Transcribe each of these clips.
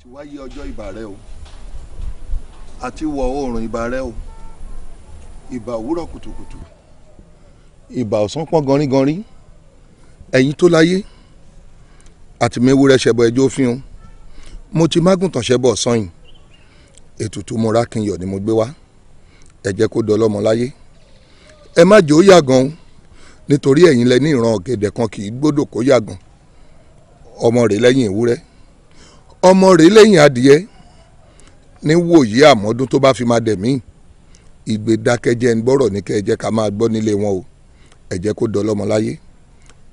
àti wáyé ọjọ́ ìbà rẹ o àti wọ̀ oòrùn ìbà rẹ o ìbà òwúrọ̀ kùtùkùtù ìbà ọ̀sán pọ́n ganringanrin ẹ̀yin tó láyé àti mẹ́wúrẹ́ ṣẹbọ ẹjọ́ fihàn mo ti mágùntàn ṣẹbọ ọ̀sán yìí ètùtù mọ́ra kí n yọ̀ ni mo gbé wá ẹ jẹ́ kó dọlọ́mọ láyé ẹ má jẹ́ ó yàgàn o nítorí ẹ̀yin lẹ ní ìran ọ̀gẹ̀dẹ̀ kan kì í gbọ́dọ̀ kó yàgàn ọmọ rẹ̀ lẹ́yìn ewúrẹ́ ọmọ rẹ̀ lẹ́yìn adìyẹ ní wòye àmọ́dún tó bá fi máa dẹ̀mí ìgbédákẹ́jẹ́ ń gbọ́rọ̀ ní kẹ́ ẹ jẹ́ ká máa gbọ́ nílé wọn o ẹ jẹ́ kó dọlọ́mọ láyé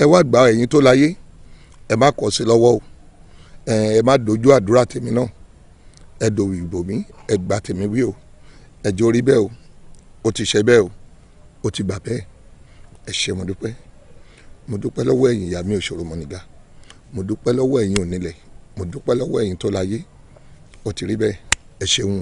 ẹ wá gbà ẹ̀yin tó láyé ẹ má kọ̀ sí lọ́wọ́ o ẹ má dojú àdúrà tèmi náà ẹ dòwì ìbò mi ẹ gbà tèmi wí o ẹ jẹ́ orí bẹ́ẹ̀ o ó ti ṣe bẹ́ẹ̀ o ó ti gbà bẹ́ẹ̀ ẹ ṣé mo dúpẹ́ mo dúpẹ́ lọ́wọ́ ẹ̀yin ìyá mi òṣòro mọ́nìgà mo dúpẹ́ lọ́wọ́ ẹ̀yin onílẹ̀ mo dúpẹ́ lọ́wọ́ ẹ̀yin tó láyé ó ti rí bẹ́ẹ̀ ẹ ṣeun.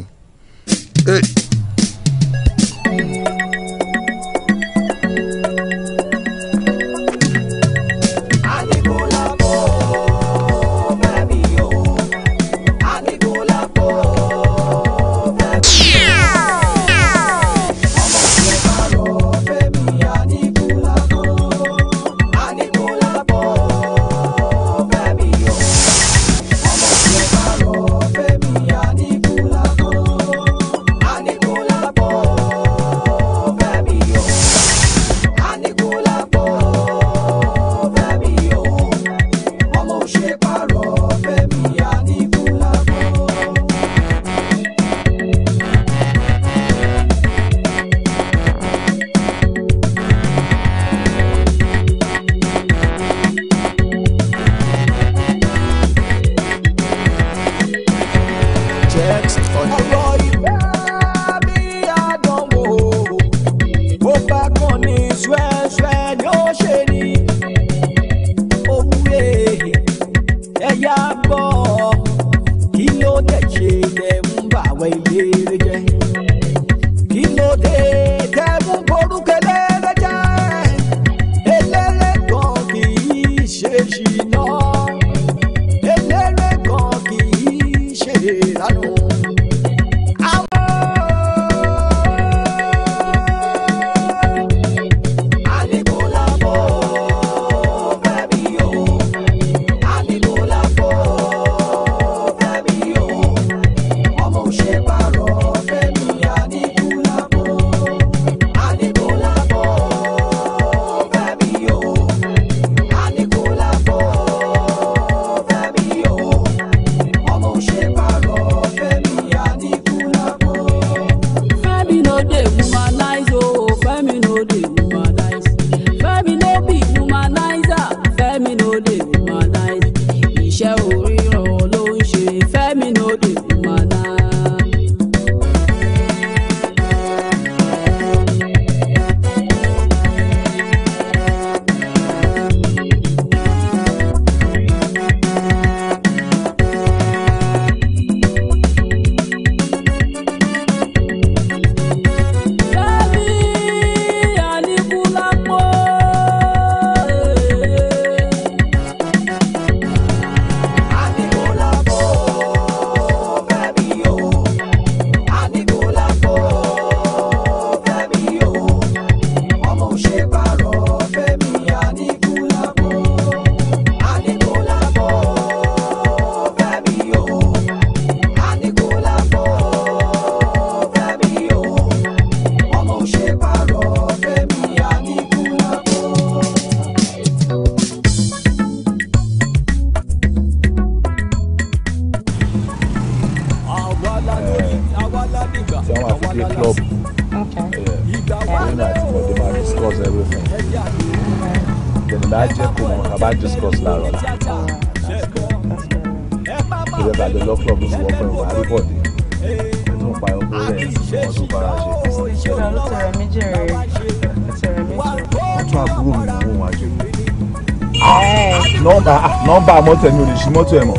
bá a mọ́tò ẹni o lè ṣí mọ́tò ẹ̀ mọ́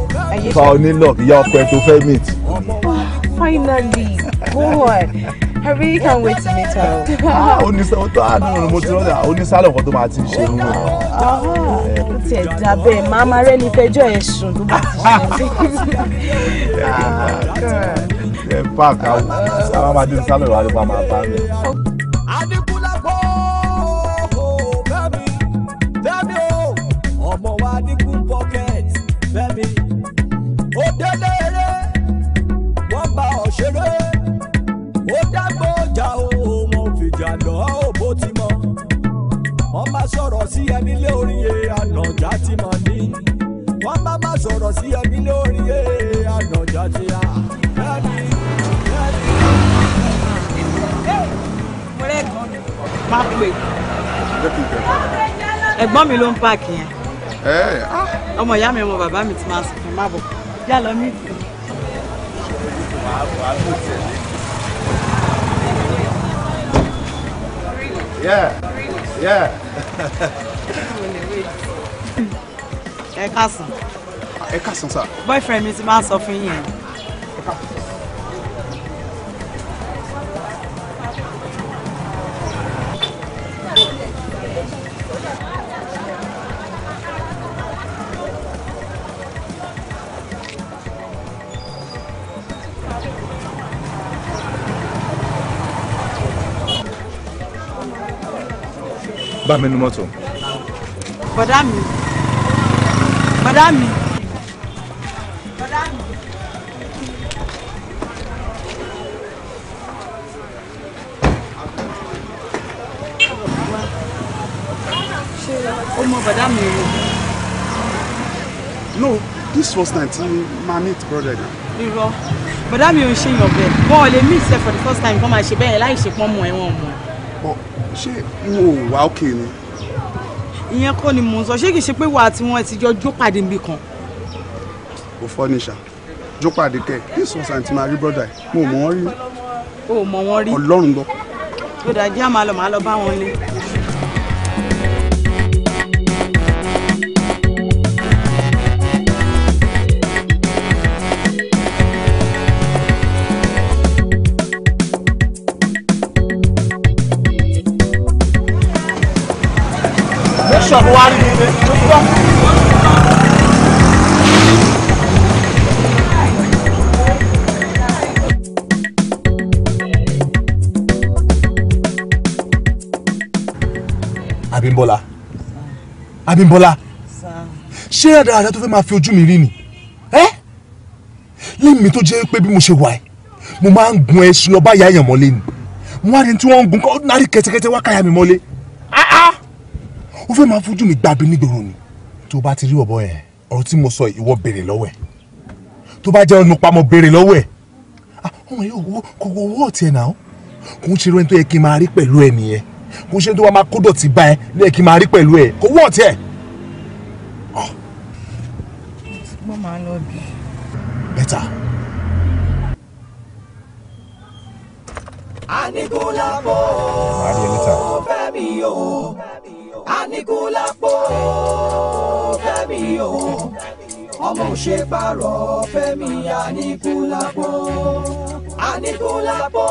fa onílọ̀ ìyá ọkọ ẹ tó fẹ́ meet. finally god i really can't wait to meet her. oníṣẹ́ o tó àánú mo ti rọ́ọ̀dà oníṣàlọ̀ kan tó máa ti ṣe irú rẹ̀. ó ti ẹ̀ dà bẹ́ẹ̀ máa máa rẹ́ni fẹjọ́ ẹ̀ sùn tó bá ti ṣe. ẹ park àwọn máa dé oníṣàlọ̀ ìwádìí pa máa bá mi. màmá mi ló ń páàkì yẹn. Ah. ọmọ ìyá mi ọmọ bàbá mi ti máa sùn fún mábọ̀ yá lọ mí tì. Yeah, yeah. ẹ kásán. ẹ kásán boyfriend mi ti máa sọ fún yín bá mi nu mọ́tò. bọ̀dá mi bọ̀dá mi ọmọ bọ̀dá mi rò. no this was night ma meet brother na. irọ́ bọ̀dá mi ò ń ṣe yàn bẹ́ẹ̀ wọn ò lè meet sef for the first time kó máa ṣe bẹ́ẹ̀ láì ṣe pọ́nmọ́ ẹ̀wọ̀n mọ́ ṣé n ò wá òkè ni. ìyẹn kọ́ ni mò ń sọ ṣé kìí ṣe pé wà á ti wọn ti jọ jó pàdé níbì kan. kò fọ́ ní ṣá jó pàdé kẹ́ kí sọ̀sán ti máa rí brọ́dà yìí mo mọ̀ wọ́n rí. o mọ̀ wọ́n rí. ọlọ́run gbọ́. ó dàjẹ́ àmàlọ́ màá lọ bá wọn lé. bíṣọ̀bù wa rí mi ló gbọ́. Abímbọ́lá Abímbọ́lá ṣé àdáradá tó fẹ́ máa fi ojú mi rí ni ẹ́ lẹ́mìí tó jẹ́ pé bí mo ṣe wà ẹ́ mo máa ń gun ẹṣin lọ bá ìyá mọ́lé ni wọ́n á rí tí wọ́n ń gun kọ́ náà rí kẹ́tẹ́kẹ́tẹ́ wá káyà mi mọ́lé ó fẹ́ máa fojú mi gbàbí nígboro ni. tó bá ti rí ọ̀bọ yẹn ọ̀rọ̀ tí mo sọ ìwọ béèrè lọ́wọ́ ẹ̀ tó bá jẹ́ ọ̀nà pamọ́ béèrè lọ́wọ́ ẹ̀ ah, ọmọ yìí owó kò wọ owó ọ̀tí ẹ̀ náà kò ń ṣeré tó yẹ kí n máa rí pẹ̀lú ẹ nìyẹn kò ń ṣeré tó wá máa kó dọ̀tí bá ẹ lẹ́yìn kí n máa rí pẹ̀lú ẹ kò wọ́ ọ̀tí ẹ̀. Ah. mo máa lọ bí. bẹ́tà. yóò. Aníkúlápó Fẹ́mi o ọmọ òṣè pààrọ̀ Fẹ́mi Aníkúlápó Aníkúlápó.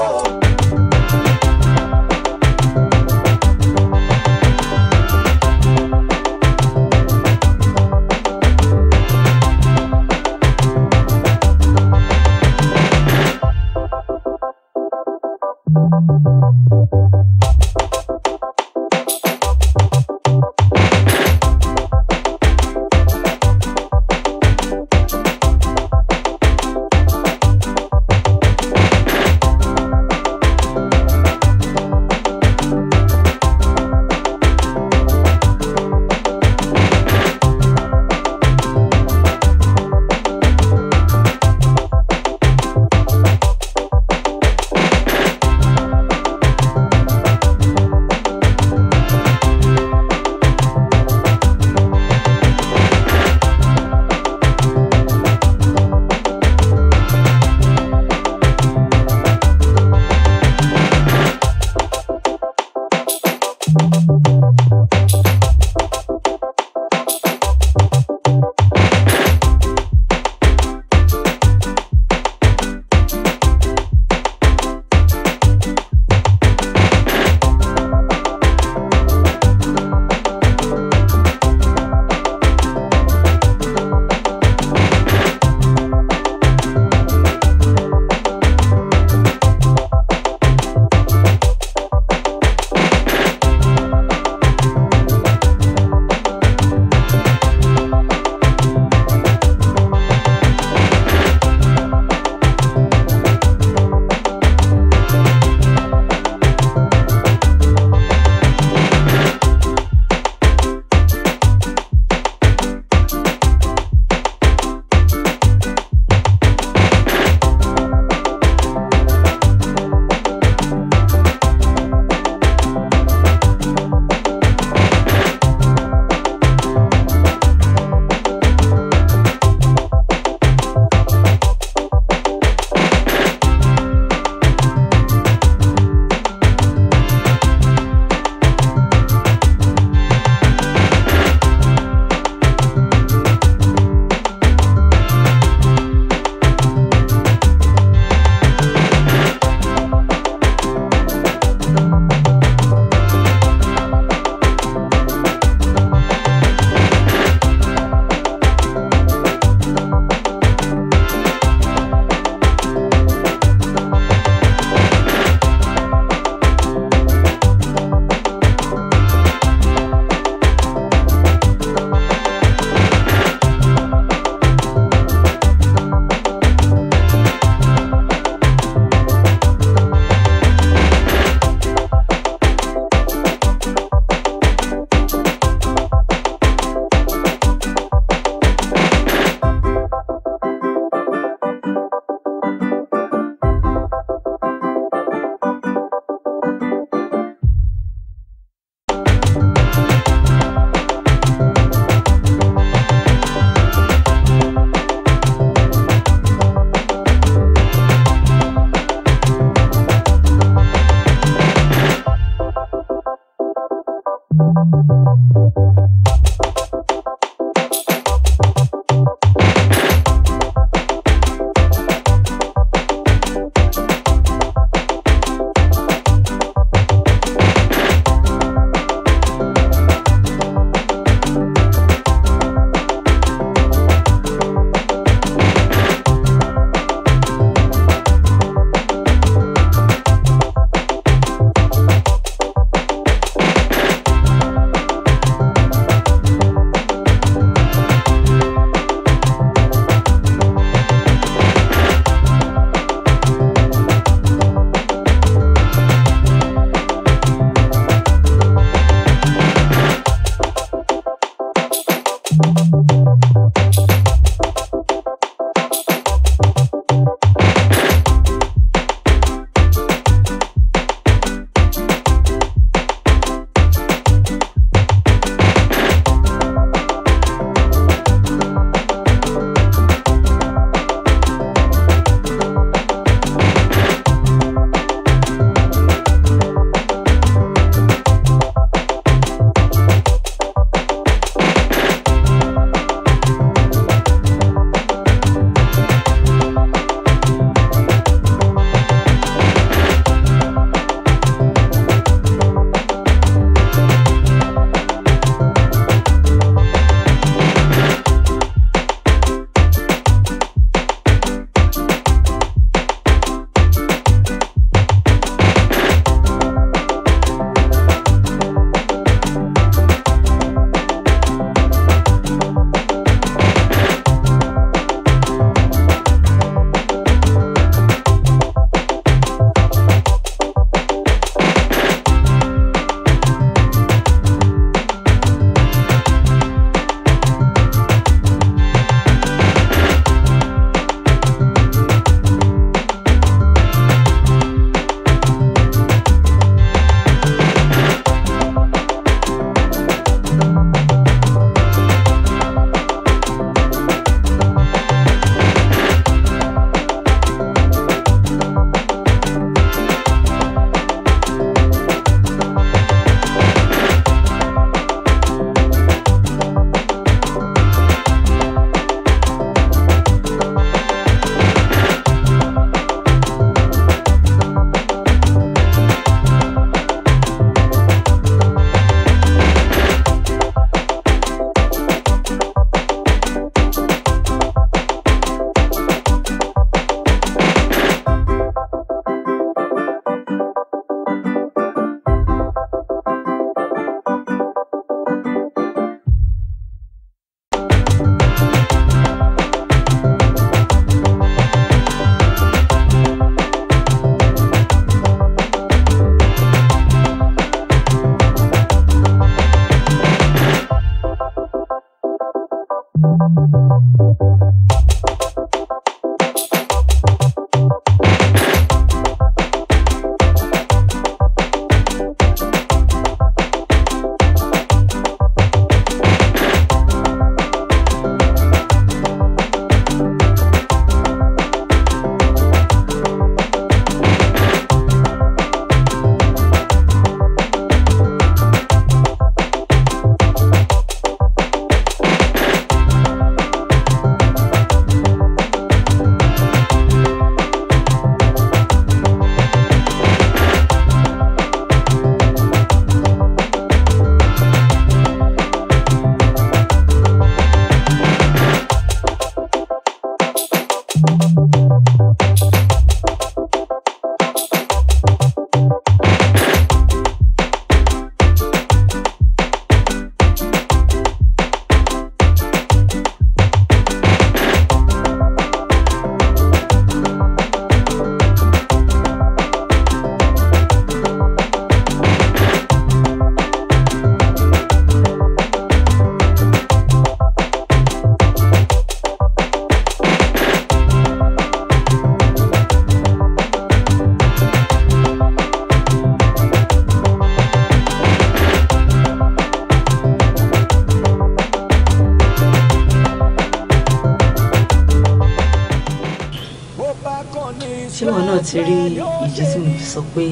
ìwọ náà ti rí ìdí tí mo fi sọ pé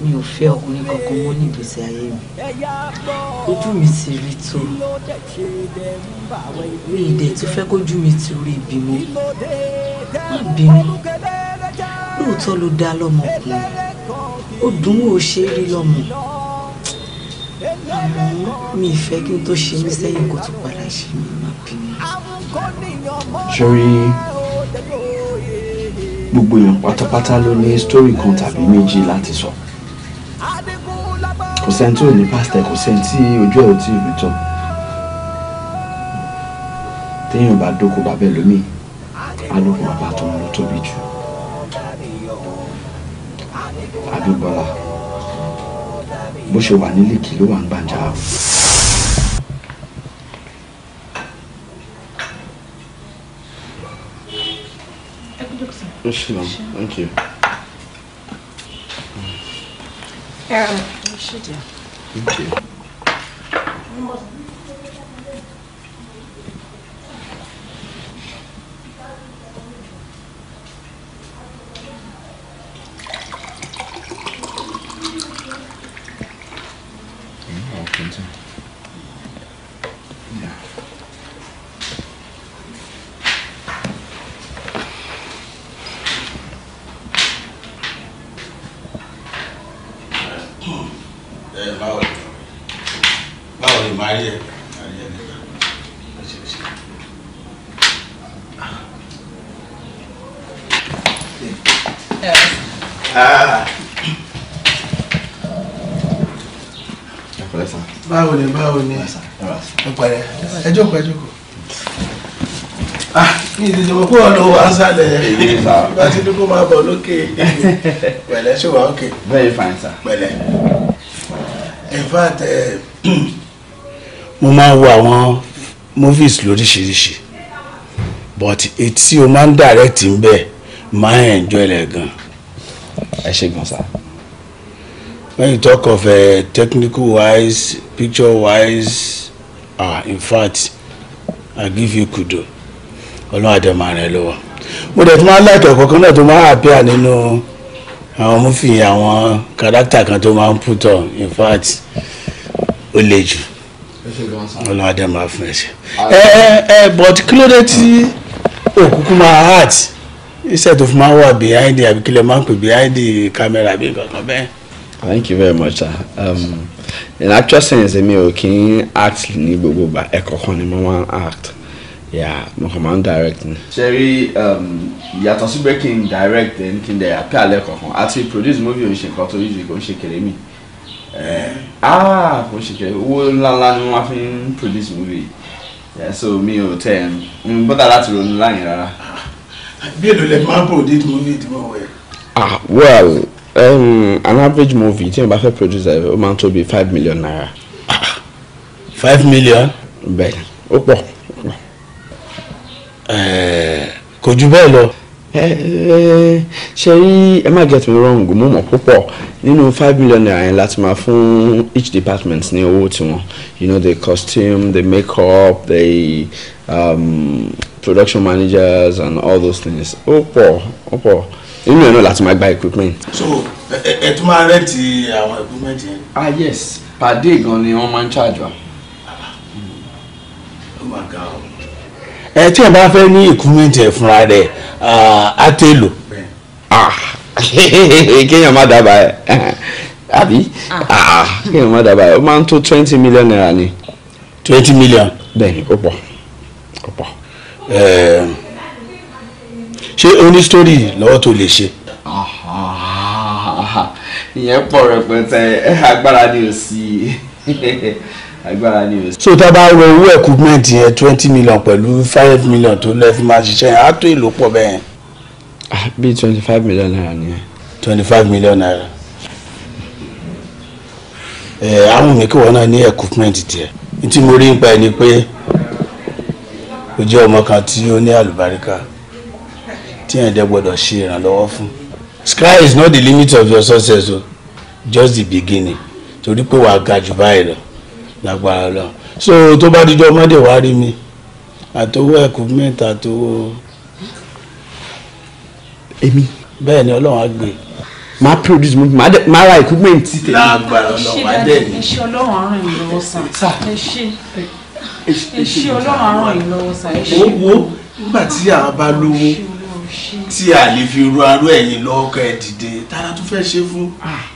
mi ò fẹ́ ọkùnrin kankan mọ́ ní ìgbésí ayé mi ojú mi ti rí tó mi ìdẹ̀ tó fẹ́ kójú mi ti rí ìbímọ má bínú lóòótọ́ ló dá lọ́mọkùnrin ó dùn ó ṣe é rí lọ́mọ àmọ́ mi ìfẹ́ kí n tó ṣe mí sẹ́yìn kó tó padà ṣe mí má bínú gbogbo èèyàn pátápátá ló ní story kan tàbí méjì láti sọ kò sẹ́ni tí ò ní pásítẹ̀ kò sẹ́ni tí ojú ẹ̀ ò tí ì rí tán téèyàn bá dóko bàbẹ́ lómi alóko bàbá tó tóbi jù Abímbọ́lá bó ṣe wà ní ló wà ń Gbàǹjà ó thank you. Aaron, ẹ ṣe jẹ. thank you. sálẹ̀ bá ti dúkú máa bọ̀ lókè pẹ̀lẹ́ ṣùgbọ́n òkè. very fine sir. pẹ̀lẹ́ in fact eh, mo máa ń wo àwọn movies lóríṣiríṣi but èyí tí o máa ń direct ń bẹ̀ máa ń enjoy ẹ̀ gan. ẹ ṣe gan sir. when you talk of uh, technical wise picture wise ah uh, in fact i give you kudo ọlọ́run àdẹ̀mọ̀ rẹ̀ lọ́wọ́ mo dẹ̀ tún máa láìkẹ́ kọ̀ọ̀kan náà tó máa àpíà nínú àwọn múfì àwọn kàdákítà kan tó máa ń pútọ̀ in fact ó le jù ọlọ́run adé máa fún ẹ ṣe. ẹ ẹ but kí ló dé tí òkúkú máa heart iṣẹ́ tó fi máa wà behind the kí máa ń pè behind the camera àbí kankan bẹ́ẹ̀. thank you very much sir. Um, in actual sense èmi ò kí act ní gbogbo ìgbà ẹ̀kọ̀ọ̀kan ni mo máa ń act yeah mo kàn máa ń direct ni. sẹ́rí um, yàtọ̀ sí pé kí n direct then kí n dẹ̀ apẹ́ àlẹ́ kankan àti produce movie ò ń ṣe nǹkan tó yíjú kò ń ṣe kèrè mi eh, ah, kò ń ṣe kèrè owó ńláńlá ni wọ́n fi ń produce movie yìí so mi ò tẹ̀ ń bọ́dà láti ronú láyìn rárá. Ah, bí èlò lè máa produce movie tí mo wẹ̀. ah well um, an average movie tí mo bá fẹ́ produce ẹ̀ ó máa ń tó bí five million naira. five million. bẹ́ẹ̀ ó pọ̀. Eh, kò jù bẹ́ẹ̀ lọ. Eh, eh, ṣe rí ẹ má get me wrong mo mọ̀ púpọ̀ nínú five million naira yẹn láti máa fún each department ní owó tiwọn you know the costume the makeup the um, production managers and all those things ó pọ̀ ó pọ̀ nínú ẹ̀ náà láti máa gba equipment. so ẹ tún máa rẹ́ǹtì àwọn equipment yẹn. ah yes per day gan ni wọ́n máa ń charge wa. ó máa ga o ẹ tí ẹ bá fẹ́ ní ìkúmẹ́ntì ẹ̀ fúnra rẹ̀ àtẹlò kéèyàn má dábàá ẹ àbí kéèyàn má dábàá ẹ ó máa ń tó twenty million naira ni. twenty million. bẹ́ẹ̀ni ó pọ̀ ó pọ̀. ṣé o ní sítórì lọ́wọ́ tó lè ṣe. ìyẹn pọ̀ rẹpẹtẹ agbára ni ò sí i agbára ni o. so tá a bá ro owó equipment yẹn twenty million pẹ̀lú five million tó lẹ́ẹ̀ fi máa ṣiṣẹ́ yẹn á tó èlò pọ̀ bẹ́ẹ̀. Ah, bíi twenty five million naira nìyẹn. twenty five million naira. ẹ àwọn mi kí wọn náà ní equipment tiẹ̀ n tí mo rí nípa ẹ ni pé o jẹ́ ọmọ kan tí ó ní àlùbáríkà tí ẹ̀ dẹ́ gbọ́dọ̀ ṣe ìrànlọ́wọ́ fún. sky is not the limit of your success o just the beginning torí pé wàá ga jù báyìí lọ lágbára lọ so tó bá dijọ́ mọ́dé wàá rí mi àtowó equipment àtowó. èmi. bẹ́ẹ̀ ni ọlọ́run á gbé. máa produce movie máa máa ra equipment ti tẹ̀lé. lágbára ọlọ́run á dẹ̀ ní. iṣẹ́ ọlọ́run àrùn yìí lọ́wọ́ sàn. ẹ ṣe ẹ ṣe ọlọ́run àrùn yìí lọ́wọ́ sàn. ó wo nígbà tí a bá lówó tí a lè fi ru aró ẹ̀yìn lọ́kọ̀ ẹ̀ dìde tára tún fẹ́ ṣe fún. Ah.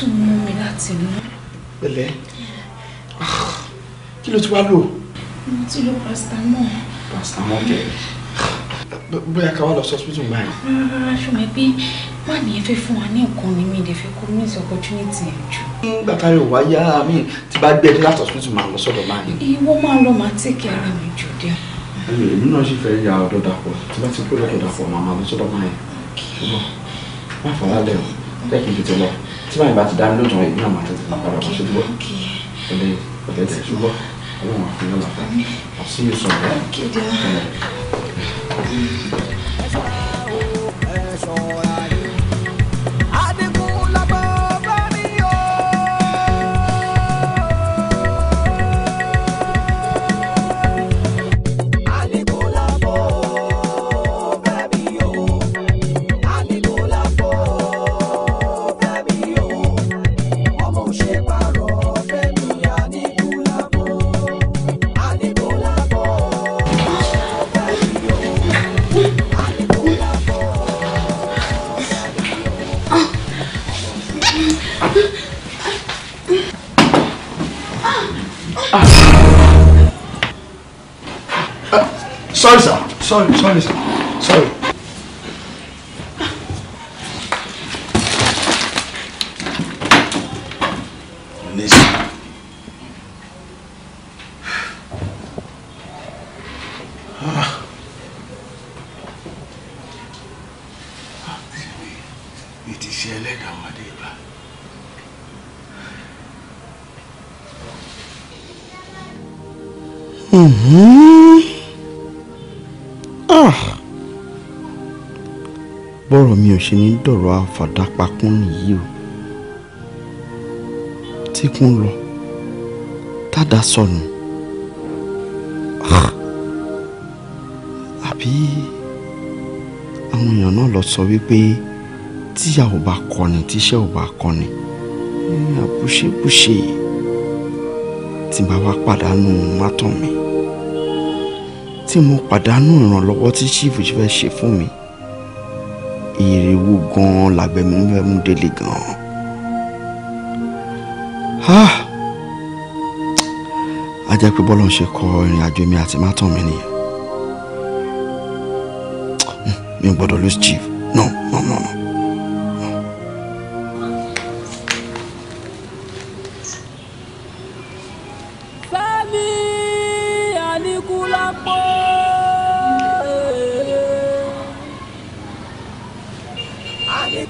tún mú mi láti inú. pẹ̀lẹ́ ah, kí ló ti wá lò. mo ti lo paracetamol. paracetamol kẹ ah, bóyá ká wá lọ sọ́sìpítù báyìí. rárá ṣùgbọ́n bí má ní ẹ fẹ́ fún wa ní nǹkan ni mi lè fẹ́ kó miss opportunity ẹ̀ jù. nígbà tá a yóò wá yá ah, mi tí bá gbé ẹni láti ọ̀sìpítù máa lọ sọ́dọ̀ máa ní. ìwọ máa lọ máa tẹ̀kẹ́ ara mi jù dé. èmi náà sì fẹ́ ya ọ̀dọ́ dàpọ̀ tí bá ti kúrò ọ̀dọ́ dàpọ̀ màmá lọ sọ́dọ̀ máa yẹn. má fọlá lẹ́wọ̀n jẹ́ kí n tètè lọ tí màá bá ti dá mi lóòótọ́ rẹ̀ ìgbìmọ̀ àti tètè padà wá ṣe gbọ́ ọ̀lẹ́ ọ̀lẹ́ tẹ̀ ṣùgbọ́ ọlọ́run àfihàn làbá àṣìyẹ̀sọ̀ rẹ̀. sorry，sorry，sorry。bọ́rọ̀ mi ò ṣe ní dọ̀rọ̀ àfàdápakún nìyí o tí kún lọ tádà sọnù àbí àwọn èèyàn náà lọ sọ wípé tíyà ò bá kọni tíṣẹ́ ò bá kọni àbúṣebúṣe tí bá wá pàdánù mátàn mi tí mo pàdánù ìrànlọ́wọ́ tí chief fẹ́ ṣe fún mi èrè wo gan-an làgbẹ̀ mi fẹ́ mú délé gan-an. Ah! a jẹ́ pé bọ́lá ń ṣe kọ ìrìn àjò mi àti mátàn mi nìyẹn mi ò gbọ́dọ̀ lose chief no no no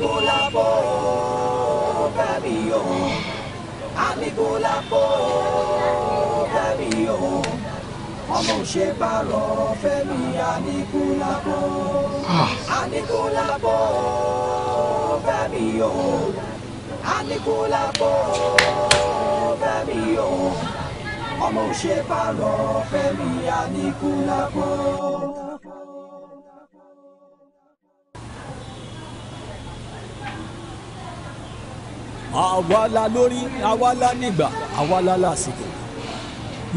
Amigulapo, Gabio. Amigulapo, Gabio. Ọmọ ṣe parọ́ Fẹ́mi Amigulapo. Ah. Amigulapo, Gabio. Amigulapo, Gabio. Ọmọ ṣe parọ́ Fẹ́mi Amigulapo. àwa la lórí àwa la nígbà àwa lásìkò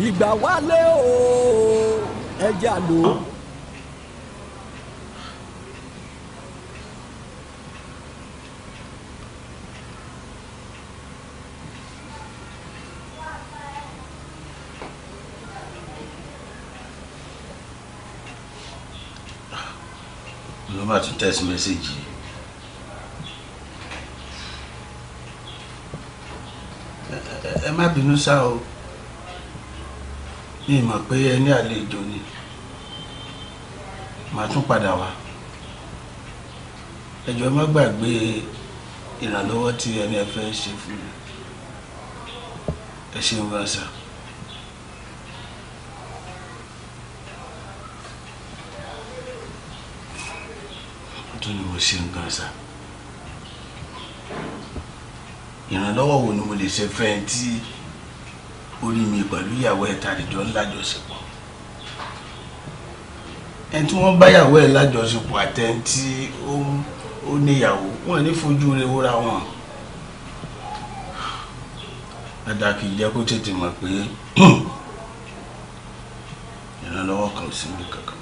ìgbà wálé o ẹja lò ó. ló bá ti text message yìí bínú ṣá o mi mọ̀ pé ẹ àlejò ni màá tún padà wá ẹ jọ̀ọ́ ẹ má gbàgbé ìrànlọ́wọ́ tí ẹni ẹ fẹ́ ṣe fún mi ẹ ṣeun bá tún ni mo ṣe ń gan sa ìrànlọ́wọ́ wo ni mo lè ṣe fẹ́ tí orí mi pẹ̀lú ìyàwó ẹ̀ tàdíjọ́ ńlájọṣepọ̀ ẹni tí wọ́n báyàwó ẹ̀ lájọṣepọ̀ àtẹ̀ntì ó níyàwó wọn ní fojú rẹ̀ wúra wọn pàtàkì jẹ́ kó tètè mọ̀ pé ìrànlọ́wọ́ kan sí mi kankan.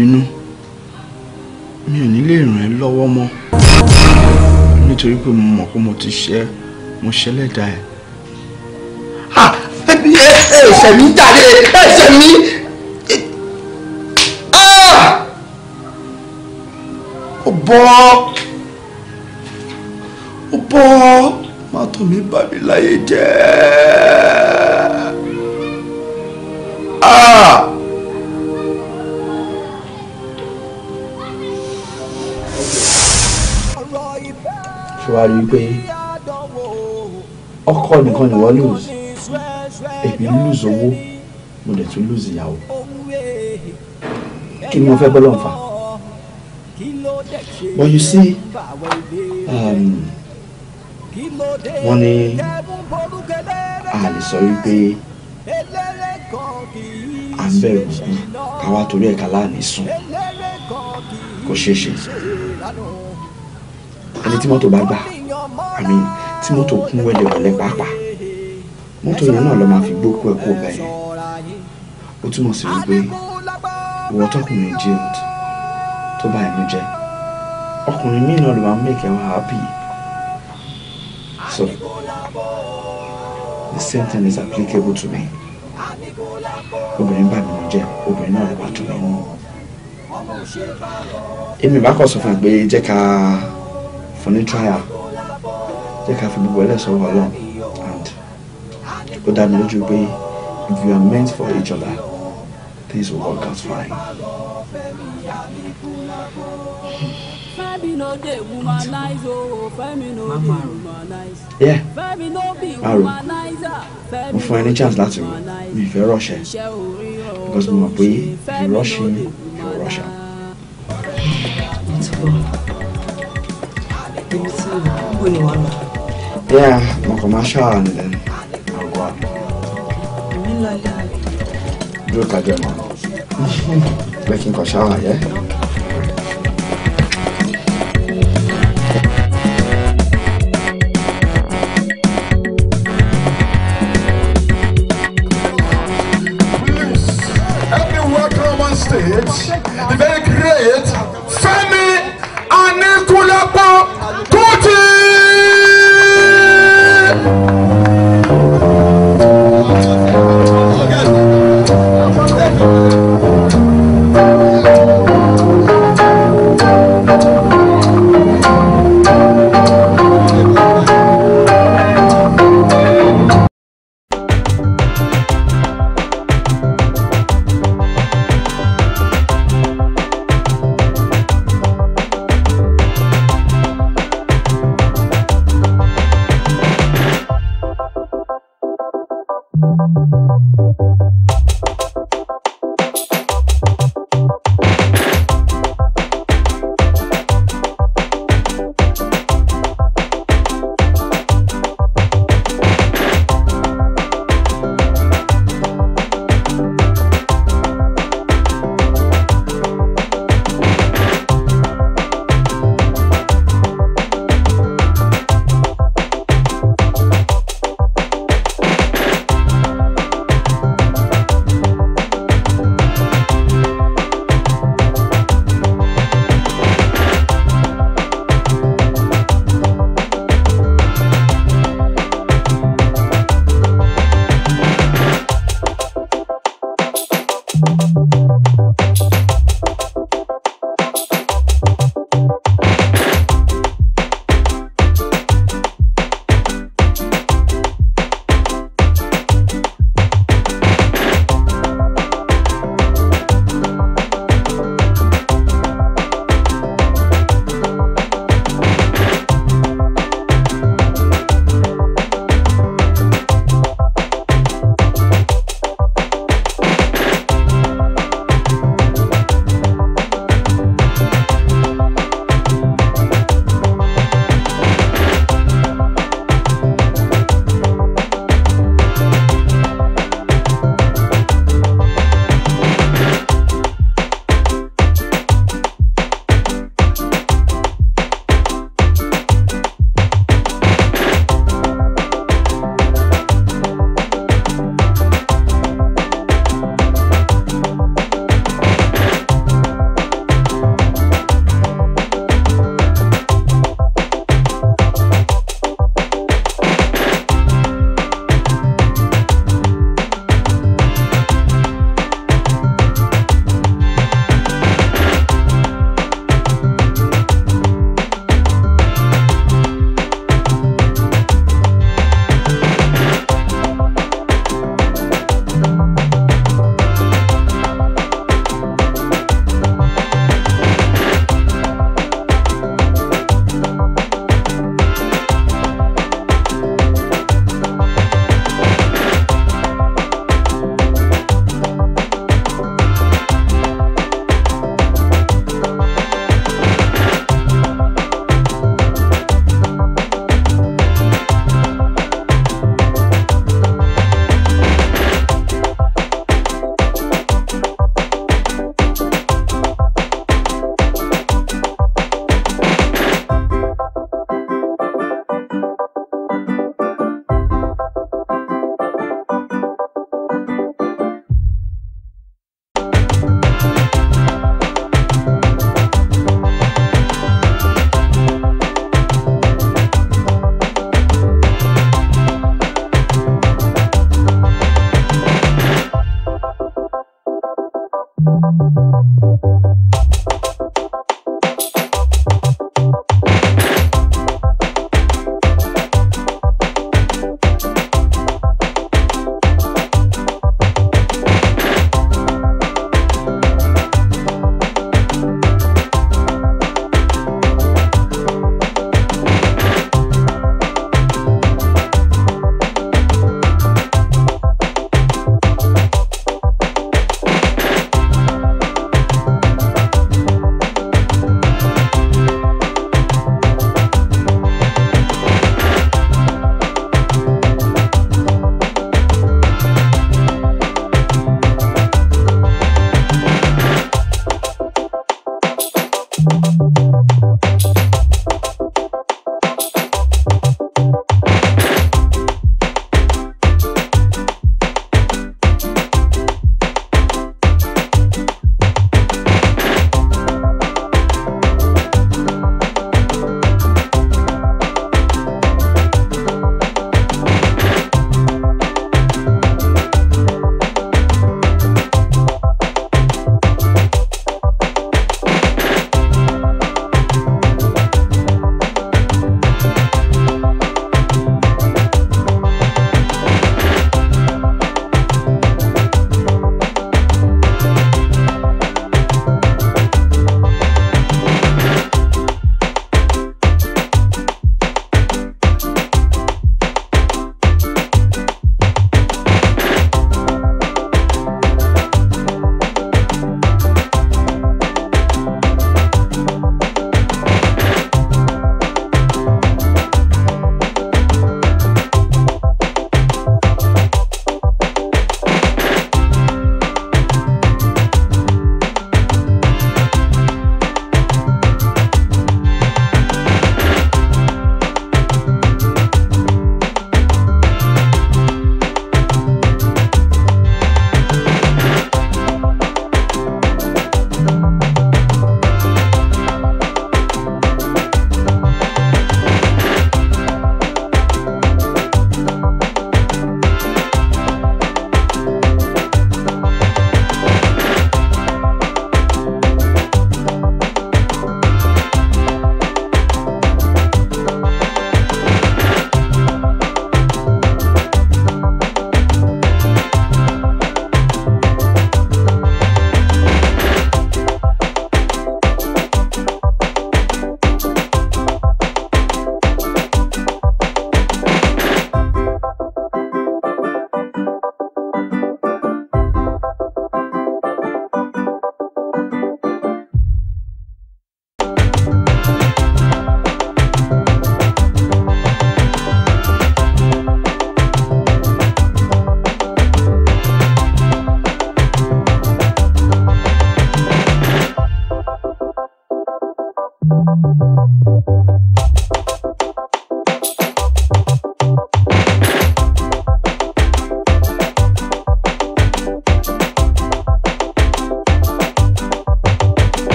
bínú mi ò ní lè ràn ẹ́ lọ́wọ́ mọ́ nítorí pé mo mọ̀ pé mo ti ṣẹ̀ mo ṣẹ̀ lẹ́dà ẹ̀. ẹbí ẹ ẹsẹ̀ mi jáde ẹsẹ̀ mi. ó bọ́ ó bọ́ màtọ́ mi bà láyé jẹ́. wá rí pé ọkọ nìkan ni wọ́n lose èmi lose owó mo dẹ̀ tún lose ìyàwó kí ni mo fẹ́ bọ́ lọ́nfà but you see um, wọ́n ní a lè sọ wípé à ń bẹ̀rù kú káwá torí ẹ̀ka láàánú sùn kò ṣeé ṣe ẹni tí mọ́tò bá gbà àmì tí mọ́tò kún wẹ́lẹ̀wẹ́lẹ̀ pàápàá mọ́tò yẹn náà ló máa fi gbókú ẹ̀ kó bẹ́ẹ̀ ó túmọ̀ sí wípé ìwọ tọkùnrin jailed tó bá ẹnu jẹ ọkùnrin míì náà ló máa ń make ẹ wá happy so the same thing is applicable to me obìnrin bá mi jẹ obìnrin náà ló bá tún mi mú èmi bá kọ sọ fún ẹ pé jẹ́ ká fún ní trial jẹ́ ká fi gbogbo ẹlẹ́sọ̀ wà lọ́n and ó dá mi lójú pé if you are meant for each other things will work out fine. Yeah. Aro, mo fún ẹ ní chance láti wò, mi fẹ́ rush because mo mọ̀ pé if you rush him, you will rush am. Ibi tí ó ní wàá lọ. Yeah, moko kàn máa ṣáà and then I'll go out. Èmi ń lọ ilé àlè. Dúró kájọ mọ́.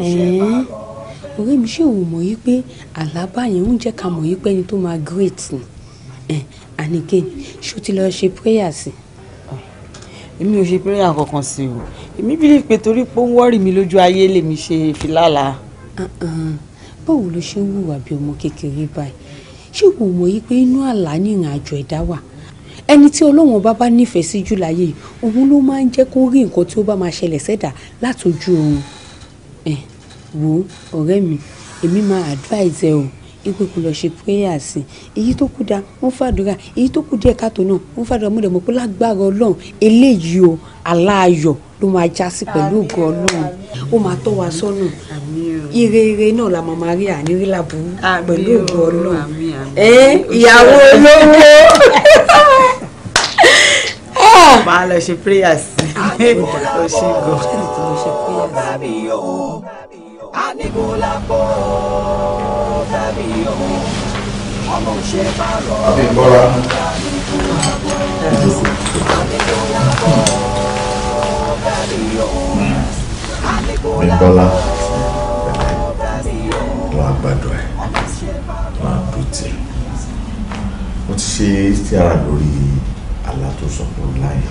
ẹ̀ẹ́n ọ̀rẹ́ mi ṣé òun mọ̀ yí pé àlábà ń jẹ́ ká mọ̀ yí pé ẹni tó máa great ni ẹ̀ẹ́n and again ṣó ti lọ ṣe prayer sí. Ah, èmi ò ṣe prayer kankan sí o èmi believe pé torí pé ó ń wọ́rì mi lójú ayé lèmi ṣe fìlàlà. báwo ló ṣe ń hùwà bí ọmọ kékeré báyìí ṣé òun mọ̀ yí pé inú àlá ní ìrìn àjò ẹ̀dá wà ẹni tí Ọlọ́run bá bá nífẹ̀ẹ́ sí jù láyé yìí òun ló máa ń jẹ́ kó rí nǹkan tí ó bá máa ṣẹlẹ̀ sẹ́dà látọjú oorun ẹ wò ó ọ̀rẹ́ mi èmi máa advise ẹ o ipò kò lọ ṣe prayer sí èyí tó kù dáa wọ́n fàdúrà èyí tó kù díẹ̀ káàtó náà wọ́n fàdúrà mo dẹ̀ pé lágbára Ọlọ́run eléyìí o aláàyọ̀ ló máa já sí pẹ̀lú ògo Ọlọ́run ó máa tọ́ wa sọ́nà irere náà la mọ̀ máa rí ànírílàbù pẹ̀lú ògo Ọlọ́run ẹ ìyàwó olówó máa lọ ṣe prayer sí i ó ṣe gan. ọba mi yọ anigulapo ọba mi yọ ọmọ á gbàdúrà ẹ wọn á dùn tì mo ti ṣe tí ara lórí alátòsọ̀pọ̀ láyà.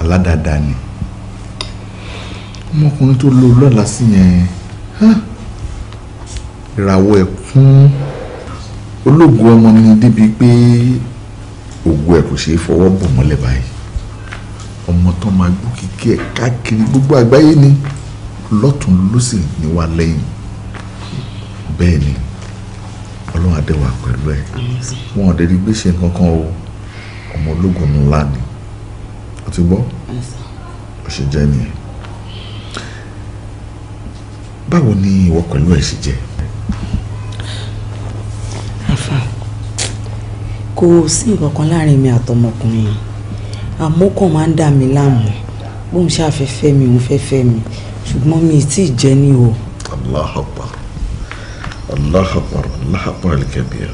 aládàáda ni ọmọkùnrin tó lo lọ́la sí yẹn ìràwọ̀ ẹ̀ kún ológun ọmọ ni débi pé ògo ẹ̀ kò ṣeé fọwọ́ bò mọ́lẹ̀ báyìí ọmọ tó máa gbó kíkẹ́ káàkiri gbogbo àgbáyé ni lọ́tún lọ́sìn ni wà lẹ́yìn bẹ́ẹ̀ ni ọlọ́run àdẹ́wà pẹ̀lú ẹ̀ wọn ọ̀dẹ́ ní gbèsè kankan o ọmọ ológun ńlá ni o ti gbọ́ o ṣe jẹ́ nìyẹn báwo ni ìwọ pẹ̀lú ẹ̀ ṣe jẹ́. àfà kò sí nǹkan kan láàrin mi àtọmọkùnrin yìí àmọ́ kàn máa ń dà mí láàmú bóun ṣàfẹ́fẹ́ mi òun fẹ́fẹ́ mi ṣùgbọ́n mi ì tí ì jẹ́ ní o. Allahu Akbar allah akbar allah akbar al-kabir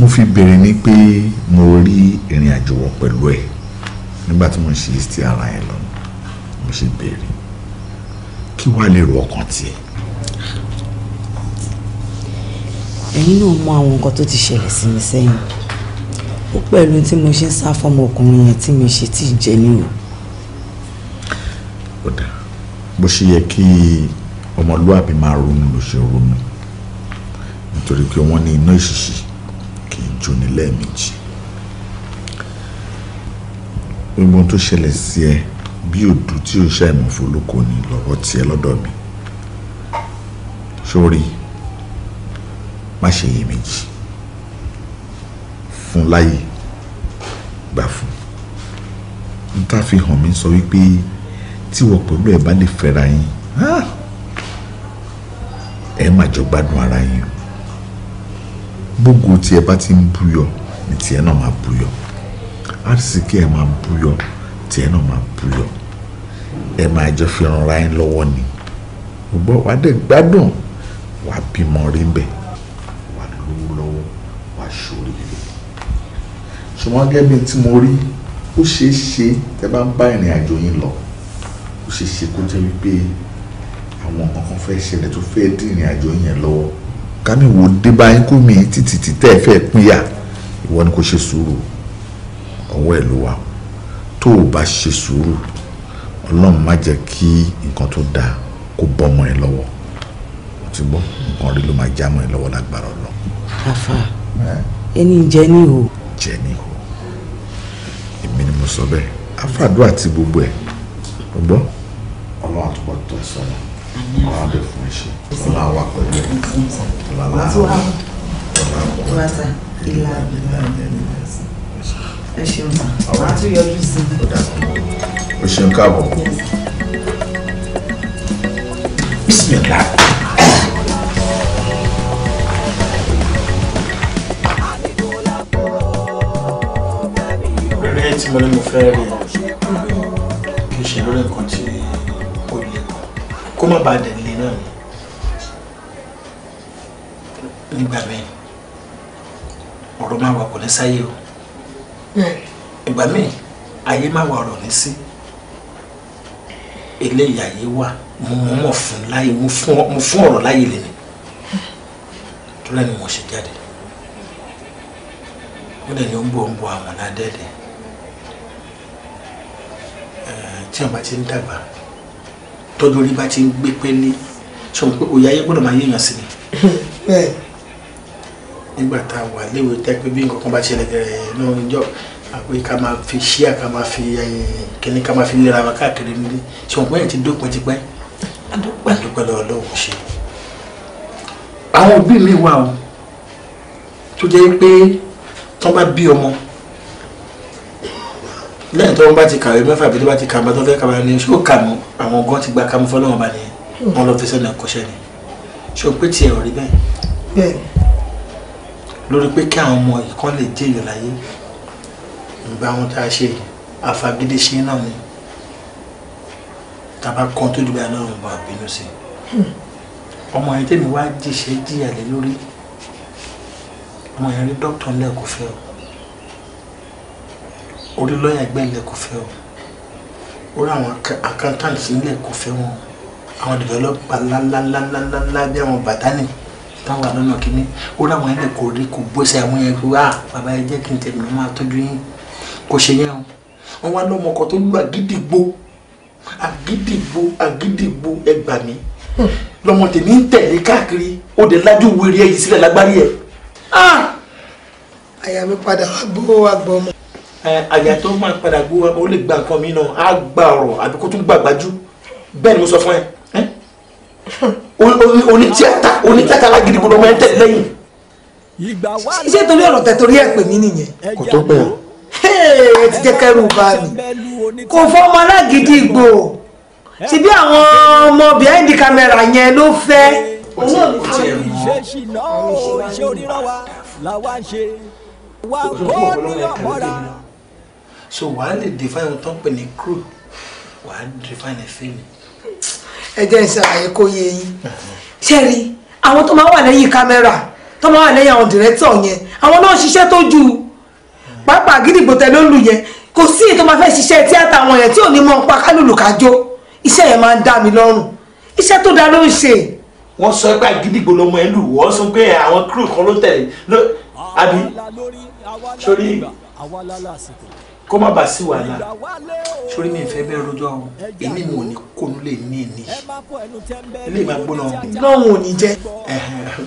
mo fi bẹ̀rẹ̀ ni pé mo rí ìrìn àjò wọ pẹ̀lú ẹ nígbà tí mo ń ṣe ìsítí ara ẹ lọ mo ṣe bẹ̀rẹ̀ kí wàá lè ro ọkàn tiẹ̀. ẹ̀yin náà mọ àwọn nǹkan tó ti ṣẹlẹ̀ sí mi sẹ́yìn ó pẹ̀lú tí mo ṣe ń sá fọmọkùnrin yẹn tí mi ṣe tí ì jẹ níwò. ó dà bó ṣe yẹ kí ọmọlúàbí máa ronú ló ṣe ronú nítorí pé wọ́n ní iná ìṣìṣì kì í jóni lẹ́ẹ̀mejì gbogbo tó ṣẹlẹ̀ sí ẹ bí òdù tí ò ṣàìmọ̀ fọlọ́kọ ni lọ́wọ́ tiẹ̀ lọ́dọ̀ mi sórí má ṣe iyèméjì fún láyè gbà fún n ta fi hàn mí sọ wípé tí wọ́n pẹ̀lú ẹ̀ bá lè fẹ́ra yín. Ah! ẹ má jọ gbádùn ara yín gbogbo tí ẹ bá ti ń búyọ ni tiẹ̀ náà máa búyọ àrísìkí ẹ máa búyọ tiẹ̀ náà máa búyọ ẹ máa jọ fi ranra yín lọ́wọ́ ni gbogbo wàá dẹ̀ gbádùn wàá bímọ rí bẹ́ẹ̀ wàá lówó lọ́wọ́ wàá ṣòro ìlú ṣùgbọ́n gẹ́gẹ́ bí tí mo rí ó ṣeé ṣe tẹ́ bá ń bá ìrìn àjò yín lọ ó ṣeé ṣe kó jẹ́ wípé àwọn kankan fẹ́ ṣẹlẹ̀ tó fẹ́ dín ìrìn àjò yẹn lọ́wọ́ kámi wo dé báyìí kó mi títí títẹ́ fẹ́ pínyà ìwọ ni kò ṣe sùúrù ọwọ́ ẹ̀ ló wà tó o bá ṣe sùúrù ọlọ́run má jẹ́ kí nǹkan tó dáa kó bọ́mọ ẹ lọ́wọ́ o ti gbọ́ nǹkan rí ló máa já mọ́ ẹ lọ́wọ́ lágbára ọlọ. àfà ẹni jẹ ní ihò. jẹ ní ihò èmi ni mo sọ bẹ́ẹ̀ àfàdúrà ti gbogbo ẹ̀ gbọ́ ọlọ́run àtúbọ̀ tó sọ̀rọ̀ ọlọ́run lè fún iṣẹ́ ọlọ́run wà pẹ̀lú ẹ̀ ọlọ́run ọlọ́run ọlọ́run ìlà ìlà ìlà ẹ ṣeun sá màá tún yọjú sí i. o ṣeun káàbọ̀. bismillah. rẹ̀ tí mo ní mo fẹ́ rí i kì í ṣe lórí nǹkan tí má bàa dẹ̀ lé náà ni nígbà míì ọ̀rọ̀ máa wà kò ní sáyé o ìgbà míì ayé máa wà ọ̀rọ̀ ní sí eléyìí ayé wà mo mọ̀ fún láyé mo fún ọ̀rọ̀ láyé lè ní tó lẹ́nu mo ṣe jáde ó dẹ̀ ní ó ń bọ̀ ń bọ̀ àmọ̀nà dẹ́dẹ̀ tí wọ́n bá ti ń dàgbà tọ́jú orí bá ti ń gbé pẹ́ẹ́lí sọ pé òye ayé gbọ́dọ̀ máa yéèyàn sí ni. nígbà tá a wà léwe tẹ́ pé bí nǹkan kan bá ṣẹlẹ̀ gẹ̀rẹ̀ náà níjọ́ àpé ká máa fi ṣíà ká máa fi kíní ká máa fi lera wa káàkiri nílé sọ pé ẹ̀ ti dópin tipẹ́ àdúpẹ́ lọ́wọ́ lọ́wọ́ ṣe. àwọn òbí mi wà o tó jẹ́ pé tán bá bí ọmọ lẹ́yìn tó ń bá ti kàwé mẹ́fà bí tó bá ti kà bá tó fẹ́ kàwé ni ṣó kà mú àwọn gan ti gba kamú fọlọ́wọ́n bá nìyẹn wọn lọ fi sẹ́nu ẹ̀kọ́ṣẹ́ ni ṣó pé tiẹ̀ ò rí bẹ́ẹ̀. bẹ́ẹ̀ lórí pé kí àwọn ọmọ yìí kán lè jẹ́ èèyàn láyé ìgbà wọn tá a ṣe àfagídí ṣe náà ni tàbá kan tó dùgbà náà ń bọ àbínú sí hmm. ọmọ yẹn tẹ́mi wá jíṣẹ́ jíyà lé lórí ọmọ yẹn rí dókítà ńlẹ̀ kò fẹ́ o orí lọ́yà ẹgbẹ́ ńlẹ̀ kò fẹ́ o orí àwọn accountants ńlẹ̀ kò fẹ́ wọn àwọn developer ńláńláńláńláńlá bí àwọn bàtánì táwọn àlọ́nà kínní orí àwọn ńlẹ̀ kò rí kò gbèsè àwọn yẹn pé wá ah, bàbá ẹ jẹ́ kí n tẹ̀lé máa tọ́jú yín kò ṣe yẹn o wọn wá lọ́mọ kan tó lù àgídìgbò àgídìgbò àgídìgbò ẹgbà mi lọmọ tèmi ń tẹ̀lé káàkiri ó dẹ̀ lájú wèrè ẹ̀yìn sílẹ̀ lágbárí ẹ̀. àyà ah! mi padà wá bó wa gbọ́ ọmọ àyà tó máa padà gbó wa ó lè gba nǹkan mi náà á gba ọ̀rọ̀ àbí kó tún gbàgbájú bẹ́ẹ̀ ni mo sọ fún ẹ oní tíátà oní tíátà alágídí gbọdọ̀ máa ń tẹ̀ lẹ́yìn. ṣé torí ọ̀rọ̀ tẹ̀ torí ẹ̀ pè mí nìyẹn. kò tó pẹ́ o. ẹ ti jẹ́ kẹ́rù bá mi kò fọ́mọ alágídí gbò ṣe bí àwọn ọmọ behind the camera yẹn ló fẹ́. ó ti ẹ̀ mọ́ ọ́ làwa ń ṣe wà kó ní ọ̀pọ̀ra so wàá lè define ohun tó ń pè ní crew wàá define ẹsẹ mi. ẹ jẹ́ ìṣàlàyé kó yé yín ṣé rí àwọn tó máa wà lẹ́yìn kámẹ́rà tó máa wà lẹ́yìn àwọn dìrẹ́tọ̀ yẹn àwọn náà ṣiṣẹ́ tó ju pápá gídìgbò tẹ ló ń lù yẹn kò sí èyí tó máa fẹ́ ṣiṣẹ́ tíátà wọn yẹn tí ò ní mọ pa kálùlù kájó iṣẹ́ yẹn máa ń dá mi lọ́rùn iṣẹ́ tó dá ló ń ṣe. wọ́n sọ pé àgídìgbò lọmọ ẹ lù wọ́n sọ pé àwọn crew kan ló tẹ̀lé àbí sórí. àwa lálẹ́ àsìkò kó má bàa sí wàhálà sórí mi ìfẹ́ bẹ́ẹ̀ rojọ́ àwọn èmi mi ò ní kónú lè ní ìní ilé ìgbà gbóná náà ò ní jẹ́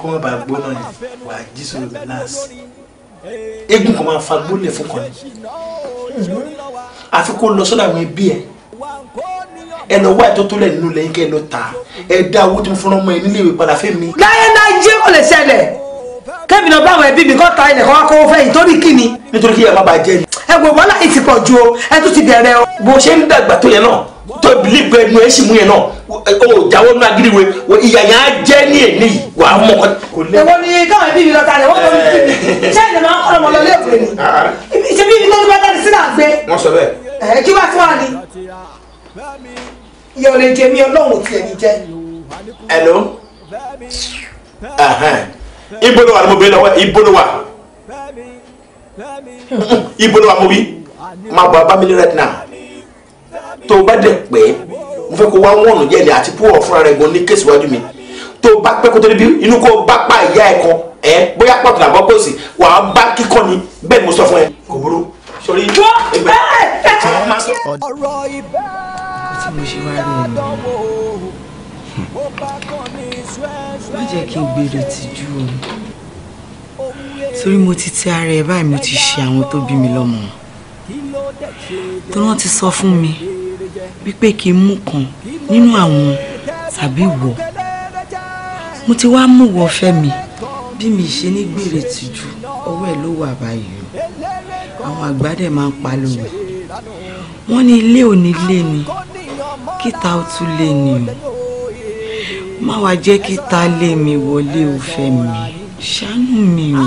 kó má bàa gbóná yẹn wàá jí sórí mi láàsì eégún kan máa fa gbólẹ̀ fún kan ní àfi kó lọ sọ́dọ̀ àwọn ẹbí ẹ̀ ẹ lọ wá ìtọ́tọ́ lẹ̀ nínú lẹ́yìn kẹ́ ẹ lọ tà ẹ dá owó tó ń fọ́nrán mọ́ ẹ nílé ìwé padà fẹ́ mi. láyé náà jẹ́ kò lè ṣẹlẹ̀ kẹ́mi lọ bá àwọn ẹbí mi kọ́ ta ilẹ̀ kọ́ kó fẹ́ ìtorí kí ni. nítorí kí ẹ má bàa jẹ ni. ẹ wò wọ́n láì ti pọ̀ ju o ẹ tún ti bẹ̀rẹ̀ o. bó ṣe ń dàgbà tó yẹn náà tó bìlí pé ẹnu ẹ sì mú yẹn náà o jáwọ́ nínú agiriwe ìyá yẹn á jẹ́ ní èmi wà á mọ̀ kọ́. èwo ni káwọn ẹbí mi lọ ta ni wọ́n kọ́ mi bí eh. ṣé ẹ̀dẹ̀ máa ń kọ́ ọmọ lọ léèkúrè ni ah. ṣé bí mi tó ń bá dáni sínú àgbẹ̀. wọ́n sọ bẹ́ẹ̀. Eh, ibo ló wà mo bẹ lọ́wọ́ ibo ló wà ibo ló wà mo wí máa bọ̀ abámilé right now tó o bá dẹ̀ pẹ́ mo fẹ́ kó wá wọ̀nù jẹ́lẹ̀ àti púpọ̀ fúnra rẹ̀ gan ní kéésì wájú mi tó o bá pẹ́ kó tó débi inú kó o bá pa ìyá ẹ̀ kan ẹ̀ bóyá pọ̀tù làbọ̀ kó sì wà á bá kíkọ́ ni bẹ́ẹ̀ mo sọ fún ẹ kò burú sórí ìjọ ẹgbẹ́ tí wọ́n máa sọ. ọ̀rọ̀ jẹ́ kí n gbèrè tìjú o torí mo ti ti ara ẹ báyìí mo ti ṣe àwọn tó bí mi lọ́mọ tí ti sọ fún mi wípé kí n mú kan nínú àwọn tàbí ìwọ mo ti wá mú ìwọ fẹ́ mi bí mi ṣe ní gbèrè tìjú ọwọ́ ẹ̀ ló wà báyìí o àwọn àgbà dẹ̀ máa ń palòwẹ̀ wọ́n ní ilé ò ní lé ni kíta ó tún lé ni o má wàá jẹ́ kí ta mi wọlé o fẹ́ mi ṣàánú mi o.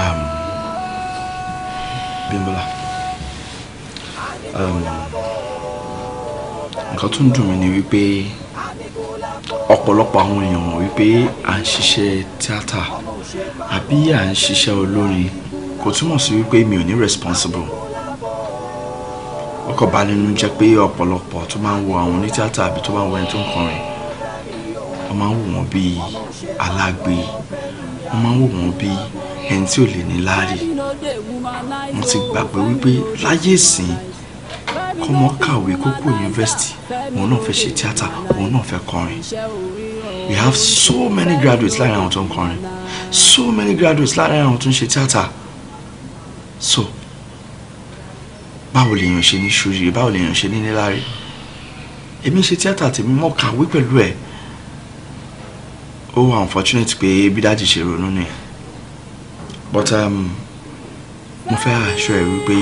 Um, Bímbọ́lá nǹkan tó ń dùn mí ni wípé ọ̀pọ̀lọpọ̀ àwọn èèyàn wípé à ń ṣiṣẹ́ tíátà àbí à ń ṣiṣẹ́ olórin kò túmọ̀ sí wípé mi ò ní responsible ọkọ̀ bá jẹ́ pé ọ̀pọ̀lọpọ̀ tó máa ń wo àwọn onítìátà àbí tó máa ń wo ẹni tó ń kọrin wọ́n máa ń wò wọ́n bíi alágbe wọ́n máa ń wò wọ́n bíi ẹni tí ò lè ní láàrí mo ti gbàgbé wípé láyé ìsìn kọ́mọ kàwé kókó yunifásitì òun náà fẹ́ ṣe tíátà òun náà fẹ́ kọrin we have so many graduates láàrin àwọn tó ń kọrin so many graduates láàrin àwọn tó ń ṣe tíátà so báwo lèèyàn ṣe ní ṣoríire báwo lèèyàn ṣe ní níláre èmi ṣe tíátà tèmi mọ́ kàwé pẹ̀lú ẹ̀ ó wà unfortunate pé bí dájì ṣe ronú ni but um, mo fẹ́ assure ẹ wípé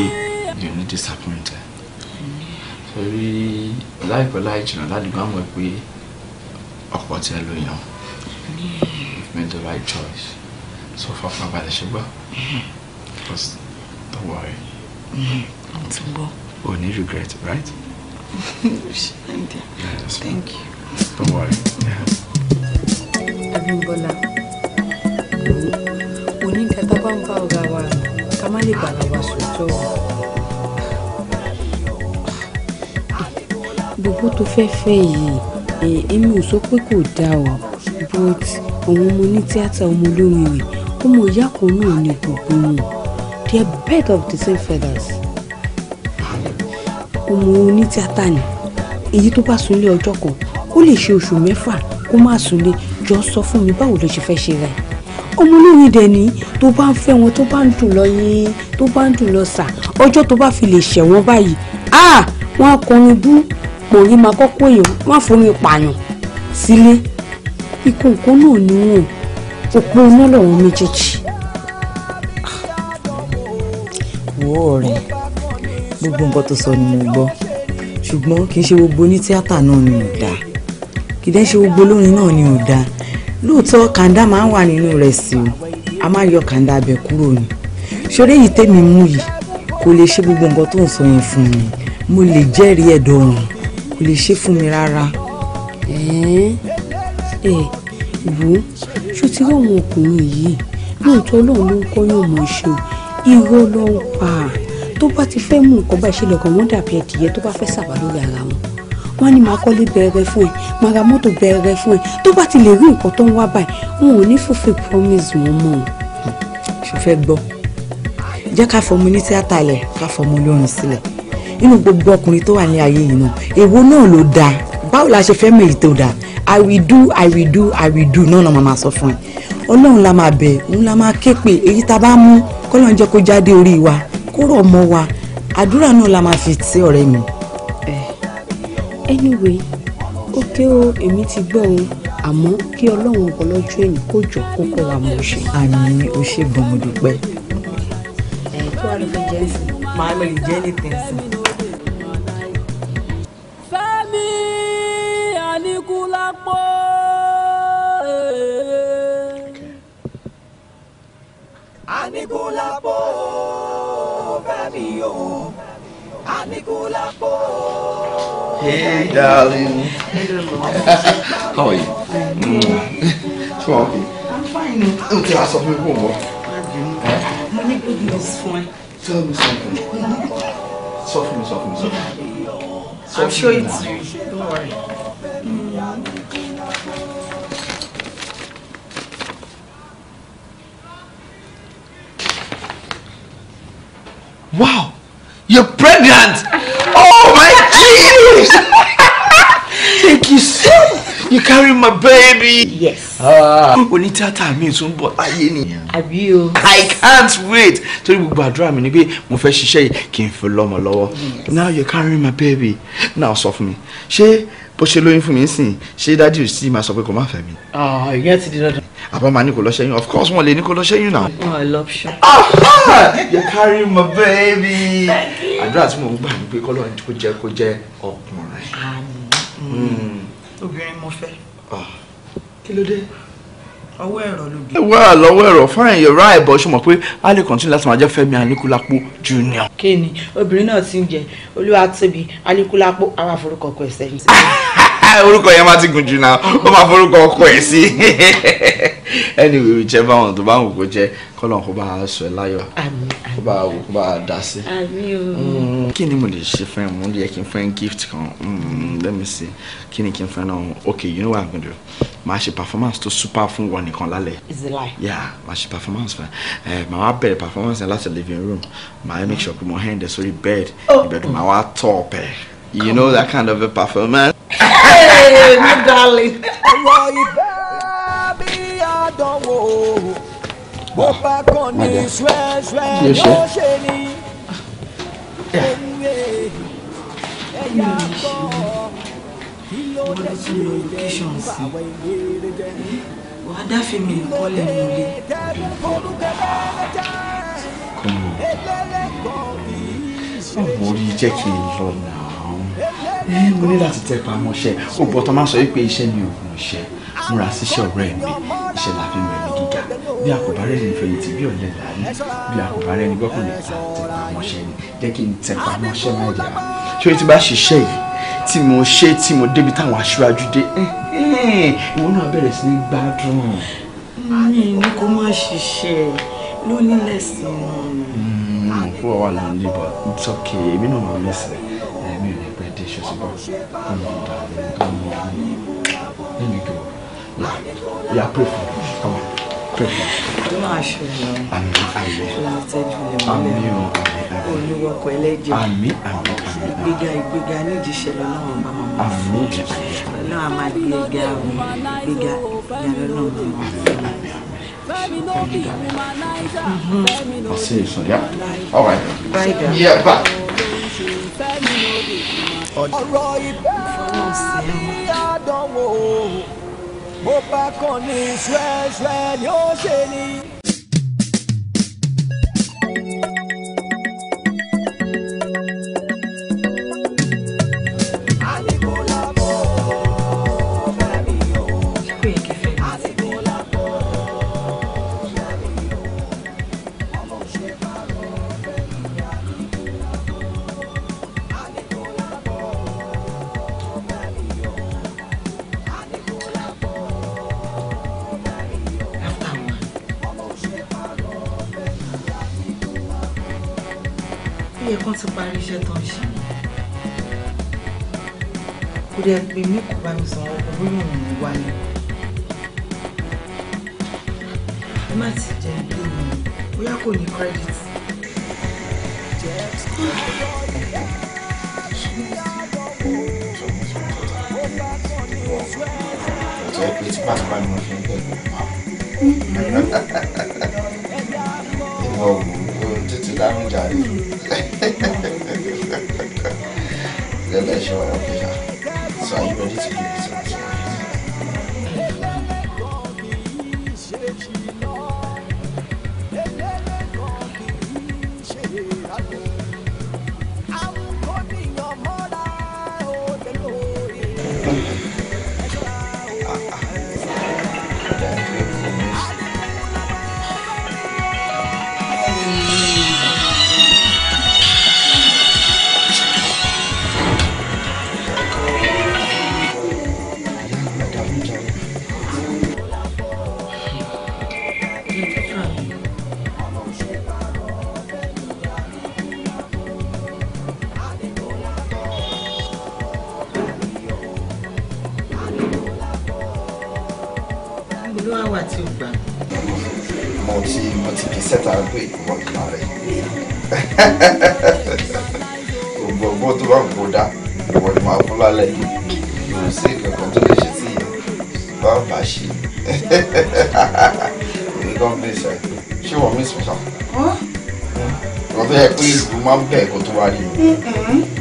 you no disappoint ẹ torí láìpẹ́ láì jìnnà ládùúgbò àwọn ẹ pé ọ̀pọ̀ tí ẹ lò yàn you've made the right choice so far far balẹ̀ ṣe don't worry. Mm-hmm mo ti gbọ́. o oh, ní regret right. yes. thank you. don't worry. Abímbọ́lá oníkatá bá ń bá ọ̀gá wa ká má wa sòótọ́ o. gbogbo tó fẹ́ fẹ́ yìí èmi e, ò sọ pé kò o but àwọn ọmọ ní tíátà ọmọ olórin rẹ̀ ọmọ ìyá kan náà ni gbogbo wọn they are birds of the same feathers pé mo ní tíátà ni èyí tó bá súnlé ọjọ́ kan ó lè ṣe oṣù mẹ́fà kó má súnlé jọ sọ fún mi báwo ló ṣe fẹ́ ṣe rẹ̀ ọmọ olórin dẹ̀ ní tó bá ń fẹ́ wọn tó bá ń dùn lọ yín tó bá ń dùn lọ sà ọjọ́ tó bá fi lè ṣẹ̀ báyìí ah wọn akọrin bú pòrí máa kọ́kọ́ èèyàn wọn àforin pààyàn sílé ikú nǹkan náà ni wọn òpó iná lọ́wọ́ méjèèjì. wo ọ̀rẹ́ gbogbo nǹkan tó sọ ni mo gbọ́ ṣùgbọ́n kì í ṣe gbogbo ní tíátà náà ni ò dáa kì í ṣe gbogbo olórin náà ni ò dáa lóòótọ́ kàńdá máa ń wà nínú rẹ̀ sí o a máa yọ kàńdá abẹ kúrò ni ṣoré yìí tèmi mú yìí kò lè ṣe gbogbo nǹkan tó ń sọ yẹn fún mi mo lè jẹ́rìí ẹ̀dọ̀ ọ̀run kò lè ṣe fún mi rárá. ẹ ẹ wo ṣó ti rí àwọn ọkùnrin yìí lóòótọ́ Ọlọ́run ló ń kọ́ yóò mọ̀ ṣe ìwọ ló ń pa á tó bá ti fẹ́ mú nǹkan bá ìṣẹ̀lẹ̀ kan wọ́n dàbí ẹ̀dìyẹ tó bá fẹ́ sàbà lórí ara wọn wọ́n ní máa kọ́lé bẹ̀rẹ̀ fún ẹ máa ra mọ́tò bẹ̀rẹ̀ fún ẹ tó bá ti lè rí nǹkan tó ń wá báyìí wọn ò ní fulfill promise wọn mọ́ ọ́n. ṣùfẹ́ gbọ́ jẹ́ ká fọmọ ní tíátà lẹ̀ ká fọmọ olórin sílẹ̀ nínú gbogbo ọkùnrin tó wà ní ayé yìí náà èwo náà ló dáa báwo la ṣe fẹ́ mọ tó dáa i will do i will do i will do náà náà máa sọ fún ẹ ọlọ́run la máa bẹ̀ òun la máa ké pé èyí tá a bá mú kọ́lọ́run jẹ́ kó jáde orí wa kúrò ọmọ wa àdúrà náà la máa fi tí ọ̀rẹ́ mi. anyway ókè o èmi ti gbọ́ o àmọ́ kí ọlọ́run ọlọ́jọ́ èyí kò jọ kó kọ́ wa mọ̀ ṣe. àmì ò ṣe gan mo dúpẹ́. ẹ kí wàá lọ fi jẹ́ sí. màá lọ ìjẹ́ ní tẹ̀sán. Fẹ́mi Aníkúlápó. Aníkúlápó mi Hey, darling. Hey, How are you? Mm. So okay. I'm fine. I'm tell us something more. Mo ní good Tell me something. Soften me, soften me, soften me. I'm sure it's you. Don't worry. Wow, you're pregnant! Oh my Jesus! Thank you so much. You carry my baby. Yes. Ah, onítìátà mi tún bọ̀ láyé ni. Àbí o. I can't wait. Torí gbogbo àdúrà mi ni pé mo fẹ́ ṣiṣẹ́ yìí kí n fi lọ́mọ lọ́wọ́. Now you're carrying my baby. Now sọ fún mi, ṣé bó ṣe lóyún fún mi sìn ṣé dájú ò sí máa sọ pé kò má fẹ́ mi. Ah, ìyẹn ti di dandan. àbá máa ní kó lọ ṣẹ́yún of course wọn lè ní kó lọ ṣẹ́yún náà. oh i love you. Ah, ah! you carry my baby. àdúrà tí mò ń gbà ní pé kọ́lọ́ ní kó jẹ́ kó jẹ́ ọkùnrin. Hmm. obìnrin mo fẹ́. Ah. kí ló dé ọwọ́ ẹ̀rọ ló gbé. well ọwọ́ ẹ̀rọ fine you're right but ṣe mọ̀ pé a lè continue láti máa jẹ́ Fẹ́mi Aníkúlápó junior. kéènì obìnrin náà ti ń jẹ Olúwatóbi Aníkúlápó àwọn àforúkọ ọkọ ẹ̀ sẹ́yìn. orúkọ yẹn máa ti gùn jù náà ó máa forúkọ ọkọ ẹ̀ sí. anyway whichever one tó bá wù kó jẹ́ kọ́lọ̀ kó bá sọ ẹ láyọ̀ kó bá wù kó bá dá sí. Mm, kí ni mo lè ṣe fún mo lè yẹ kí n fún gift kan mm, let me see kí ni kí n fún náà okay you know what i'm gonna do màá ṣe performance tó super fún wọn nìkan lálẹ́. is it like. yeah màá ṣe performance fún ẹ eh, màá wá bẹ̀rẹ̀ performance yẹn láti living room màá make sure pé mo hand hẹ́ndẹ̀ sorry bed oh. ìbẹ̀dùn màá wá tọ̀ ọ̀pẹ̀ you know that kind of a performance. hey my darling dánwò bó bá kàn ní ṣúẹ́ṣúẹ́ ló ṣe ni. ẹ̀yà kọ́ kí ló dé sí ilé ìfàwé ìwé rẹ jẹ́. wà á dáfẹ́ mi ìkọ́lẹ̀ mi lé. ọmọ orí jẹ́ kí n lọ nà án mo ní láti tẹpá mọ́ṣẹ́ ó gbọ́ tó máa sọ wípé iṣẹ́ mi ò gùn iṣẹ́ múra síṣẹ́ ọ̀rẹ́ mi iṣẹ́ la fi gíga bí àkùbárẹ́ ni ìfẹ̀yìntì bí ọ̀lẹ làálí bí àkùbárẹ́ ni gbọ́kùnrin ta tẹpamọ́ṣẹ́ ni jẹ́ kí n tẹpamọ́ṣẹ́ má yà á ṣé o ti bá ṣiṣẹ́ yìí tí mo ṣe tí mo débi táwọn aṣáájú dé ìwọ náà bẹ̀rẹ̀ sí ní gbádùn. mi ni kò má ṣiṣẹ́ ló ní lẹ́sìn fún ọwọ́ àlọ́ ní bọ̀ it's èmi náà máa lẹ́sìn ẹ̀mí ò ní pẹ́ dé ṣọ́ṣọ́ bọ́ ọmọ ọ̀dà ọmọ ọ̀dà. Yeah, pray for me. Come on. Pray for me. Àmín àmín. Àmín o àmín. àdánwò bó bá kàn ní ṣúẹ́ṣúẹ́ ni ó ṣe yẹ kán ti parí iṣẹ́ tó ń ṣe kò dẹ̀ pé mi kò bá mi sanwó ọkọ̀ bóyá òun ò wáyé ẹ má ti jẹ ìgbé mi bóyá kò ní credit. Jẹ́ pé òun títí dáhùn jàre. Revelation, okay. So are you ready to give gbogbo ọgbọ́n tó bá gbogbo dá ìwọ ni màá fún lálẹ́ yóò sí kankan tó lè ṣe sí ìyá bá bá ṣe èyí kan bí ṣe ṣé wọ́n mí sọ̀tà wọ́n tó yẹ pé ìlú máa ń bẹ̀ kó tó wá rí i.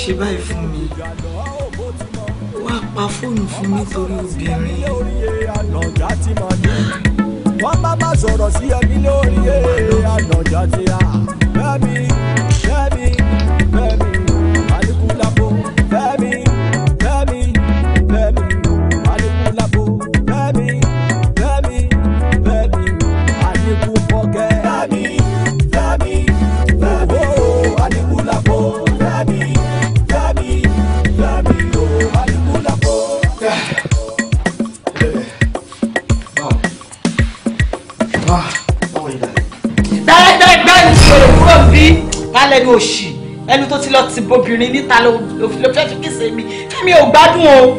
ṣe báyìí fún mi wàá pa fóònù fún mi torí gbá ẹni tí o lè kúrò bí kálẹ̀ ní òṣì ẹni tó ti lọ ti bobìnrin níta ló fẹ́ fi kíse mi fẹ́mi ò gbádùn o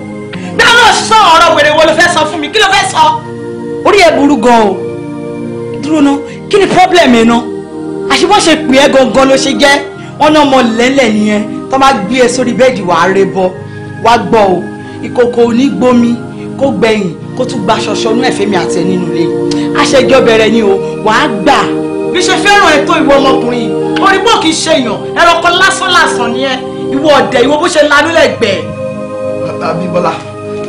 dáná sọ ọ̀rọ̀ wèrè wo ló fẹ́ sọ fún mi kí ló fẹ́ sọ. orí ẹ burú gan o dúró ná kí ni pọ́blẹ̀mù ẹ̀ ná àṣìbọ́n pè é gangan ló ṣe jẹ́ wọn náà mọ lẹ́lẹ̀ nìyẹn tó máa gbé ẹ sórí bẹ́ẹ̀dì wàá rẹ bọ wàá gbọ́ o ìkòkò ò gbomi kó gbẹ̀yìn kó tún gba ṣọṣọ nú ẹ̀fẹ́mi àtẹ nínú ilé àṣẹjọ bẹ̀rẹ̀ ni o wàá gbà bí ṣe fẹ́ràn ẹ̀ tó ìwọ ọmọkùnrin yìí orí bó kì í ṣe èèyàn ẹranko lásán lásán ni ẹ ìwọ ọ̀dẹ̀ ìwọ bó ṣe lanú lẹ́gbẹ̀ẹ́. Abímbọ́lá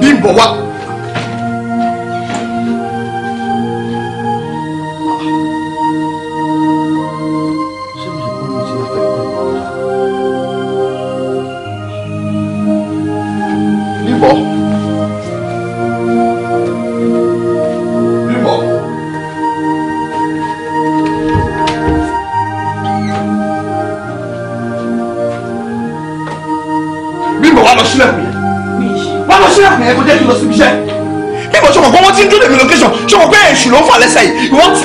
Bímbọ́ wá.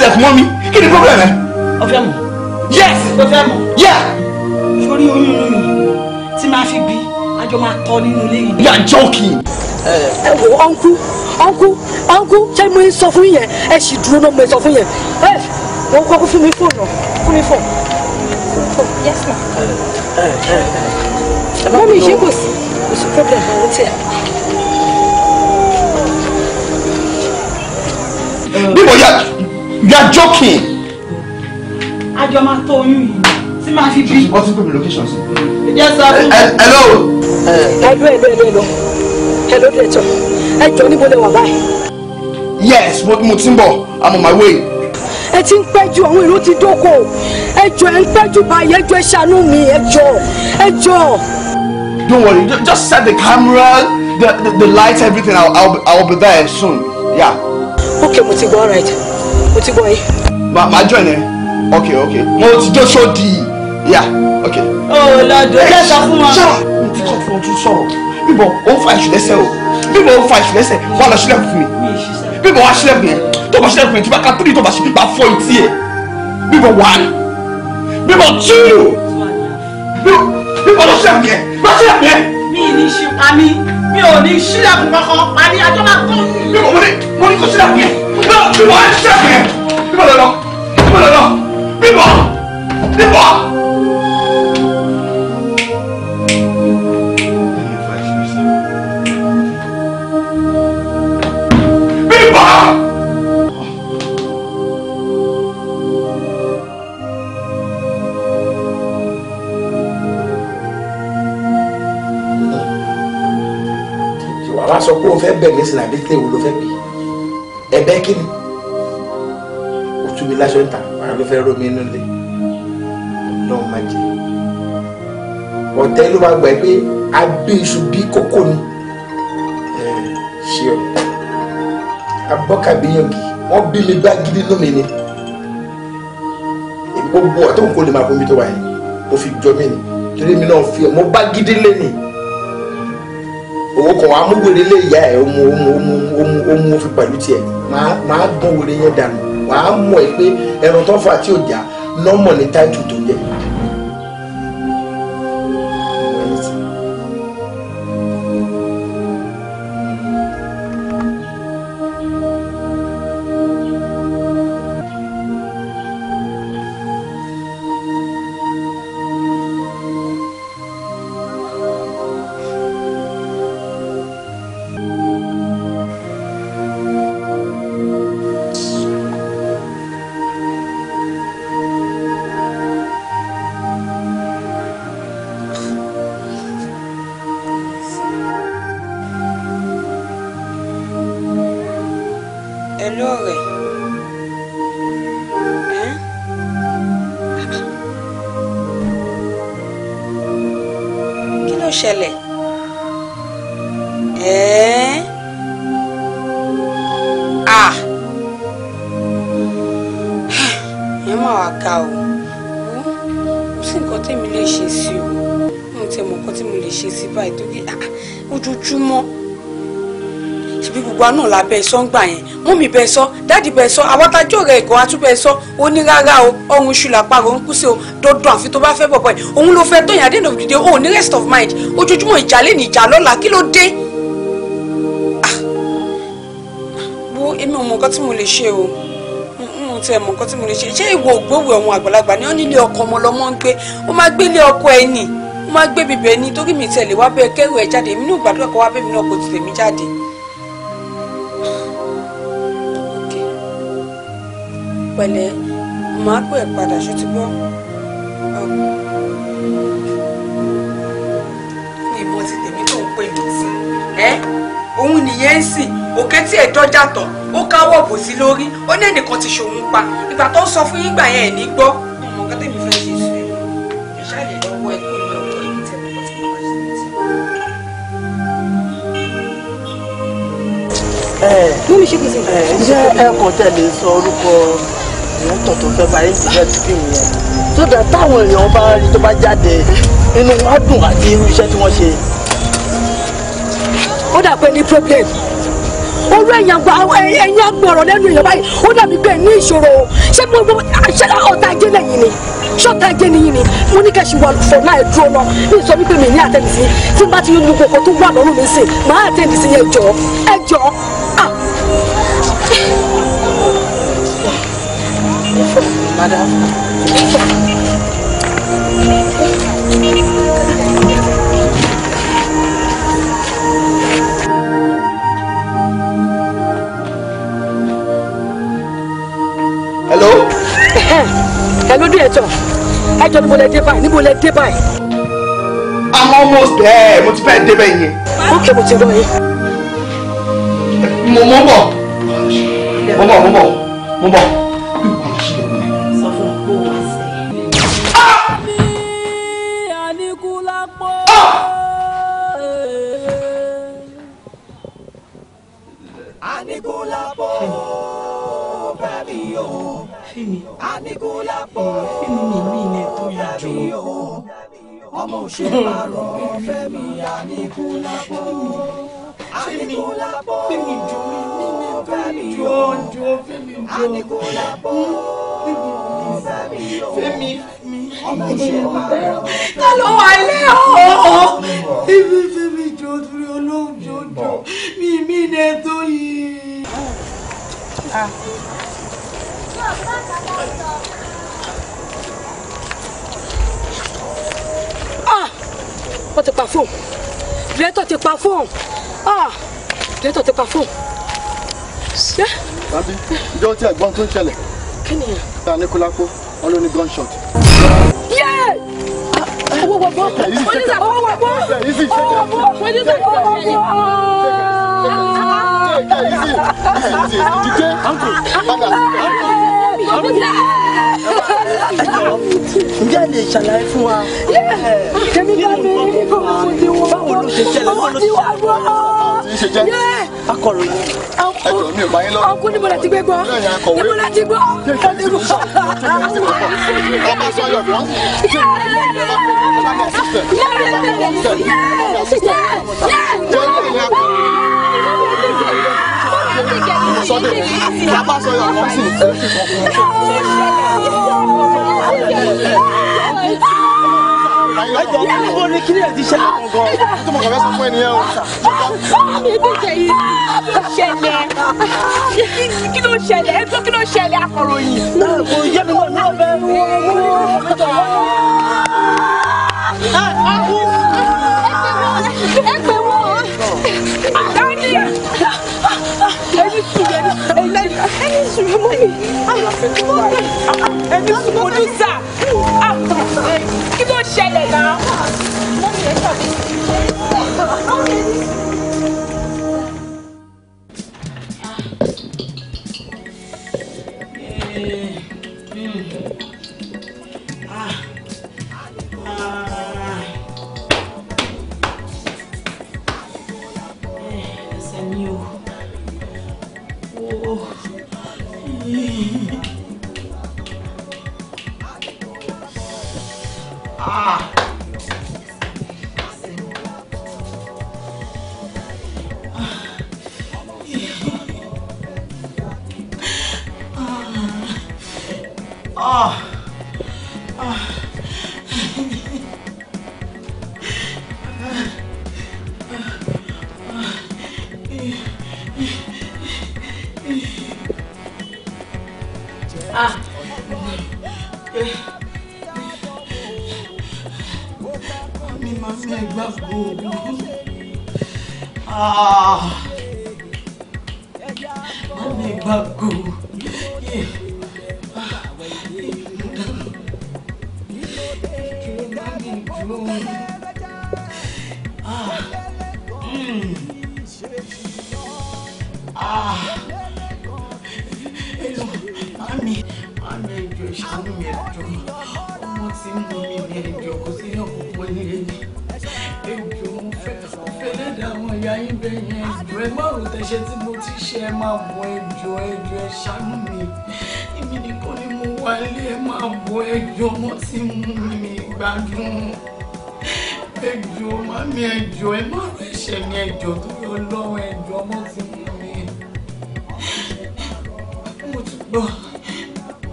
serious mọ́ mi kí ni problem ẹ. o fẹ́ mọ̀. yes o fẹ́ mọ̀. yeah. sórí oyún inú mi tí máa fi bí àjọ máa tọ́ nínú ilé yìí. you are joking. ẹ wo ọ̀nkú ọ̀nkú ọ̀nkú ṣé mo ń sọ fún yẹn ẹ sì dúró náà mo ń sọ fún yẹn ẹ wọ́n kọ́kọ́ fún mi fóònù fún mi fóònù yes ma. mọ́mí ṣé kò sí kò sí problem ọ̀hún tiẹ̀. bí mo yá you are joking. àjọ máa tó oyún yìí tí máa fi bí. wọ́n ti pè location yes sir. hello. hello hello hello hello director ẹ jọ níbo lẹ wà báyìí. yes mo ti ń bọ̀ i'm on my way ẹ ti ń pẹ́jù àwọn èrò ti dóko ẹ jọ ẹ ń pẹ́jù báyìí ẹ jọ ẹ ṣàánú mi ẹ jọ ẹ jọ. don't worry just set the camera the the, the lights everything I'll, I'll, I'll be there soon yeah. okay mo ti gbọ́ all right mo ti gbọ́ yìí. ma ma join ẹ ok ok mo ti jó ṣó di ya ok. Oh, o lọ́dọ̀ ẹ sọ fún wa. ṣọlá n ti kọ́ fún ojú sọ̀rọ̀ bíbọ̀ ó ń fa ìṣù lẹ́sẹ̀ o bíbọ̀ ó ń fa ìṣù lẹ́sẹ̀ wà lọ sílẹ̀ fún mi bíbọ̀ wá sílẹ̀ fún yẹn tó bá sílẹ̀ fún yẹn tí bá ka three tó bá sí bá fọ etí ẹ bíbọ̀ one bíbọ̀ two bíbọ̀ lọ sílẹ̀ fún yẹn lọ sílẹ̀ fún yẹn. mi ì ní ṣe mi ò ní sílẹ̀ fún kankan pa mo ní mo ní kó sílẹ̀ fún yẹn. No, pé o fẹ́ bẹ̀ mí sí làbí o ló fẹ́ bì ẹ̀bẹ́ kí ni ó tún mi láṣọ níta àwọn ló fẹ́ rómi inú ilé náà má jẹ ọ̀tẹ́ ló máa gbà pé abé iṣu bí kókó ni ṣe ọ abọ́kàbíyànjú wọ́n bí mi bá gidi lómi ni gbogbo ọ̀tọ̀ nǹkan lè máa bomi tó wáyé mo fi jọ mí ni torí mi náà fi ọ mo bá gidi lé ni òun kàn wá mú wèrè lé ìyá ẹ̀ ọmú ọmú ọmú ọmú ọmú fi pẹ̀lú tiẹ̀ máa gbọ́n wèrè yẹn dànù wàá mọ̀ ẹ́ pé ẹran tó fà tí ò já nọ́mọ̀ ní táìtù tó jẹ́ gbogbo àánú la bẹ sọ ń gbà yẹn mú mi bẹ sọ dáàdì bẹ sọ àwọtajọ rẹ ẹkọ atúbẹ sọ ó ní rárá o ọrùn ṣù làpárò ń kú sí o dandan àfi tó bá fẹ́ bọbọ ẹ òun ló fẹ́ tóyìn àdéhùn òdìdí o ní rest of mind ojoojúmọ́ ìjà lé ní ìjà lọ́la kí ló dé. Ah. wo èmi ò mọ nǹkan tí mo lè ṣe o mo tiẹ̀ mọ nǹkan tí mo lè ṣe ṣé ìwọ ògbówó ẹ̀wọ̀n àgbàlagbà ni ó nílé ọkọ ọmọ lọ́mọ ń gbé ó máa gbélé ọkọ ẹ̀ nì ó máa gbé bíbẹ̀ ni torí mi tẹ̀lé wá bẹ́ẹ̀ kẹ́rù ẹ̀ jáde èmi náà gbàdúrà kó wá bẹ́ẹ̀ mi náà kò tẹ̀lé mi jáde. pẹ̀lẹ́ màá pè padà ṣó ti gbọ́. ìbọn ti tèmi tó ń pè mí sí ẹ òun nìyẹn ń sìn òkè tí ẹ dọ́jà tán ó káwọ́ bò sí lórí ó ní ẹnìkan ti ṣòun pa ìgbà tó ń sọ fún yín gbà yẹn ẹ̀ ní gbọ́. ọmọ kẹtẹ́ mi fẹ́ ṣe sí i ìṣàlẹ̀ lọ́wọ́ ẹ̀. ẹ ẹ ǹjẹ́ ẹ kàn tẹ̀lé sọ orúkọ ń tọ̀ tó fẹ́ parí ìṣẹ̀lẹ̀ fíìmù yẹn tó dà táwọn èèyàn bá rí tó bá jáde inú wọn á dùn àti irú iṣẹ́ tí wọ́n ṣe. ó dà pé ní problem olú ẹ̀yìn àgbà ẹ̀yìn àgbà ọ̀rọ̀ lẹ́nu èèyàn báyìí ó dàbí bẹ́ẹ̀ ní ìṣòro ṣé mo mo ṣé ọ̀tá ajé lẹ́yìn ni ṣọ́ọ̀tà ajé nìyí ni mo ní kẹ́sì wà fọ̀ náà ẹ̀ dúró lọ ní ìsọ wípé mi ní àtẹ̀lẹ́sí tí n bá ti yọ gbogbo ọkọ̀ tó wà lọ́rùn mi sìn máa àtẹ̀lẹ́sí yẹn jọ ẹ jọ. hello. hello dear ẹjọ I níbo lẹ to buy. You lẹ dé báyìí. i'm almost there mo ti fẹ́ débẹ̀ yẹn. ok mo ti rọ yín. mo mọ̀ bọ̀ mo bọ̀ ta fóònù. tàbí ìjọ tí ẹ̀gbọ́n tó ń ṣẹlẹ̀. kí ni ìyá. ta ní kólákó wọn ló ní gunshot. owó wọ bọ́ polisa owó wọ bọ́ owó wọ bọ́ polisa owó wọ bọ́. ǹjẹ́ lè ṣàlàyé fún wa. kẹ́mi bá mi báwo ló ṣe ṣẹlẹ̀ báwo ló ṣe ṣẹlẹ̀ ṣe jẹ́ akọ̀ròyìn ẹ̀dùn mi ni bá yín lọ. ọkùn níbo la ti gbé gbọ́ níbo la ti ọmọ sọ yọ bí wọn. sọ yọ àwọn jọ ó ní kí ni ẹ ti ṣẹlẹ̀ gangan tó mọ kàn fẹ́ sọ fún ẹnìyẹn o. mi ti jẹ yìí ṣẹlẹ̀ kí ló ṣẹlẹ̀ ẹ gbọ́ kí ló ṣẹlẹ̀ akọ̀ròyìn. kò yẹ mi náà ló bẹ ẹ pè wọ́n dání ẹni sùn ẹni sùn ẹni sùn mọ́ni ẹni sùn mọ́ni sà tó ṣẹlẹ̀ náà.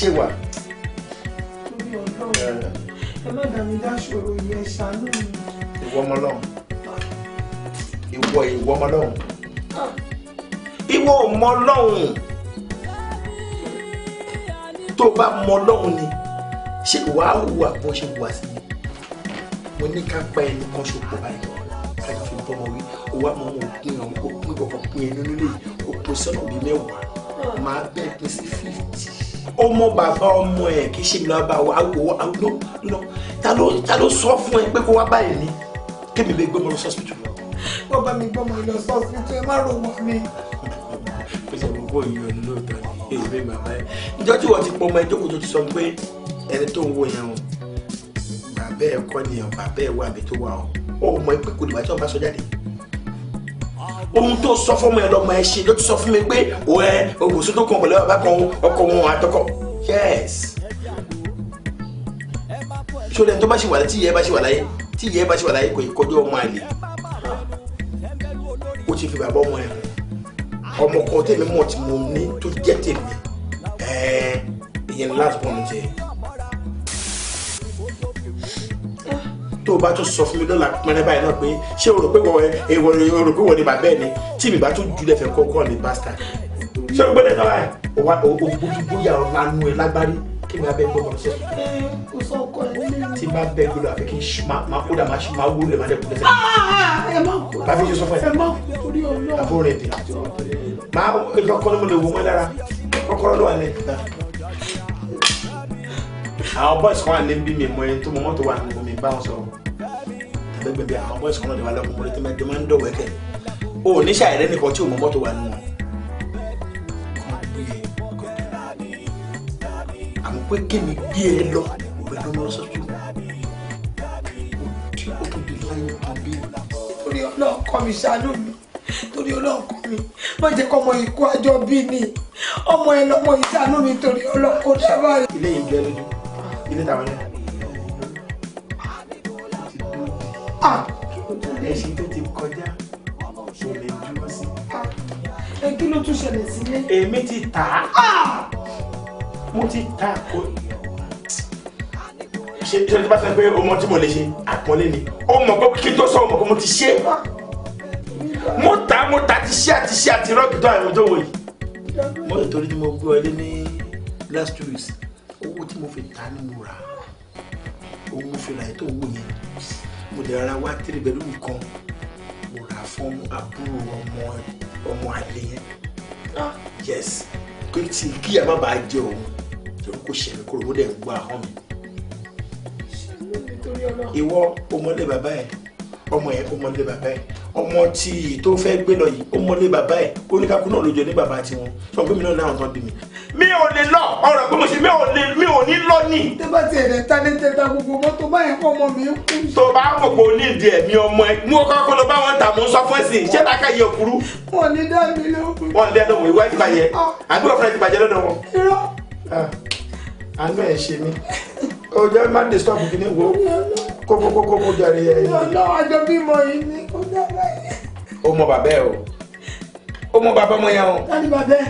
ṣe wà. torí ọlọ́run ẹ má dàmí dáṣọ̀rọ̀ yẹn ṣàánú mi. ìwọ ọmọ ọlọ́run ìwọ ìwọ ọmọ ọlọ́run ìwọ ọmọ ọlọ́run tó bá mọ ọlọ́run ni ṣé wàá wù àbọ̀ ṣe wù àsìkò mo ní ká pa ẹni kan ṣòpọ̀ báyìí owó àmọ́ mo pín ọ̀hún ó pín kọ̀ọ̀kan pín ẹni nílé òpó sọ̀rọ̀ bíi mẹ́wàá ah. máa bẹ́ẹ̀ pín sí fí ọmọ bàbá ọmọ ẹ̀ kì í ṣe ìlú àbá wa àwò wa àwò lọ ta ló ta ló sọ fún ẹ pé kó wá báyìí ni kémi bẹ gbọmọ lọ sọsibítù lọ. wọ́n bá mi gbọmọ lọ sọsibítù ẹ má ro wọn mi. pèsè mo kó iye ọ̀nà lóòótọ́ ni èyí bẹ́ẹ̀ bàbá ẹ̀ níjọ́ tí wọ́n ti pọ̀ ọmọ ẹ jókòó tó ti sọ pé ẹni tó ń wo yẹn o bàbá ẹ̀ kọ́ ni ọ̀ bàbá ẹ̀ wà àbí tó wà ọ̀ ọ̀ mọ̀ ẹ pé kò dìbò àti ọ̀ bá sọ jáde ohun tó sọ fún mi lọmọ ẹ ṣe ló ti sọ fún mi pé o ẹ ògùnsó tó kàn pẹ̀lú bàbá kan ọkọ wọn àtọkọ yes sórí tó bá ṣe wà láyé tí ìyá bá ṣe wà láyé tí ìyá bá ṣe wà láyé kò yí kọjú ọmọ àlè ó ti fi bàbá ọmọ ẹ ọmọ kan tèmi mọ̀ tí mo ní tó jẹ́ tèmi ẹ̀ẹ́n ìyẹn láti pọ̀ mi jẹ́ tó o bá tún sọ fún mi lọ́la pẹ́rẹ́ báyìí náà pé ṣé o rò pé wọ́n e, e, ni bàbá ẹ̀ ni tí mi bá tún jùlẹ̀ fẹ́ kọ́kọ́ ni bastard ṣé o gbọ́dọ̀ náà wà ògbójúgbóyà ọ̀la nu ẹ̀ lágbárí kí n bá bẹ gbọ́dọ̀ ṣe. tí n bá bẹ gbọ́dọ̀ àbí kí n ṣe máa kó dà máa ah, ṣe máa wúlò máa dẹkùn lẹ́sẹ̀. bàbá yìí sọ fún ẹ. àbó rẹ bì. máa lọkọ ni mo lè wo mọ lára kọ́kọ́rọ́ ló wà lẹ. àwọn bọ́ọ̀sì kan wà ní bí mi mọ ẹni tó mọ mọ́tò wà ní mi bá wọn sọ̀rọ̀ àgbègbè bíi àwọn boys kan náà wà lọ́kùnrin tó máa ń dọ̀wọ́ ẹ̀kẹ́ o ní ṣàìrẹ́ nìkan tí o mọ mọ́tò wà nù wọn. àmọ́ pé kémi gbé ẹ e lọ òwe ló mọ́ sọ́tún tí o tó di láyé tàbí. torí ọlọ́run kọ́ mi ṣàánú mi torí ọlọ́run kọ́ mi má jẹ́ kọ́ ọmọ ikú àjọ bí ni ọmọ ẹ lọ́mọ ìṣàánú mi torí ọlọ́run kò dábàá. ilé yìí bẹ́ẹ̀ lójú ilé tàwọn yẹn. Ah! ẹṣin tó ti kọjá kò lè dúró sí. ẹ kí ló tún ṣẹlẹ̀ sílé. èmi ti tà á ah! mo ti tà á kò ṣe tí wọ́n ti bá sọ pé ọmọ tí mo lè ṣe àpọ́nlé ni ó mọ̀ pé kí n tó sọ ọmọ pé mo ti ṣe ah! mo tà mo tà ti ṣe àti ṣe àti rọ́ọ̀kì tó àrùn tó wò mo lè torí ni mo gbé ọdẹ ní last two weeks owó tí mo fi tà ni mo rà owó mo fi rà ètò owó yẹn mo dẹ̀ ara wá tẹ̀lé pẹ̀lú mi kan mo rà fún àbúrò ọmọ ọmọ àlè yẹn ah, yes pé tí kí a má bàa jẹ òun torí kò ṣẹlẹ̀ kúrò mo dẹ̀ ń ahọ́n mi. ìwọ ọmọlé bàbá yẹn ọmọ yẹn ó mọlé bàbá ẹ ọmọ tí tó fẹ́ gbé lọ yìí ó mọlé bàbá ẹ oníkakú náà ló jọ ní bàbá tiwọn sọ pé mi náà náà tán bí mi. mi ò lè lọ ọ̀rọ̀ pé mo ṣe mi ò lè mi ò ní lọ ní. tó bá tiẹ̀ rẹ̀ ta ní tẹ̀ta gbogbo mọ́tò báyìí kọ́ ọmọ mi kú. tó bá wò pé ní ìdí ẹ̀mí ọmọ ẹ mú ọkọ kó bá wọn tà mú sọ fún ẹsìn ṣé ta ká yẹ òkúrú. wọn ní dá mi lóhùn. Ah. wọn lé o jẹ má disturb kìíní wo kókókókó jàre ẹ. ọlọ́wọ́ àjọ bímọ yìí ni kò dára ẹ. o mọ bàbá ẹ o o mọ bàbá ọmọ yẹn o. láti bàbá ẹ.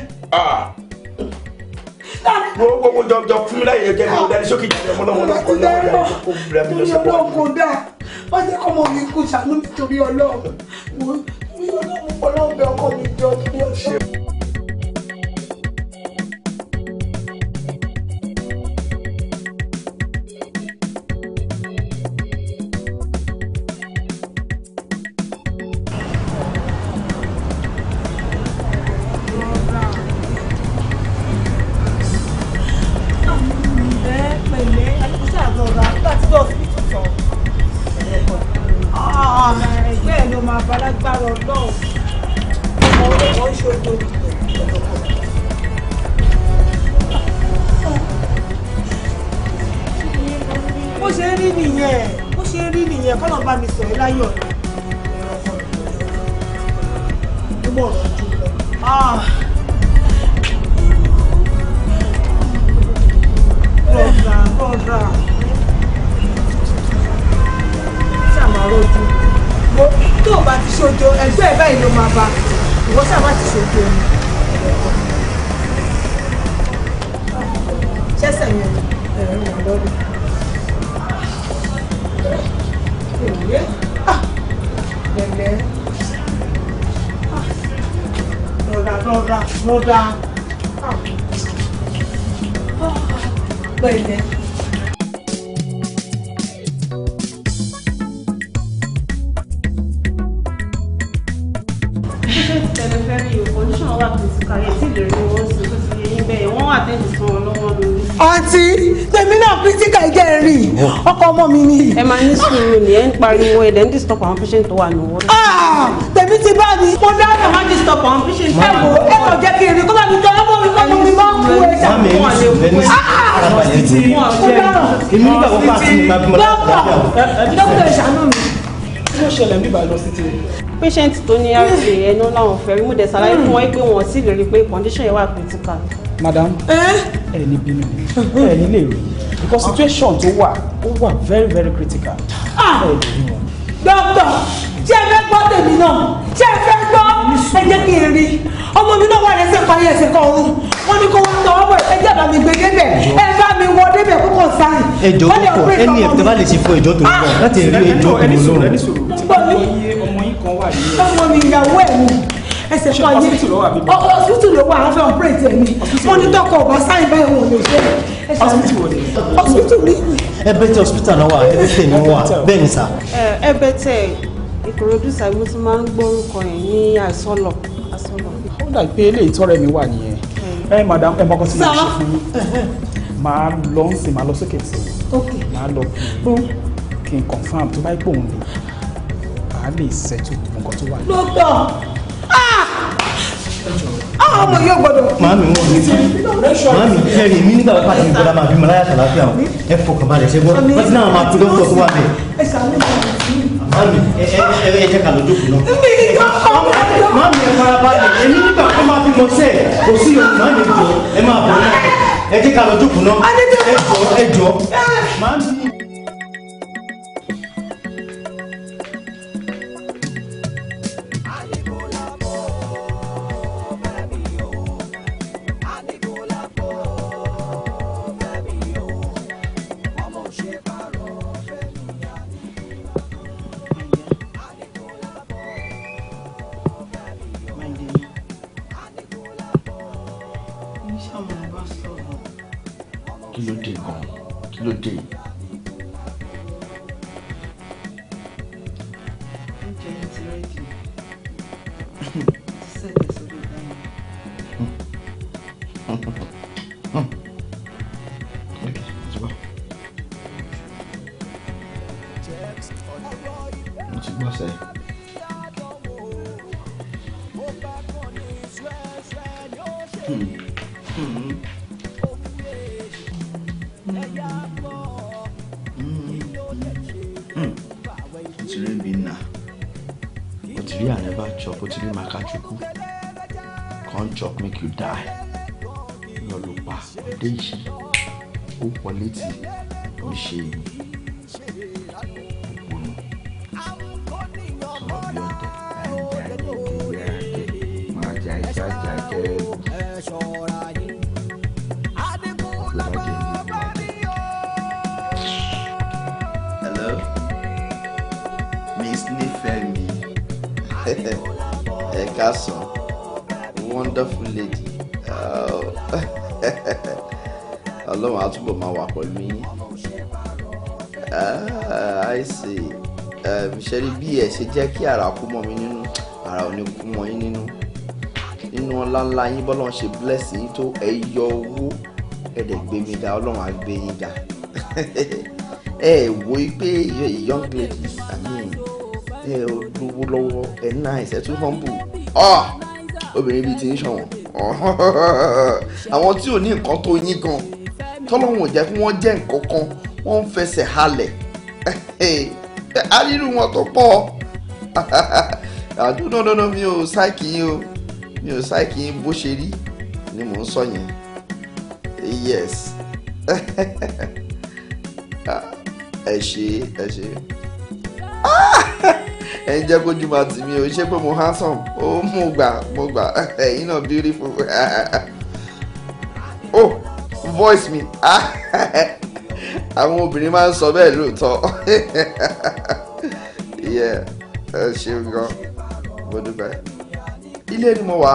wo gbogbo jọ jọ fún mi láyé jẹ mi o dáni sókè jẹ ọmọ lọ́wọ́ lọ́wọ́ lọ́wọ́ dáni kó bẹ̀rẹ̀ mi lọ́sọ̀ pọ̀. ọlọ́run kò dáa wọ́n jẹ́ kọ́mọ mi kú sànú nítorí ọlọ́run mi ọlọ́run ọlọ́run bẹ ọkọ mi jọ nítorí ọlọ́run. wà pẹ̀sìkàyè tí ìbẹ̀rù owó sí tó ti yẹ yín bẹ́ẹ̀ wọ́n wà tẹ́lẹ̀ sọ wọn lọ́wọ́ lórí. àǹtí tèmi náà pírítíkà ìjẹ́ rí ọkọ ọmọ mi ni. ẹ máa ní sùúrù ni ẹ ń pariwo ẹ dẹ̀ ń disturb àwọn patient tó wà ní tèmi ti bá mi. mo dá ẹ máa disturb àwọn patient. ẹ wò ẹ kò jẹ́ kí n rí kọ́lá mi jọ lọ́wọ́ mi kọ́ mi máa ń kú ẹ̀ ṣàkóso àlẹ́ òkú tí ó ṣẹlẹ̀ ní ìbàdàn sí ti rẹ̀. patient tó ní rca ẹnu láwọn fẹ́ rí mú dẹ̀ ṣàlàyé fún wọn pé wọn sì lè pé condition yẹn wà critical. madam ẹ ní bínú ẹ ní lè rí because situation tó wà ó wà very very critical. ẹ lè rí wọn. dókítà ṣé ẹ fẹ́ gbọ́ tèmi náà ṣé ẹ fẹ́ gbọ́ ẹ jẹ́ kí n rí ọmọ mi náà wà lẹ́sẹ̀ parí ẹsẹ̀ kan ọ̀run wọ́n ní kó wọ́n tọwọ́ bọ̀ ẹ jẹ́ bá mi gbé débẹ̀ ẹ bá mi wọ débẹ̀ kókò sáyìn. ẹjọ́ kókò ẹni ẹ̀ tẹ́ bá lè ṣe fún ẹjọ́ tó ń bọ̀ láti rí ẹjọ́ tó ń lọ gbọ́ mi. ọmọ yín kan wà ní. ọmọ mi ìyàwó ẹ̀ ni ẹsẹ̀ kan yé hospital ló wà àwọn fẹ́ operate ẹ̀ ni wọ́n ní dọ́kọ̀ ọ̀bá sáyìn báyìí wọn ò lè ṣe é. hospital wò ni. hospital rí. ẹbẹ tí hospital náà wà ẹbẹ tẹ ni wọn wà bẹ́ẹ̀ ni sà. ẹbẹ tẹ Ìkòròdú sàgbó tí máa ń gbórúkọ yẹn ní àsọlọ àsọlọ. ó dà pé eléyìí tọrẹ mi wà nìyẹn ẹ madam ẹ mọkàn sí mi ṣe fún yín màá lọ ń sìn màá lọ sókè sí i màá lọ kí n confam tó bá yẹ pé òun lè lè ṣètò nǹkan tó wà. lọ́tọ̀ ah! ah, ọmọ yóò gbọdọ̀. màámi wọn ní ti màámi kẹrin èmi nígbà wọn pàtàkì ìbọdá máa fi mọ láyà tàlàfíà o ẹ fọkàn balẹ̀ ṣe gbọ́ wọn ti náà máa fi lọ́pọ̀ tó wà bẹ̀. màámi ẹ ẹ ẹ jẹ́ ká lọ jókòó náà. mi ni kò ọmọ ẹ màámi ẹ fara balẹ̀ èmi nígbà wọn máa fi mọ sẹ́ẹ̀ kò sí yòó màámi jọ ẹ máa bọ̀ náà ẹ jẹ́ ká lọ jókòó náà ẹ jọ ẹ jọ eh. màámi. méjì ó pọ̀ létí ó ṣe èyí. ṣẹ́rí bí ẹ̀ ṣe jẹ́ kí ara kú mọ́ mi nínú ara ò ní kú mọ́ yín nínú nínú ọlá yín bọ́lá ń ṣe bless yín tó ẹ yọ owó ẹ̀dẹ̀ gbé mi ga ọlọ́run á yín ga ẹ wo pé young lady i mean ẹ ò lówó lọ́wọ́ ẹ nice ẹ tún humble ọ ah! obìnrin bíi ti ń ṣọ̀wọ́n àwọn tí ò ní nǹkan tó yín gan tọ́lọ́hún ò jẹ́ kí wọ́n jẹ́ nǹkan kan wọ́n ń fẹsẹ̀ halẹ̀ nínú wọn tó pọ̀ àdúrà dandan mi ò sáìkì yín o mi ò sáìkì yín bó ṣe rí ni mò ń sọ yẹn yes ẹ ṣe ẹ ṣe ẹ ń jẹ́ kójú máa tì mí o ṣé pé mo handsome ó mo gbà mo gbà ẹ̀yin náà beautiful oh voice me àwọn obìnrin máa ń sọ bẹ́ẹ̀ lóòótọ́ yẹ ẹ ṣeun gan mo dúpẹ́ ilé ni mo wà.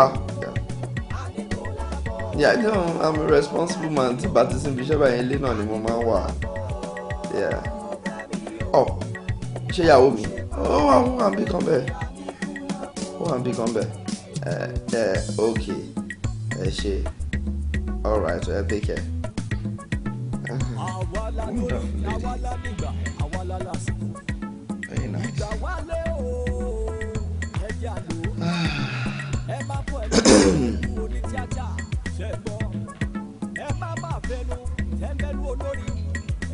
Yeah, I I'm a responsible man tí baptism bishop ayẹlẹ náà ni mo máa ń wà. Yeah. Oh, ṣé ìyàwó mi? Ó oh, wà ń wà ń bí kan bẹ́ẹ̀. Ó wà ń bí kan bẹ́ẹ̀. Ẹ ẹ ok ẹ ṣe all right ẹ take care. Àwọn alábìgbà, àwọn alálàsìkò.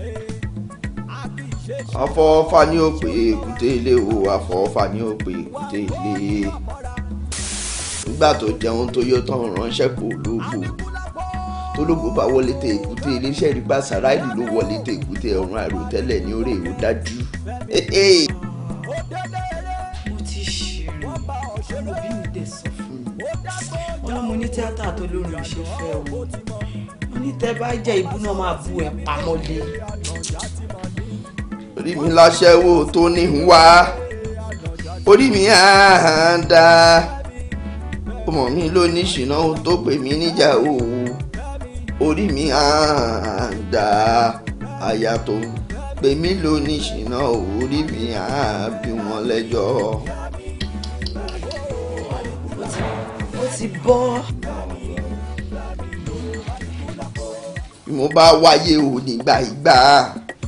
Eh, afọ́fà ni ó pè èkúté ilé o afọ́fà ni ó pè èkúté ilé nígbà tó jẹun tó yó tán ránṣẹ́ kò lóògùn tólógbò bá wọlé tẹ èkúté iléeṣẹ́ rí bá sàráìlì ló wọlé tẹ èkúté ọ̀run àìròtẹ́lẹ̀ ní orí èwo dájú. ní tíátà tó lórí ṣe fẹ́ o ní tẹ́ bá jẹ́ ibú náà máa bu ẹ̀ pamọ́lé. orí mi láṣẹ́wó tó ní wá orí mi àhán dáa ọmọ mi ló ní ṣìnà tó pè mí níjà òwò orí mi àhán dáa àyà tó pè mí ló ní ṣìnà orí mi àhán bí wọn lẹ́jọ́. ti bọ́. bí mo bá wáyé o nígbà ìgbà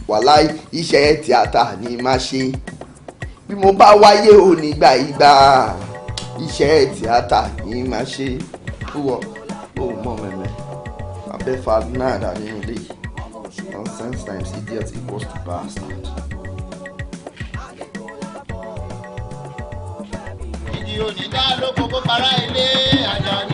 wàhálà iṣẹ́ tíátà ni má ṣe bí mo bá wáyé o nígbà ìgbà iṣẹ́ tíátà ni má ṣe púpọ̀ ó mọ mẹ́mẹ́ abẹ́fà náírà nínú ilé nonsense times idiot equals to bastard. òní dá lóko kó para ilé àjàní.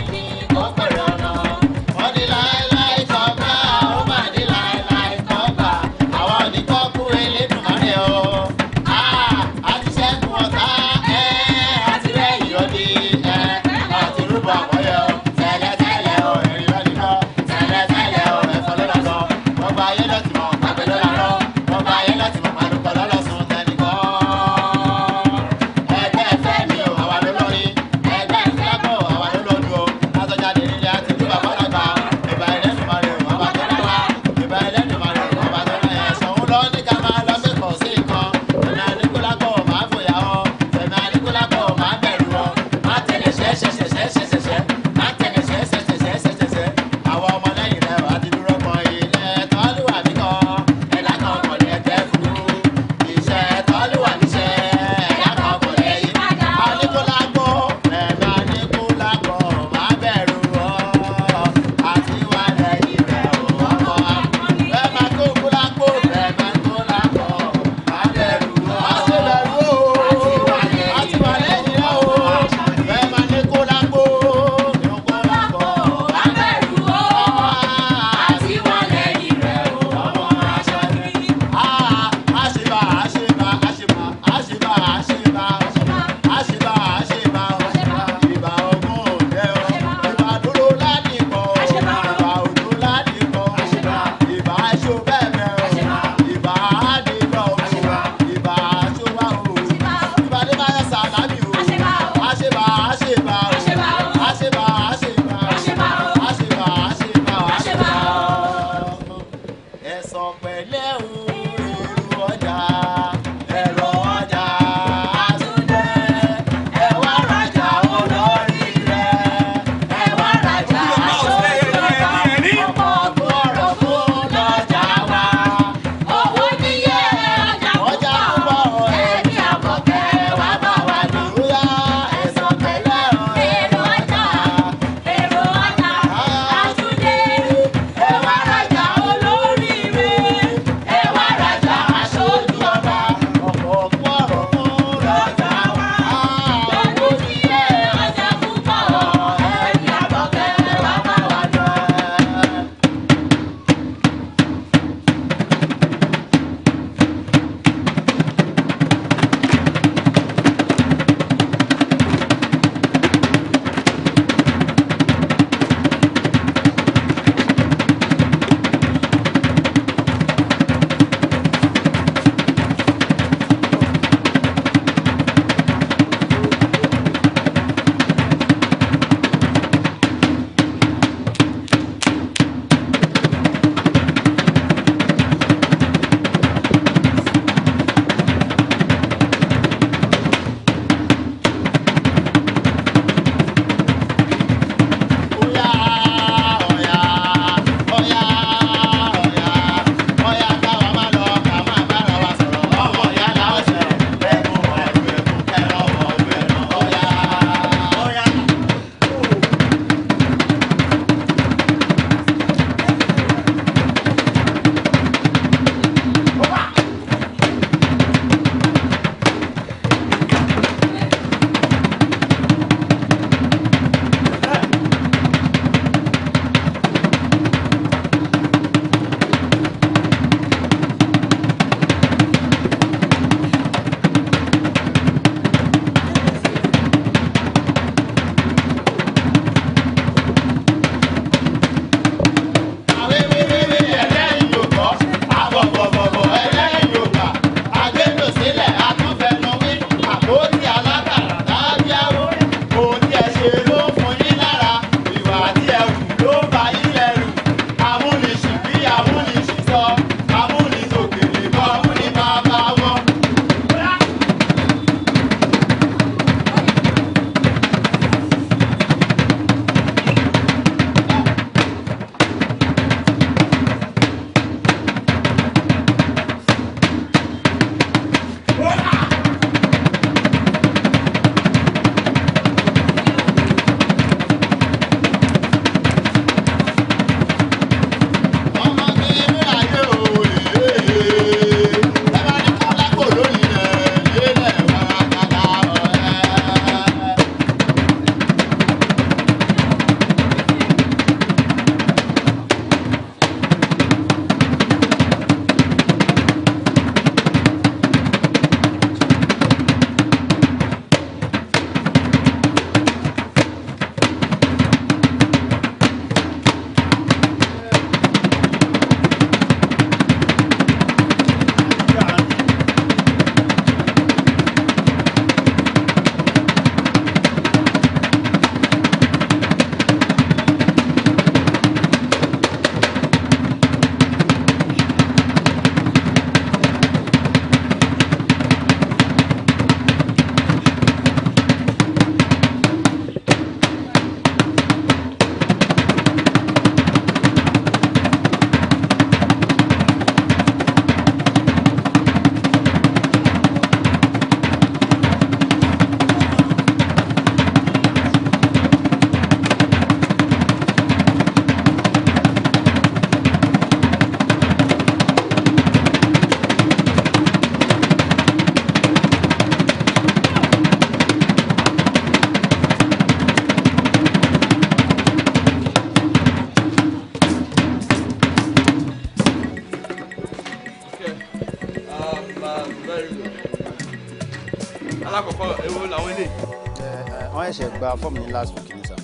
gba fọ́ọ̀mù ní last week ní sà.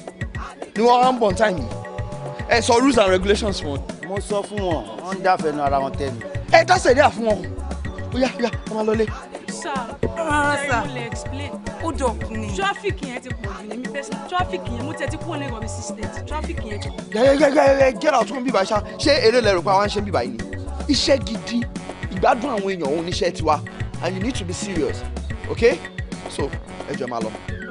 ni wọ́n á ń bọ̀ táìmù ẹ sọ rules and regulations wọn. mo sọ fún wọn wọn ń dáfẹnu ara wọn tẹ mi. ẹ dá sẹ̀dí à fún wọn ó yá yá ẹ máa lọlé. sà rárá sà ó dọ̀kun ni. traffic yẹn ti pọ̀ jù ní mi fẹ́sẹ̀ traffic yẹn mo tẹ́tí kúrò ní ìrọ̀bì sísítẹ́ẹ̀tì traffic yẹn ti pọ̀. yẹ́yẹ́yẹ́yẹ́ jẹ́rà ọ̀tún bíbá ṣá ṣé eré lẹ́rù pé àwọn ṣe ń bíbá yìí ni iṣẹ́ gidi ìgbádùn àwọn èèyàn òun níṣẹ́ tiwa and you need to be serious okay so ẹ jọ máa lọ.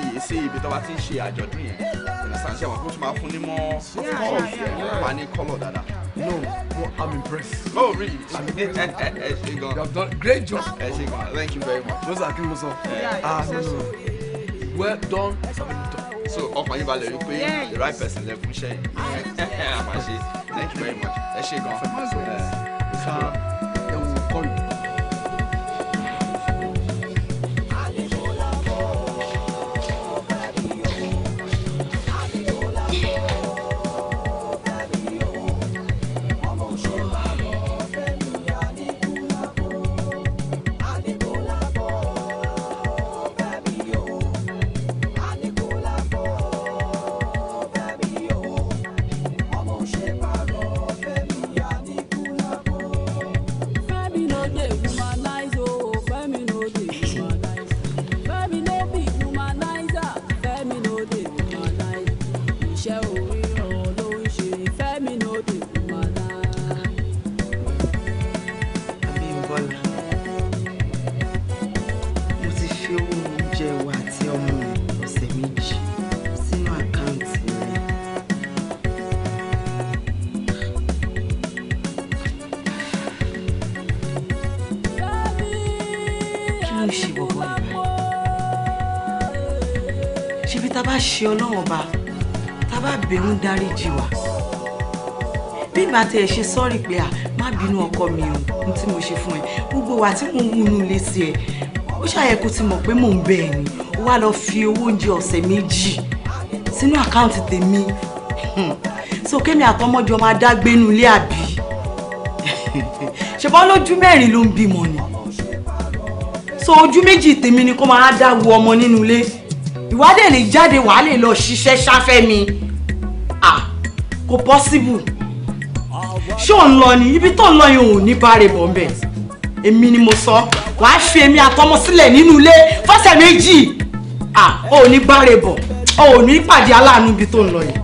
nísìnyí sí ibi tó bá ti ń ṣe àjọ̀dún yẹn ìrìnsàn ṣe àwọn kó tún máa fún ní mọ́ kọ́ọ̀lù wà ní kọ́lọ̀ dáadáa. No, no, I'm impressed. Oh, really? I'm impressed. you have done great job. Thank you very much. Those are Kimoso. Ah, no, no. Well done. So, ọkàn yín balẹ̀ wípé the right person lè fún iṣẹ́ yìí. Thank you very much. Ẹ ṣé gan ṣe ọlọ́run ọba tá a bá bẹ̀rù dáríjì wá bí màá tẹ̀ ṣe sọ́ọ̀rì pé à má bínú ọkọ mi o ohun tí mo ṣe fún ẹ gbogbo wa tí mo ń wúnú ilé sí ẹ ó ṣàyẹ̀kú ti mọ̀ pé mò ń bẹ̀ ẹ̀ ni ó wá lọ fi owó oúnjẹ ọ̀sẹ̀ méjì sínú àkáǹtì tèmi hmm. so kémi àtọmọjọ máa dágbénu ilé àbí ṣùgbọ́n lójú mẹ́rin ló ń bímọ ni so ojú méjì tèmi ni kó máa dá ọmọ nínú ilé ìwà dẹ̀ lè jáde wàá lè lọ ṣiṣẹ́ ṣáfẹ́ mi kò possible ṣé ò ń lọ ni ibi tó ń lọ yẹn ò ní báre bọ̀ ń bẹ̀ èmi ni mo sọ wàá fi èmi àtọmọ sílẹ̀ nínú ilé fọ́sẹ̀ méjì ò ní báre bọ̀ ò ní pàdé aláàánú ibi tó ń lọ yẹn.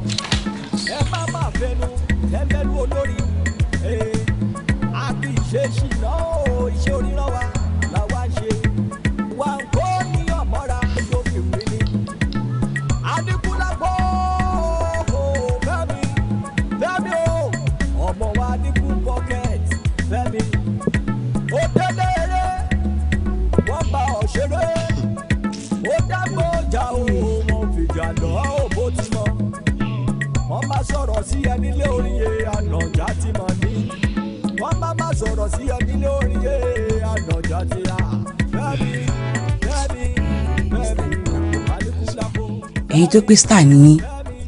ẹ̀yin tó pé star nìyí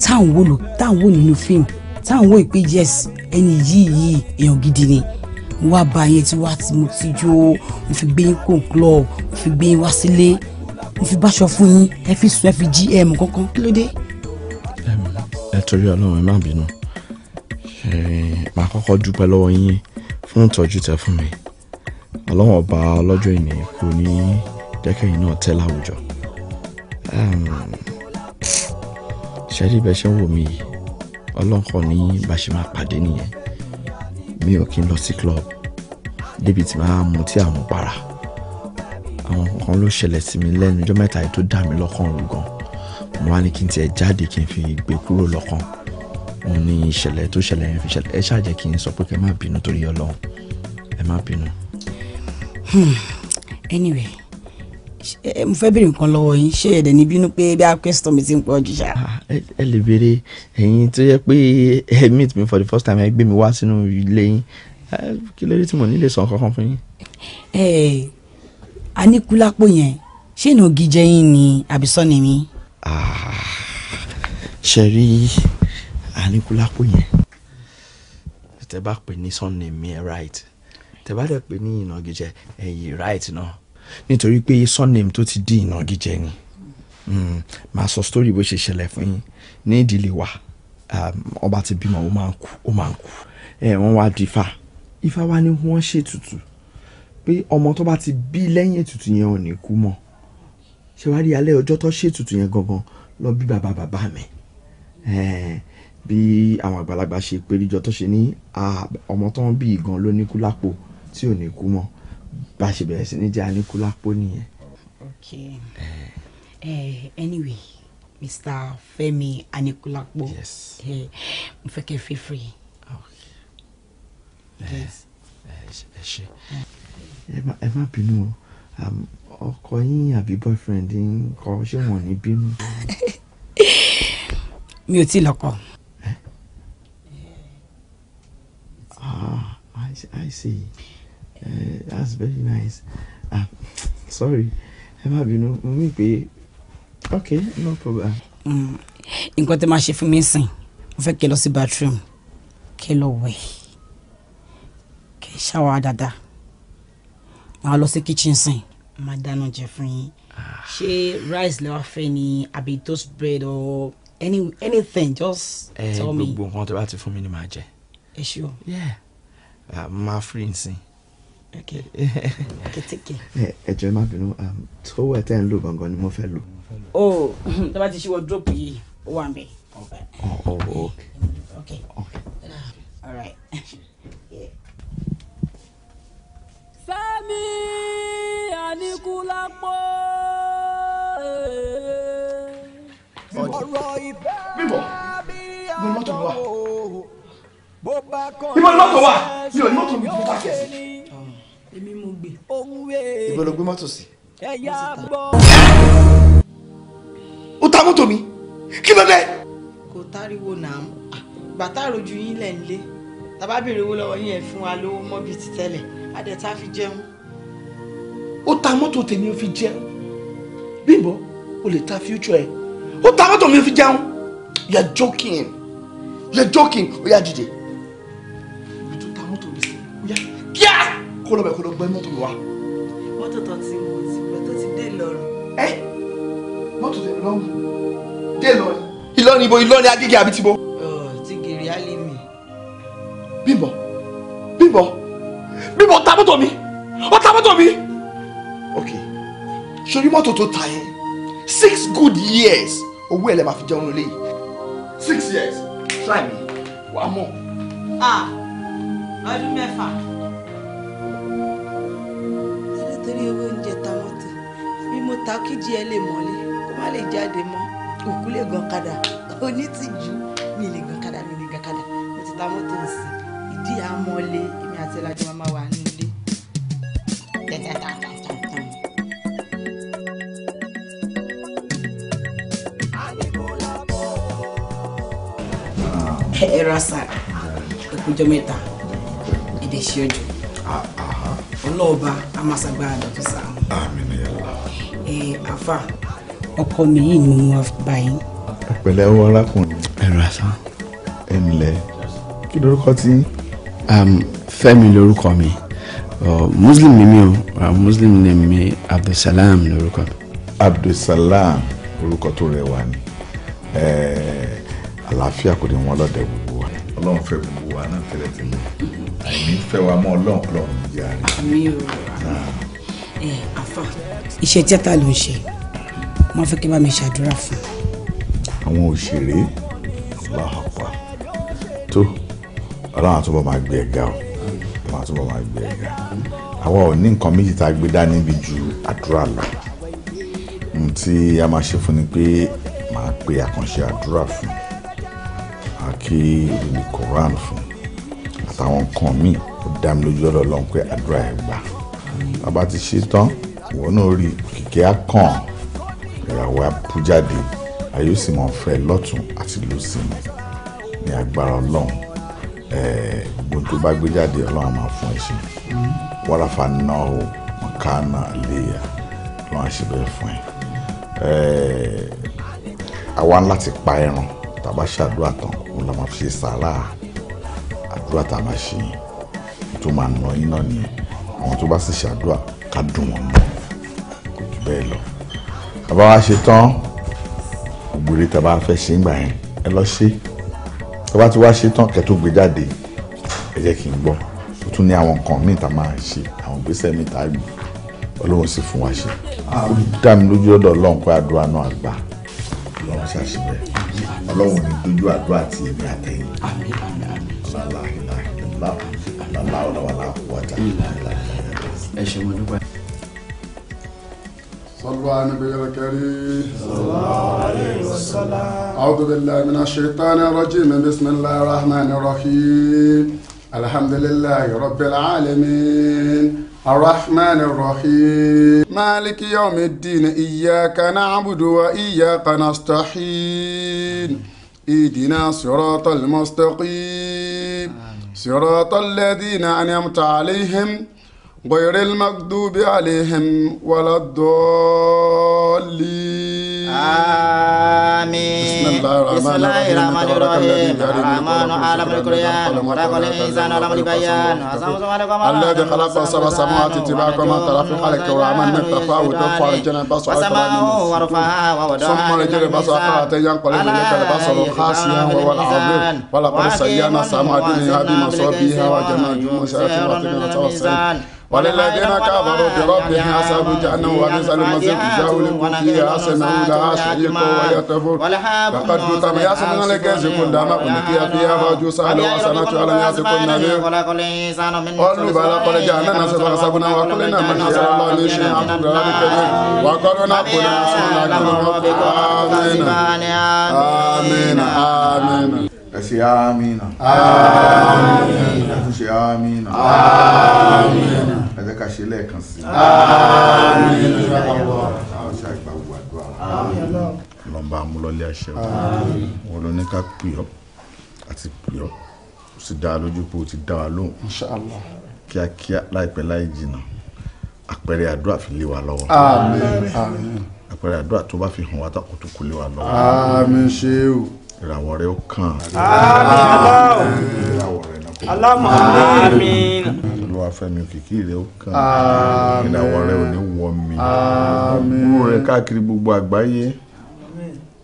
táwọn wò lò táwọn wò nínú fíìmù táwọn wò pé yes ẹni yìí yìí èèyàn gidi ni mo wá ba yẹn tí wá tí mo ti jó mo fi gbé yín kó club mo fi gbé yín wá sílé mo fi báṣọ fún yín ẹ fi sùn ẹ fi jí ẹ mọ kankan kí ló dé. ẹ torí Ọlọ́run ẹ má bínú màá kọ́kọ́ dúpẹ́ lọ́wọ́ yín fún ìtọ́jú tẹ́ fún mi Ọlọ́run ọba ọlọ́jọ́ ìní kò ní jẹ́kẹ́yìn náà tẹ́ láwùjọ ṣẹ́rí bẹ́ẹ̀ ṣe ń wò mí yìí ọlọ́nkọ̀ ní bá ṣe máa pàdé nìyẹn mi ò kí n lọ sí club débi tí máa mú tí àwọn para àwọn kan ló ṣẹlẹ̀ sí mi lẹ́nu ọjọ́ mẹ́ta yìí tó dà mí lọ́kàn rú gan mo wá ní kí n tiẹ̀ jáde kí n fi gbé kúrò lọ́kàn mo ní ìṣẹ̀lẹ̀ tó ṣẹlẹ̀ yẹn fi ṣẹlẹ̀ ẹ ṣáà kí n sọ pé kẹ́ má bínú torí Ọlọ́run ẹ má bínú. Hmm. anyway mo fẹ́ béèrè nǹkan lọ́wọ́ yín ṣé ẹ̀dẹ̀ ní bínú pé bí a question mi ti ń pọ̀ jù ṣá. Ah, ẹ lè béèrè ẹ̀yin tó yẹ pé ẹ meet me for the first time ẹ gbé mi wá sínú ilé yín kí ló dé tí mo nílé sàn kankan fún yín. ẹ ẹ aníkúlápò yẹn ṣé ìnàgí jẹ yín ni àbísọ́ ni mi. Ah, ṣe rí aníkúlápò yẹn tẹ bá pè ní sọ́ọ̀nì mi ẹ right tẹ bá dẹ̀ pè ní ìnàgí jẹ ẹ̀yìn right náà. No? nítorí pé surname tó ti di ìnagijẹ ni hmm, màá sọ story bó ṣe ṣẹlẹ̀ fún yín ní ìdílé wa um, ọba ti bímọ ó máa ń kú ó máa ń kú wọ́n wá di ifá ifá wa ni wọ́n ṣètùtù pé ọmọ tó bá ti bí lẹ́yìn ètùtù yẹn ò ní kú mọ́ ṣe wá rí alẹ́ ọjọ́ tó ṣètùtù yẹn gangan lọ bí bàbá bàbá mi bí àwọn àgbàlagbà ṣe péríjọ tó ṣe ní ah, ọmọ tó ń bí ìgan ló ní kú lápò tí ò ní kú mọ́ bá a ṣe bẹ̀rẹ̀ sí ní jẹ́ Aníkúlápó nìyẹn. okay uh, anyway Mr. Fẹ́mi Aníkúlápó eh, mo fẹ́ kẹ́ fẹ́ fẹ́ yìí. ẹ ṣe eh. ẹ má bínú o um, ọkọ yín àbí boyfriend yín kọ ṣé wọn ní bínú. mi ò tí ì lọ́kọ. ah I see. Uh, that's very nice. Ah, sorry, ẹ má bínú, mo mí pé okay, no problem. Mm. Nǹkan tẹ́ máa ṣe fún mi sìn, mo fẹ́ kí ẹ lọ sí bathroom, kí ẹ lọ wẹ̀, kí ẹ ṣáwá dáadáa. Màá lọ sí kitchen sìn, màá dáná jẹ fún yín. Ah. Ṣé rice lè wá fẹ́ ni àbí toast bread or any anything just eh, tell me. Ẹ gbogbo nǹkan tó bá ti fún mi ni màá jẹ. Ẹ ṣí o. Yeah, ah, màá free nsìn kẹtẹkẹ. ẹ jọ̀ọ́ má bínú tó um, wẹ̀ tẹ́ ń lò gangan ni mo fẹ́ lò. o oh, tó bá ti ṣe wọ́dúrópù yìí ó wà mí. Oh, oh, oh okay. okay. okay. Ah, all right. Fẹ́mi Aníkúlápó. ọ̀rọ̀ ìfẹ́ bí àtọ̀ bó bá kọ́ ẹ sẹ́sẹ́. ìbọn ni mọ́tò wà mi ò ní mọ́tò mi tó bá kẹ́ sí èmi mo gbé. ibo ló gbé mọ́tò sí. ẹ̀yà gbọ́. ó ta mọ́tò mi kí ló dé. kò táriwo náà bàtà rojú yín lẹ̀ ń lé tàbá béèrè owó lọ́wọ́ yín ẹ̀ fún wa lówó mọ́ bíi ti tẹ́lẹ̀ adẹ̀ta fi jẹun. ó ta mọ́tò tèmi ó fi jẹun bímbọ o lè ta future ẹ ó ta mọ́tò mi ó fi jẹun you are joking you are joking ó yá dìde. ìtúta mọ́tò mi sí ó yá kíá kó lọ bẹ̀ kó lọ gbé mọ́tò mi wá. mọ́tò tó ti mọ̀ ti pẹ́ tó ti dé lọ́rùn. ẹ mọ́tò tẹ̀ lọ́rùn dé lọ́rùn. Ìlọrin ibo Ìlọrin Agége àbí tibo. Oh, ti gèrè alimi. Bímbọ́ Bímbọ́ Bímbọ́ ta mọ́tò mi ó ta mọ́tò mi. ok sori mọ́tò tó ta yẹn six good years owó ẹ̀ lẹ́ máa fi jẹun lé yìí six years try me wàá mọ̀. ah ọdún mẹ́fà. ta kídìí ẹ lè mọ́lé kó má lè jáde mọ́ òkú lè gan kadà onítìjú mi lè gan kadà mi lè gan kadà mo ti ta mọ́tò sí ìdí àmọ́lé èmi àti ẹlẹ́jọ́ máa wà nílé. ẹ ra ìpéjọ mẹ́ta èdè ṣe ọlọ́ọ̀ba amásàgbà àdàtúnṣà àfà ọkọ mi yìí ni mo bá yín. pẹ̀lẹ́ o arákùnrin. ẹ̀rọ àsán. ẹ ǹlẹ́ kí lorúkọ tí. Um, fẹ́mi lorúkọ mi muslim ni mi o muslim ni mi abdulsalam lorúkọ mi. abdulsalam orúkọ tó rẹwà ni àlàáfíà kò ní wọn lọ́dẹ gbogbo wa. ọlọ́run fẹ́ gbogbo wa náà tẹ́lẹ̀ tẹ́lẹ̀ àìní fẹ́ wa mọ́ ọlọ́run ọlọ́run yára. àmín o iṣẹ́ tíátà ló ń ṣe wọ́n fẹ́ kí bá mi ṣàdúrà fún un. àwọn òṣèré aláhàpá tó ọlọ́run àtúbọ̀ máa gbé ẹ̀ga o ọlọ́run àtúbọ̀ máa gbé ẹ̀ga àwa ò ní nǹkan méjì tá a gbé dání bí ju àdúrà lọ ohun tí a máa ṣe fún ni pé màá pe àkànṣe àdúrà fún a ìlú koran fún àtàwọn nǹkan míì ó dá mi lójú ọlọ́run pé àdúrà ẹ̀ gbà bàbá ti ṣe tán ìwọ náà rí kìkì á kàn ìràwọ̀ àpújáde ayé sì máa fẹ́ lọ́tún àti lọ́sìn ní agbára ọlọ́run gbogbo tó bá gbé jáde ọlọ́run máa fún ẹ ṣe wàràfà náà o mọ̀kánà léyà ọlọ́run á ṣe bẹ́ẹ̀ fún ẹ àwa ń láti pa ẹran tàbá ṣàdúrà tán òun la máa fi ṣe sàárà àdúrà tá a máa ṣe tó máa nà yín náà nìyẹn àwọn tó bá sì ṣàdúrà ká dùn wọn mọ́ bẹ́ẹ̀ lọ bàbá wa ṣe tán ògbèrè tàbá fẹ́ ṣe ń gbà yẹn ẹ lọ ṣe tàbá ti wá ṣe tán kẹ́ tó gbé jáde ẹ jẹ́ kí n gbọ́ ó tún ní àwọn nǹkan míì tá a máa ṣe àwọn ìgbésẹ̀ míì tá a gbé ọlọ́run sì fún wa ṣe ó dá mi lójú ọ̀dọ̀ ọlọ́run pé àdúrà náà àgbà ọlọ́run ṣàṣìbẹ̀ ọlọ́run ní dojú àdúrà ti èmi àtẹ̀yìn ọlọ́run láìláìlá ọlọ́run làwọn làwọn làwọn kò wájà. ẹ ṣe mo dúpẹ́ صلوا على النبي الكريم صلى الله عليه وسلم أعوذ بالله من الشيطان الرجيم بسم الله الرحمن الرحيم الحمد لله رب العالمين الرحمن الرحيم مالك يوم الدين إياك نعبد وإياك نستحين إيدنا صراط المستقيم صراط الذين أنعمت عليهم غير المغضوب عليهم ولا الضالين آمين بسم الله الرحمن الرحيم الرحمن على ملك الريان الإنسان على ملك الذي خلق سبع سماوات تباعك ما ترى في خلق ورحمن من تفاوت وترفع الجنة بصر وسماه ورفعها ثم رجل بصر قاعدة ينقل إليك البصر خاسيا وهو العظيم ولقد سيانا السماء الدنيا بمصابيها وجمع جموع شرف وتقنى توسعين وللذين كفروا بربهم عذاب جهنم وبئس المصير تجاهلكم فيها سمعوا لها شهيقا وهي تفور لقد كنتم يسمعون لكيس كلما ألقي فيها فوج سألوا وسمعتوا ألم يأتكم نذير قالوا بلى قد جعلنا سبع سبنا وكلنا من يسأل الله من شيء عن الله كبير وقالوا ربنا سبحانك ربك آمين آمين آمين Ese amina. Amina. Ese amina. Amina ká ṣe lẹ́ẹ̀kan sí lọ́nba amúlọ́lé àṣẹ wọn ló ní ká pè ọ́ àti pè ọ́ ó sì dá lójú pé ó ti dá wa lóhùn kíákíá láìpẹ́ láì jìnnà àpẹẹrẹ àdúrà fi lé wa lọ́wọ́. àpẹẹrẹ àdúrà tó bá fi hàn wá tako tó kú lé wa lọ́wọ́. àmín ṣe o. ìràwọ̀ rẹ ó kàn. àmín aláwọ̀ aláwọ̀ rẹ náà kò. Fẹ́mi òkìkí rẹ ó kàn ìnáwó rẹ ò ní wọ mi gbúrò rẹ káàkiri gbogbo àgbáyé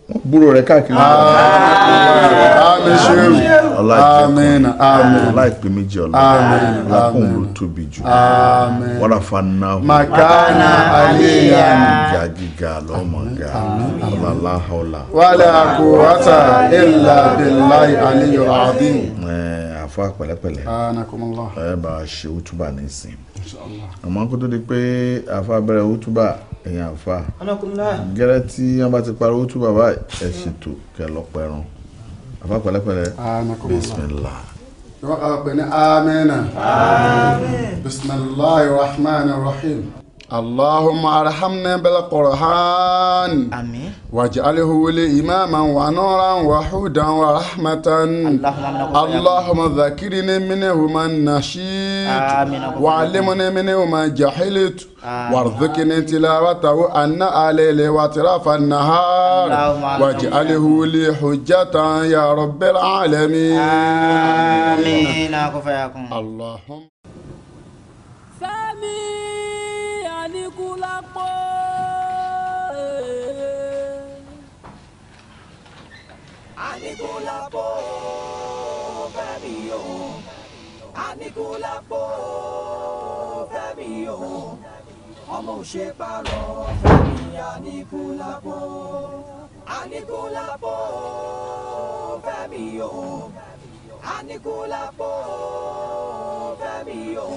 wọ́n gbúrò rẹ káàkiri gbogbo àgbáyé ọláìpẹ ọláìpẹ méjì ọlá lápọn ló tóbi jù wọn àfa náà makana aliyan gàgìgà lọmọgà ọlàláhọlà. wàlẹ́ àkùrọ̀tà ìlà bíláì aliyu adìm àfa pẹ̀lẹ́pẹ̀lẹ́ ẹ bá a ṣe wútúbà nísìn àmọ́ kó tó di pé àfa bẹ̀rẹ̀ wútúbà ẹ̀yìn àfa gẹ́rẹ́ tí wọ́n bá ti parí wútúbà báyìí ẹ̀ ṣètò kẹ́ lọ pẹ̀rùn àfa pẹ̀lẹ́pẹ̀lẹ́ bísímìlá. wọ́n á pè ní amínà bísímìlá rahman rahim. اللهم ارحمنا بالقرآن آمين واجعله لي إماما ونورا وهدى ورحمة اللهم ذكرني منه ما نشيت وعلمني منه ما جهلت وارزقني تلاوته أن عليل وأطراف النهار واجعله لي حجة يا رب العالمين آمين اللهم pọ̀ Aníkúlápó Fẹ́mi o Aníkúlápó Fẹ́mi o ọmọ òṣè parọ́ Fẹ́mi Aníkúlápó Aníkúlápó Fẹ́mi o Aníkúlápó Fẹ́mi o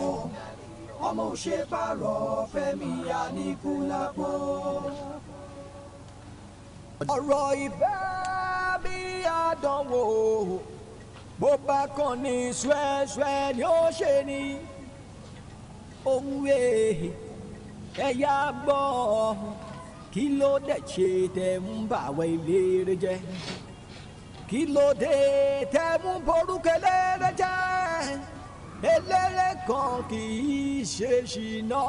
ọmọ òṣè pààrọ̀ Fẹ́mi Aníkúlápó. ọ̀rọ̀ ìfẹ́ bí àdánwò bó bá kàn ní ṣúẹ́ṣúẹ́ ni ó ṣe ni òun èè ẹ̀yà gbọ́ kí ló dẹ̀ ṣe tẹ̀ ń bà wá ìlérè jẹ́ kí ló dé tẹ̀ ń borúkẹ́ lérè jẹ́ eléré kan kì í ṣe ṣìnà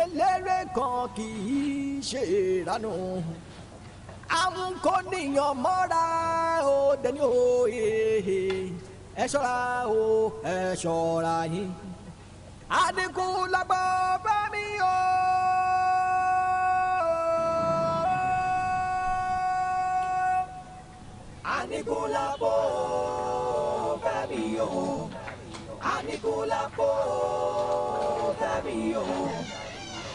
eléré kan kì í ṣe ìranù àwọn kò níyàn mọ́ra ó dẹni òye ẹ ṣọ́ra o ẹ ṣọ́ra yín àdínkù lágbó bá mi o. àdínkù lágbó bá mi Aníkúlápó Fẹ́mi o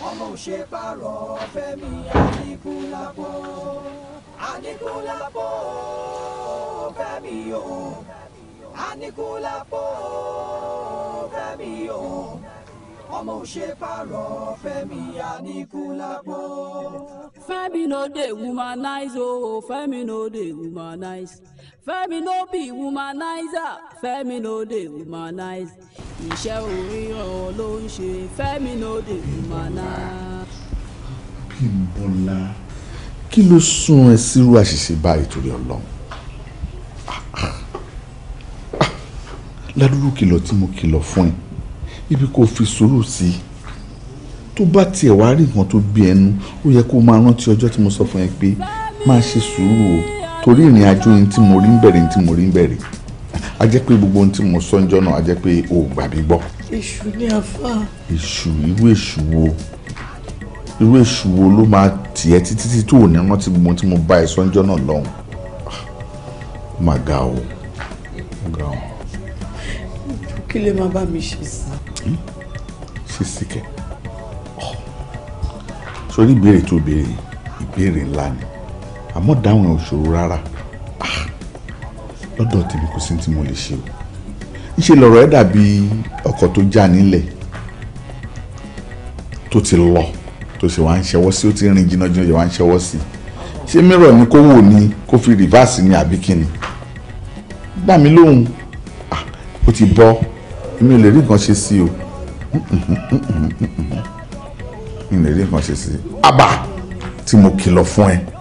ọmọ òṣè pààrọ̀ Fẹ́mi Aníkúlápó Aníkúlápó Fẹ́mi o Aníkúlápó Fẹ́mi o ọmọ òṣè pààrọ̀ Fẹ́mi Aníkúlápó. Fẹ́mi no dey humanize o oh, Fẹ́mi no dey humanize. Fẹ́mi no be womanizer, Fẹ́mi no dey womanize. Iṣẹ́ òríran ló ń ṣe, Fẹ́mi no dey womanize. Bímbọ́lá, kí ló sún ẹ sírú àṣìṣe báyìí torí Ọlọ́run? Ládùúrú kìlọ̀ tí mo kìlọ̀ fún ẹ, ibi kò fi sùúrù sí i. Tó bá tiẹ̀ wá rí nǹkan tó bí ẹnu, ó yẹ kó máa rántí ọjọ́ tí mo sọ fún ẹ pé máa ṣe sùúrù o torí ìrìn àjò yẹn tí mo rí ń bẹ̀rẹ̀ tí mo rí ń bẹ̀rẹ̀ a jẹ́ pé gbogbo ohun tí mo sọ ń jọ náà a jẹ́ pé o ò gbà mí gbọ́. èṣù ni àfa. èṣù irú èṣù wo irú èṣù wo ló máa tiẹ̀ títí tí tó ò ní rántí gbogbo ohun tí mo bá ẹ sọ ń jọ náà lọ́hùn ah, máa ga o ga o. kí lè máa bá mi ṣe sí. Hmm? ṣe sí kẹ oh. sórí ìbéèrè tó béèrè ìbéèrè ńlá ni àmọ́ dáhùn ẹ̀ ò ṣòro rárá ah, lọ́dọ̀ tèmi kò sí tí mo lè ṣe o ńṣe lọ̀rọ̀ ẹ̀ dàbí ọkọ̀ tó já nílẹ̀ tó ti lọ tó ṣe wá ń ṣẹwọ́ sí ó ti rìn jìnnàjìnnà ṣe wá ń ṣẹwọ́ sí ṣé mìíràn ni kó wò ni kó fi rìvásì ni àbí kíni gbà mí lóhùn ah, ó ti bọ́ èmi ò lè rí nǹkan ṣe sí o mi ò lè rí nǹkan ṣe sí i àbá tí mo kìlọ̀ fún ẹ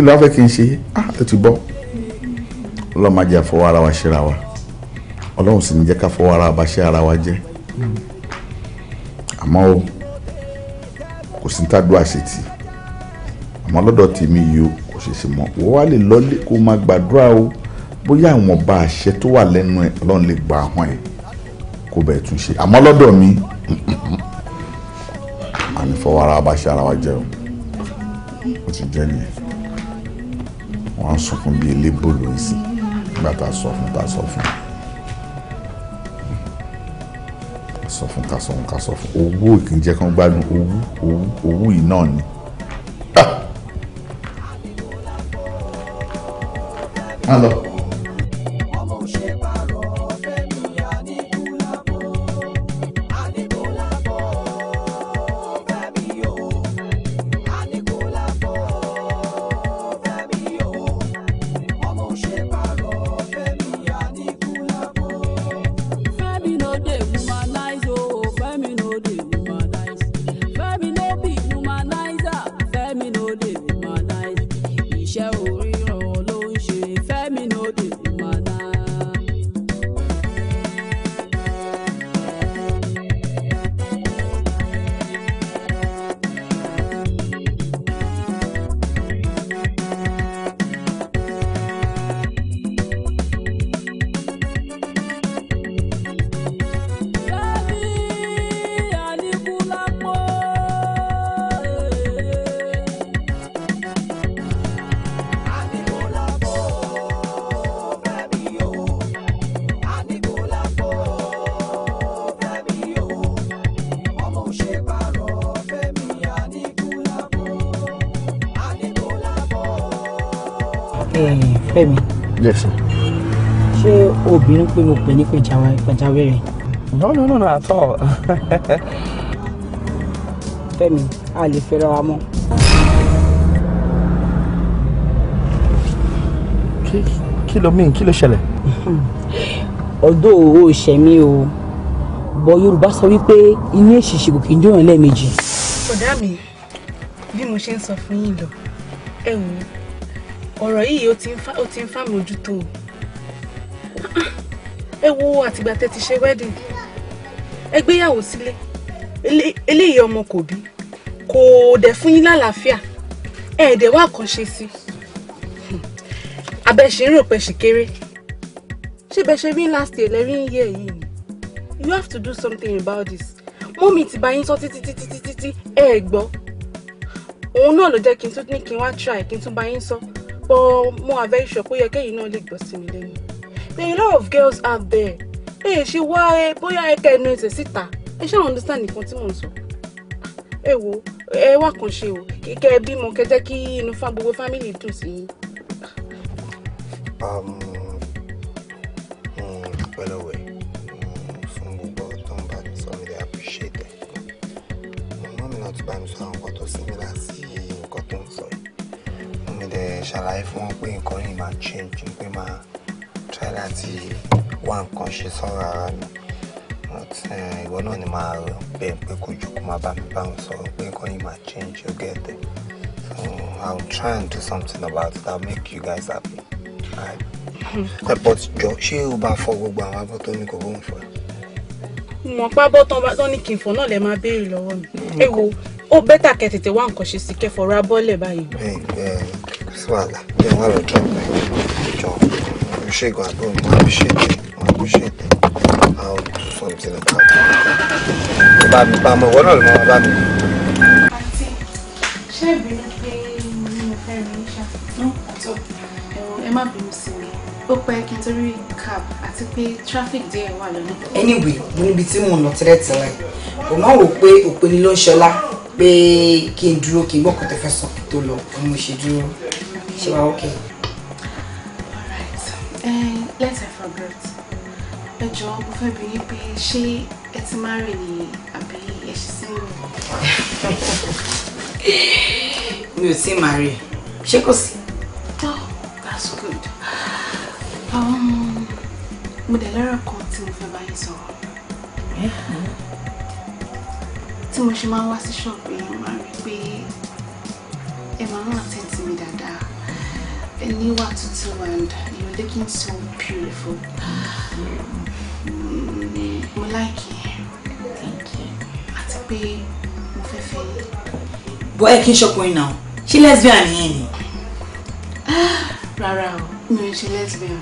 kí ló wá fẹ́ kí n ṣe ah ó ti bọ́ ọlọ́run má jẹ́ àfọwọ́ ara wa ṣera wa ọlọ́run sì ní jẹ́ ká fọwọ́ ara wa ṣe ara wa jẹ́ àmọ́ o kò sí tádùn àṣetì àmọ́ lọ́dọ̀ tèmi yìí o kò ṣe ṣe mọ́ wọ́n wá lè lọ́lé kó máa gbàdúrà o bóyá àwọn ọba àṣẹ tó wà lẹ́nu ẹ̀ ọlọ́run lè gbà hàn ẹ̀ kó bẹ̀ẹ̀ tún ṣe àmọ́ lọ́dọ̀ mi àní fọwọ́ ara wa ṣe ara wa jẹ́ o ó ti jẹ́ nìyẹn wọ́n sunkún bíi elébò lóyún sí nígbà tá a sọ fún tá a sọ fún sọ fún ká sọ fún ká sọ fún owó kì í jẹ́ gbádùn owó owó owó yìí náà ni. Hello. Ah! pé mo pè ní pàjáwìrì. no no no no at all. fẹ́mi a lè fẹ́ra wa mọ́. kí ló mean kí ló ṣẹlẹ̀. ọ̀dọ̀ ò ṣẹ̀mí o bọ yorùbá sọ wípé inú èṣìṣì kò kí ń dùn lẹ́ẹ̀mejì. ọ̀dà mi bí mo ṣe ń sọ fún yín lọ ẹ wò ó ọ̀rọ̀ yìí ó ti ń fá mi ojú tó o ẹ wo àtìgbà tẹ́ ti ṣe wedding ẹ sílé eléyìí ọmọ kò bí kò dẹ̀ fún yín lálàáfíà ẹ ẹ̀dẹ̀ wá kan ṣe sí abẹ́ṣe ń rò pé ṣì kéré ṣé bẹ́ẹ̀ ṣe rí last year lẹ́rí ń yẹ yìí ni you have to do something about this mọ́mì ti bá yín sọ títí títí títí ẹ ẹ̀ gbọ́ òun náà ló jẹ́ kí n tún ní kí n wá try kí n tún bá yín sọ pọ̀ mo àbẹ́ ìṣọ̀kú yẹ kéyìí náà lè gbọ́ sí mi lẹ́nu. There a lot of girls out there ẹ ṣe wá ẹ eh, bóyá ẹ kẹ́ ẹnu ẹsẹ̀ síta ẹ ṣáà understand nǹkan tí mò ń sọ ẹ wo ẹ wá kàn ṣe o kíkẹ́ ẹ bímọ kẹ́ jẹ́ kí inú fún gbogbo fámìlì dùn sí yín. Um, mm, pẹ̀lẹ́ wẹ mm, fún gbogbo tó appreciate ẹ mọ mi náà ti bá mi sọ àwọn nǹkan tó similar sí nǹkan tó ń sọ yìí mo ṣàlàyé fún wọn pé nǹkan yìí máa change pé máa try láti wá nǹkan ṣe sọ́rọ̀ ara mi eh, ìwọ náà ni máa rò pé pé kò jù kó máa bá mi bá wọn sọ̀rọ̀ pé kò ní máa change you get there so i will try do something about it I'll make you guys happy alright eh, but jọ ṣé o bá fọ gbogbo àwọn abọ́ tó ní kò bóun fọ. mo pa bọ́ tán bá tán ní kí n fọ náà lè máa béèrè lọ́wọ́ mi mm. ẹ wo ó bẹ́tà kẹ́ tètè wá nǹkan ṣe sí kẹfọ́ ra bọ́ọ̀lẹ̀ báyìí. bẹ́ẹ̀ bẹ́ẹ̀ kò sí wàhálà bẹ́ẹ̀ wà lọ́jọ́ bẹ́ẹ̀ appreciate God, bro. I appreciate it. I appreciate it. I'll do something about it. Bá mi, mi, wọ́n mi. Àǹtí, ṣé ìbínú pé mi ò fẹ́ rí ṣá? mo níbi tí mò ń lọ tẹ́lẹ̀ tẹ́lẹ̀. Kò máa wò pé òpin ló ń ṣọlá pé kí n dúró kí n gbọ́kàn tẹ́fẹ́ Mo ṣe dúró. Ṣé wàá Okay. Margaret ẹ jọ̀ọ́ mo fẹ́ bi yín pé ṣé ẹ ti máa rìn ní àbí ẹ ṣe sí oh that's good Um, dẹ̀ lọ́rọ̀ kan tí to fẹ́ bá yín sọ̀rọ̀ tí mo ṣe máa ń wá sí ṣọ́ọ̀bù yìí máa rí pé ẹ máa ń àtẹ̀tì mi and looking so beautiful. I like it. Thank you. Àti pé mo fẹ́ fẹ́ yẹn. Bọ́ ẹ kí n ṣọkùnrin náà, ṣé lesbian nìyẹn ni? Rárá o, mi ò ṣe lesbian.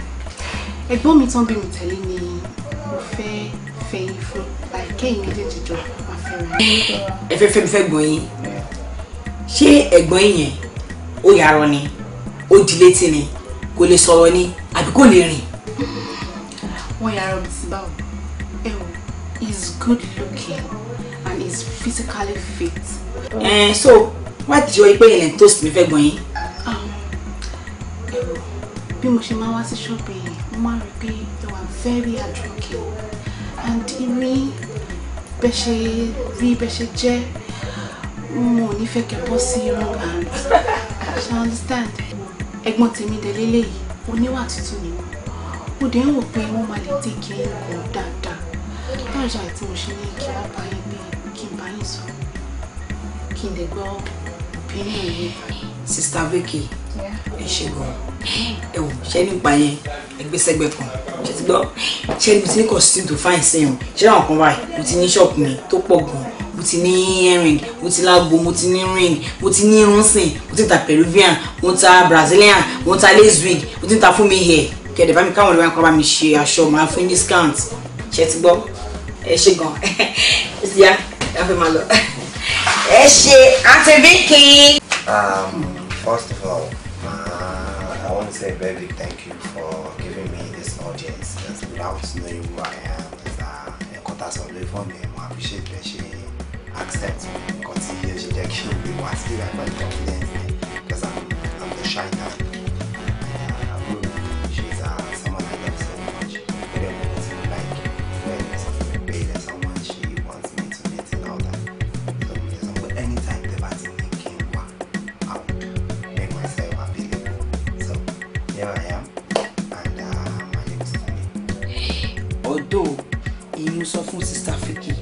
Ẹ̀gbọ́n mi tán bí mi tẹ̀lé ni mo fẹ́ fẹ́ yín fún. Àìkẹ́yìn méjèèjì jọ máa fẹ́ràn. Ẹ fẹ́ She mi fẹ́ gbọ́n yín. Ṣé ẹ̀gbọ́n yín yẹn ó kò lè sọ̀rọ̀ ni àbí kò lè rìn. wọ́n yára mi sí báwo ẹ wò he is good looking and he is physically fit. ẹ so wá ti jọ pé ilẹ̀ ń toast mi fẹ́ gbọ̀n yín. Um, ẹ wò bí mo ṣe máa wá sí ṣọ́ọ̀bù yìí mo máa rí i pé you are very hardworking and rí bẹ́ ṣe rí bẹ́ ṣe jẹ́ mo ò ní fẹ́ kẹ́ bọ́ sí irun and i understand ẹ̀gbọ́n tèmi délé léyìí oníwà tútù ni mo dẹ̀ ń wò pé wọ́n máa lè tẹ̀ kí ẹ̀yìn kan dáadáa láàjà tí mo ṣe ní kí wọ́n bá yín pé kí n bá yín sọ kí n lè gbọ́ opinion yín. sista Vicky ẹ ṣe gan ẹ wò ṣe nípa yẹn ẹgbẹsẹgbẹ kan ṣe ti gbọ́ ṣe ibi tí kò sí to fine sẹ́yìn ṣé àwọn kan wà mo ti ní ṣọ́ọ̀bù mi tó pọ̀ gan mo ti ní earring mo ti lágbo mo ti ní ring mo ti ní irúnsìn mo ti ta peruvian mo ta brazilian mo ta lace mo ti ta fún mi hair kẹ̀dẹ̀ bá mi káwọn olùwà kan bá mi ṣe aṣọ màá fún discount ṣe ti gbọ́ ẹ ṣe gan ẹ ti yá ẹ fẹ́ máa lọ ẹ ṣe àti bíkì. first of all uh, I want to say very big thank you for giving me this audience just without knowing who I am as a quarter of the phone name I appreciate that accept nǹkan tí ẹ ṣe jẹ́ kí n lè wá sí ìgbà pẹ̀lú confidence ni because I'm, I'm the shy type. sọ fún sista fiki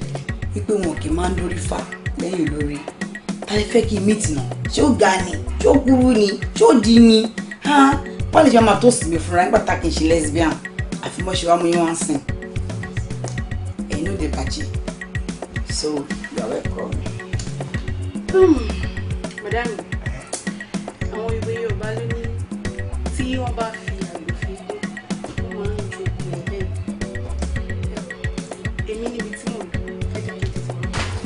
wípé wọn kì í máa ń dórí fà lẹ́yìn olórí ta lè fẹ́ kí meet náà ṣé ó ga ni ṣé ó kúrú ni ṣé ó di ni wọ́n lè ṣe máa tó sinmi fúnra nígbà tá kì í ṣe lesbian àfi mọ́ ṣe wá mú yín wá ń sìn ẹ̀yin ló dé bàjẹ́ so you are welcome. Hmm. madam àwọn ìwé Yorùbá ló ní tí wọ́n bá fi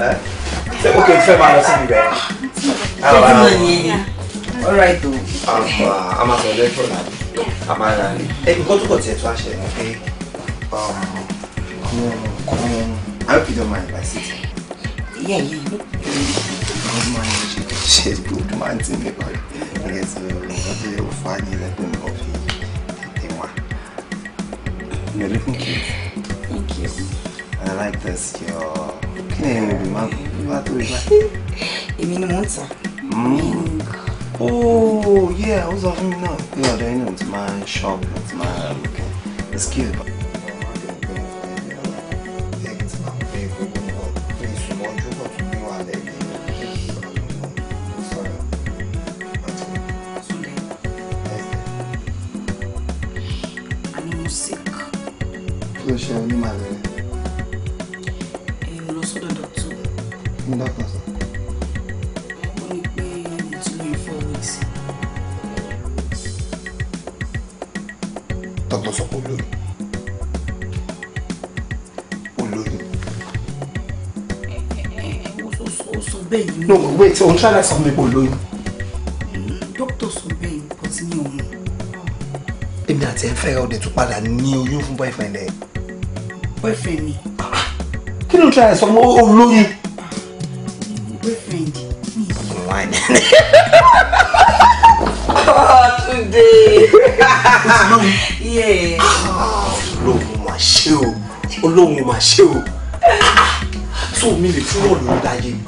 ṣé kò kí n fẹ́ máa All right. rẹ̀. alright I'm a máa for lẹ́tọ̀ I'm a máa ra ni. ẹni kó tó kọ̀ tiẹ̀ tó Come on, come on. I hope you don't mind my sitting. Yeah, yeah, no problem. I don't mind. She's good, man, to me, we're I guess you're a funny, let me know if you You're looking cute. Thank you. And I like this, your bẹ́ẹ̀ ni bìmá bíwá tó rí báyìí. èmi ni mò ń tà. ooo yẹ ó sọ fún mi náà pé ọ̀dọ̀ yín náà ti máa ń no wait òun ṣáà láti sọmọ epo lóyún. dókítà sọ bẹ́ẹ̀ kò sí ní òun. èmi àti ẹ fẹ́ràn òde tún padà ní boyfriend boyfriend Can you ló some ṣe àìsàn ọmọ olóyún. boyfriend mi. wáyé. Tunde. Yeah. Oh, mà ṣe o. Olóhùn mà ṣe o. Tó mi lè fún ọ̀nà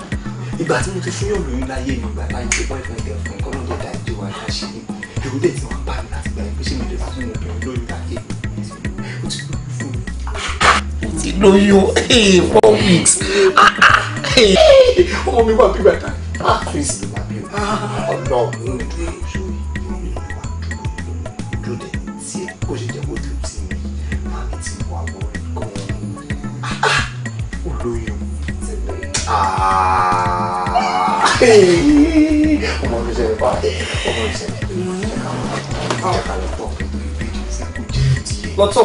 ìgbà tí mo ti fún yàn lóyún láyé mi ìgbà láyé tó bọ́ọ̀fẹ́ tẹ̀ fún kọ́ lọ́dọ̀ dá ìjọ wa dá ṣe yìí èrò dẹ̀ tí wọ́n bá mi láti gbà pé mi lè fún obìnrin lóyún láyé mi ó ti lóyún fún mi. ó ti lóyún eh, four weeks ah, eh. ọmọ mi wà bí bàtà ah, ah, ọlọ́run ọmọ mi sẹ́yìn pa ọmọ mi sẹ́yìn jẹ́ka lọ tọ́ lọ́tọ̀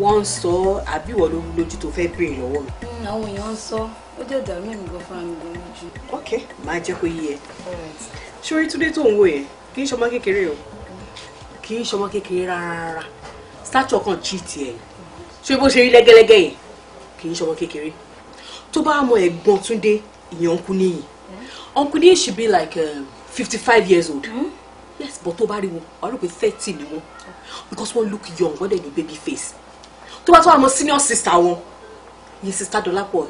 wọ́n ń sọ àbí ìwọ ló wú lójú tó fẹ́ béèrè lọ́wọ́ mi. Mm, àwọn èèyàn ń sọ ó jẹ́ ìdààmú ẹ̀mí gan fúnra mi gan lójú. ok máa jẹ́ kó yé ẹ. sórí túndé tó ń wò yẹn kì í ṣọmọ kékeré o kì í ṣọmọ kékeré rárá statue kan cheat ẹ ṣé bó ṣe rí lẹ́gẹ́lẹ́gẹ́ yẹn kì í ṣọmọ kékeré tó bá mọ ẹ̀gbọ́n túndé ìyẹn ọ̀nkú níyì ọ̀nkú níyì should be like um, fifty uh, five years old. Mm-hmm yes but tó bá rí wọn wà pé thirty ni wọn oh. because wọn look young wọn dẹ̀ ní baby face tó bá tó àwọn senior sister wọn yìí sister Dọlápọ̀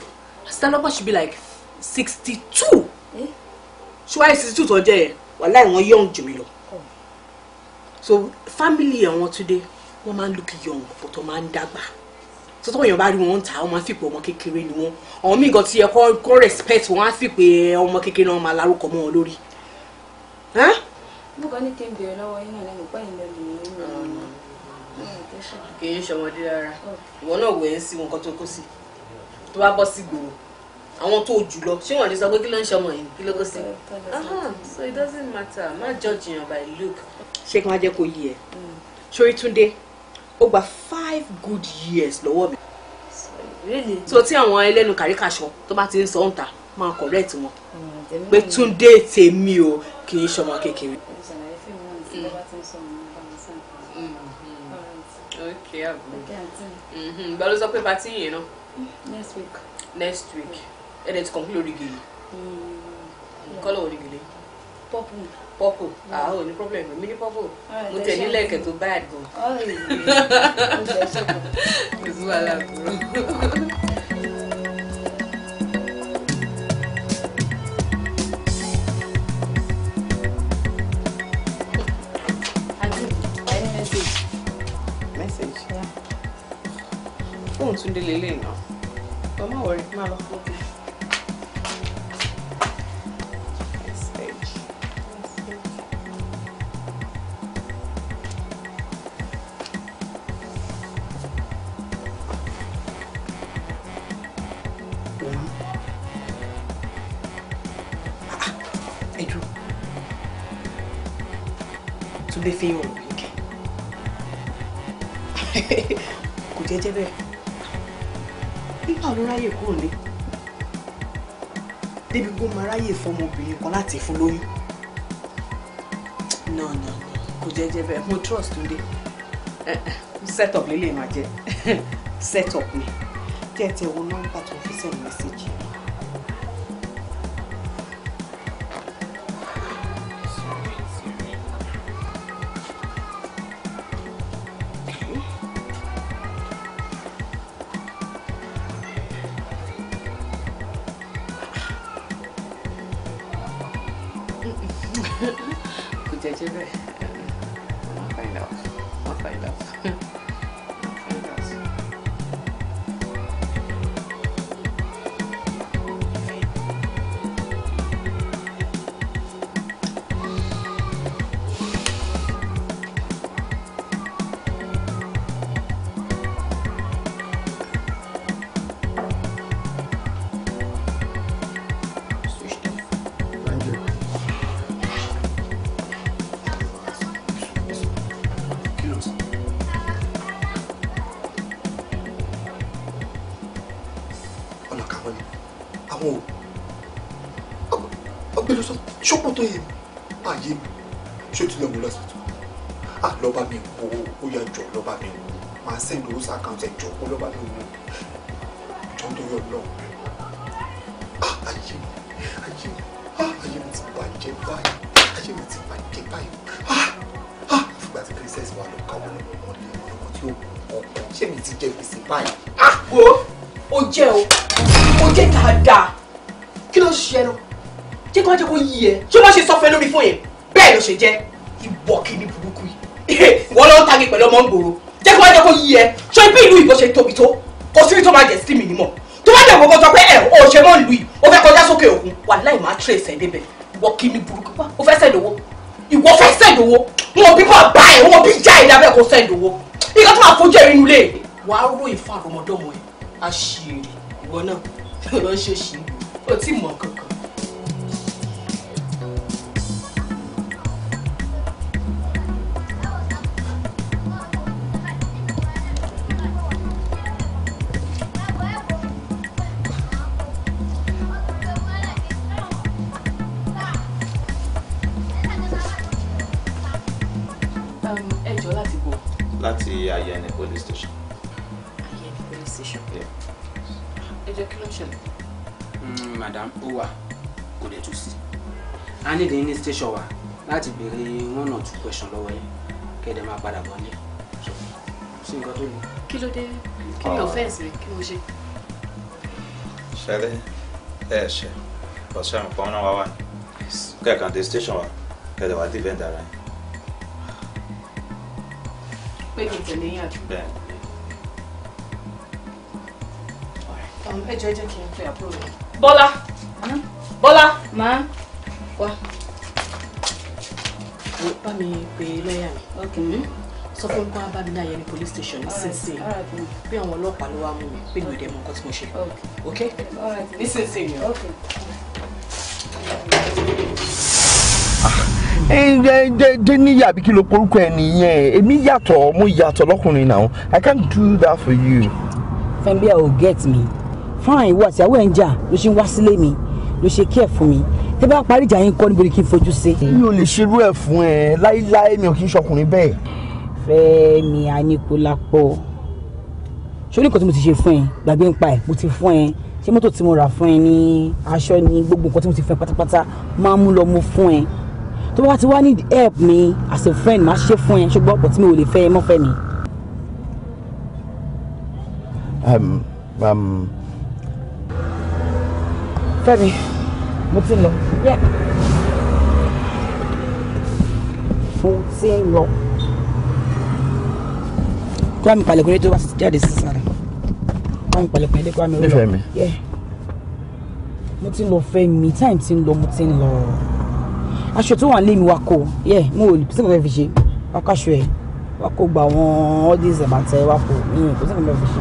sister Dọlápọ̀ should be like sixty two ṣùgbọ́n sixty two tó jẹ́ yẹn wàláì wọ́n young jù mí lọ so family àwọn Túndé wọ́n máa ń look young but wọ́n máa ń dàgbà tó tó èèyàn bá rí wọn ta wọ́n máa fi pé ọmọ kékeré ni wọ́n àwọn míì gan ti yẹ kó respect wọ́n á fi pé ọmọ kékeré náà máa lárúkọ mọ́ wọn lórí. mo kàn ní kí n bèrè lọ́wọ́ yín náà lẹ́nu pẹ́yìn lọ́dún yìí kì í ṣọmọdé rárá ìwọ náà wẹ̀ ẹ́ sí wọn kan tó kó sí tó bá bọ́ sí gbòòrò àwọn tó jù lọ ṣé wọn lè sọ pé kí ló ń ṣe yìí kí ló kó sí. so it doesn't matter má judge yàn by look. ṣé kí wọ́n á jẹ́ kó yí ẹ sórí Túndé ó gba five good years lọ́wọ́ mi. really. so tí àwọn ẹlẹ́nu kàríkàṣọ tó bá ti ń sọ ń ta máa correct wọn hmm, pé Túndé tèmi o kì í ṣọmọ kékeré. she have. Okay, mm-hmm. But also pay party, you know. Next week. Next week. And it's conclude the mm. Color the gele. Purple. Purple. Mm. Ah, oh, no problem. Mini ni purple. Mo te ni like to bad go. Oh. yeah. It's se. Mo se lélẹ̀ no. ọmọ wọrí máa lọ fún fún ọmọbìnrin kan láti fún lóyún no no no kò jẹ́jẹ́ bẹ́ẹ̀ mo trust Túndé eh, eh. set up lélẹ̀ máa set up ni tẹ́tẹ́ wo nọ́mbà tó fi send message yìí. trace ẹ̀ débẹ̀ ìwọ kí ni burúkú wá o fẹ́ sẹ́ẹ̀dì owó ìwọ fẹ́ sẹ́ẹ̀dì owó wọn bí bá bá ẹ̀ wọn bí já ẹ̀ dábẹ́ kó sẹ́ẹ̀dì owó nǹkan tó máa fojú ẹ̀rín nulẹ̀. wà á ròyìn fún àrọmọdọ́mọ ẹ àṣírí ìwọ náà lọ ṣe ṣì ó tí mọ̀ question lọ́wọ́ yín kẹ́ẹ̀dẹ̀ máa padà bọ̀ nílé sí nǹkan tó ní. kí ló dé kí ló fẹ́ sí kí mo ṣe. ṣẹlẹ ẹ ṣe ọṣẹ nǹkan náà wá wá kẹkàn dé station wa kẹlẹ wá dìbẹ dára yín. pé kí tẹ̀lé yín àti. bẹ́ẹ̀ ni. Um, ẹ jẹ́ jẹ́ kí n fẹ́ àbúrò mi. Bọ́lá Bọ́lá. Màá wá bá mi pe lọ́ọ̀yà mi hmm? sọ fún pa bá mi ní ayẹni police station nísinsìnyí bí àwọn ọlọ́pàá ló wá mú mi pé mi mọ nǹkan tí mo ṣe ok nísinsìnyí o. Dé níyà bí kí ló porúkọ ẹ nìyẹn èmi yàtọ̀ mo yàtọ̀ lọ́kùnrin náà I can't do that for you. Fẹ́mi bí a ò get me fine ìwọ àti àwọn ẹ̀ ń jà ló ṣe ń wá sílé mi ló ṣe care fún mi tẹ́ bá parí ìjà yín kọ́ níbo kí n fojú sí. mi ò lè ṣerú ẹ̀ fún ẹ láíláí mi ò kí ń ṣọkùnrin bẹ́ẹ̀. Fẹ́mi Aníkúlápọ̀ sórí nǹkan tí mo ti ṣe fún ẹ gbàgbé ń pa ẹ mo ti fún ẹ ṣé mọ́tò tí mo rà fún ẹ ní aṣọ ní gbogbo nǹkan tí mo ti fún pátápátá máa mú lọ mo fún ẹ tó bá ti wá need help mi as a friend máa ṣe fún ẹ ṣùgbọ́n ọ̀pọ̀ tí mi ò lè fẹ́ ẹ mọ́ mi. Fẹ́mi mo ti lọ. mo ti ń lọ. kwami palẹ̀kùnrin tó wá jáde sísan rẹ̀ kwami palẹ̀kùnrin lé kwami ó lọ. nífẹ̀ẹ́ mi. mo ti lọ fẹ́ mi time ti ń lọ mo ti ń lọ. aṣọ tó wà lé mi wá kó mo ò sí nǹkan fẹ́ fi ṣe wá kó aṣọ ẹ̀ wá kó gba àwọn ọ́dínsì àbàtẹ wá kó mm, kò sí nǹkan fẹ́ fi ṣe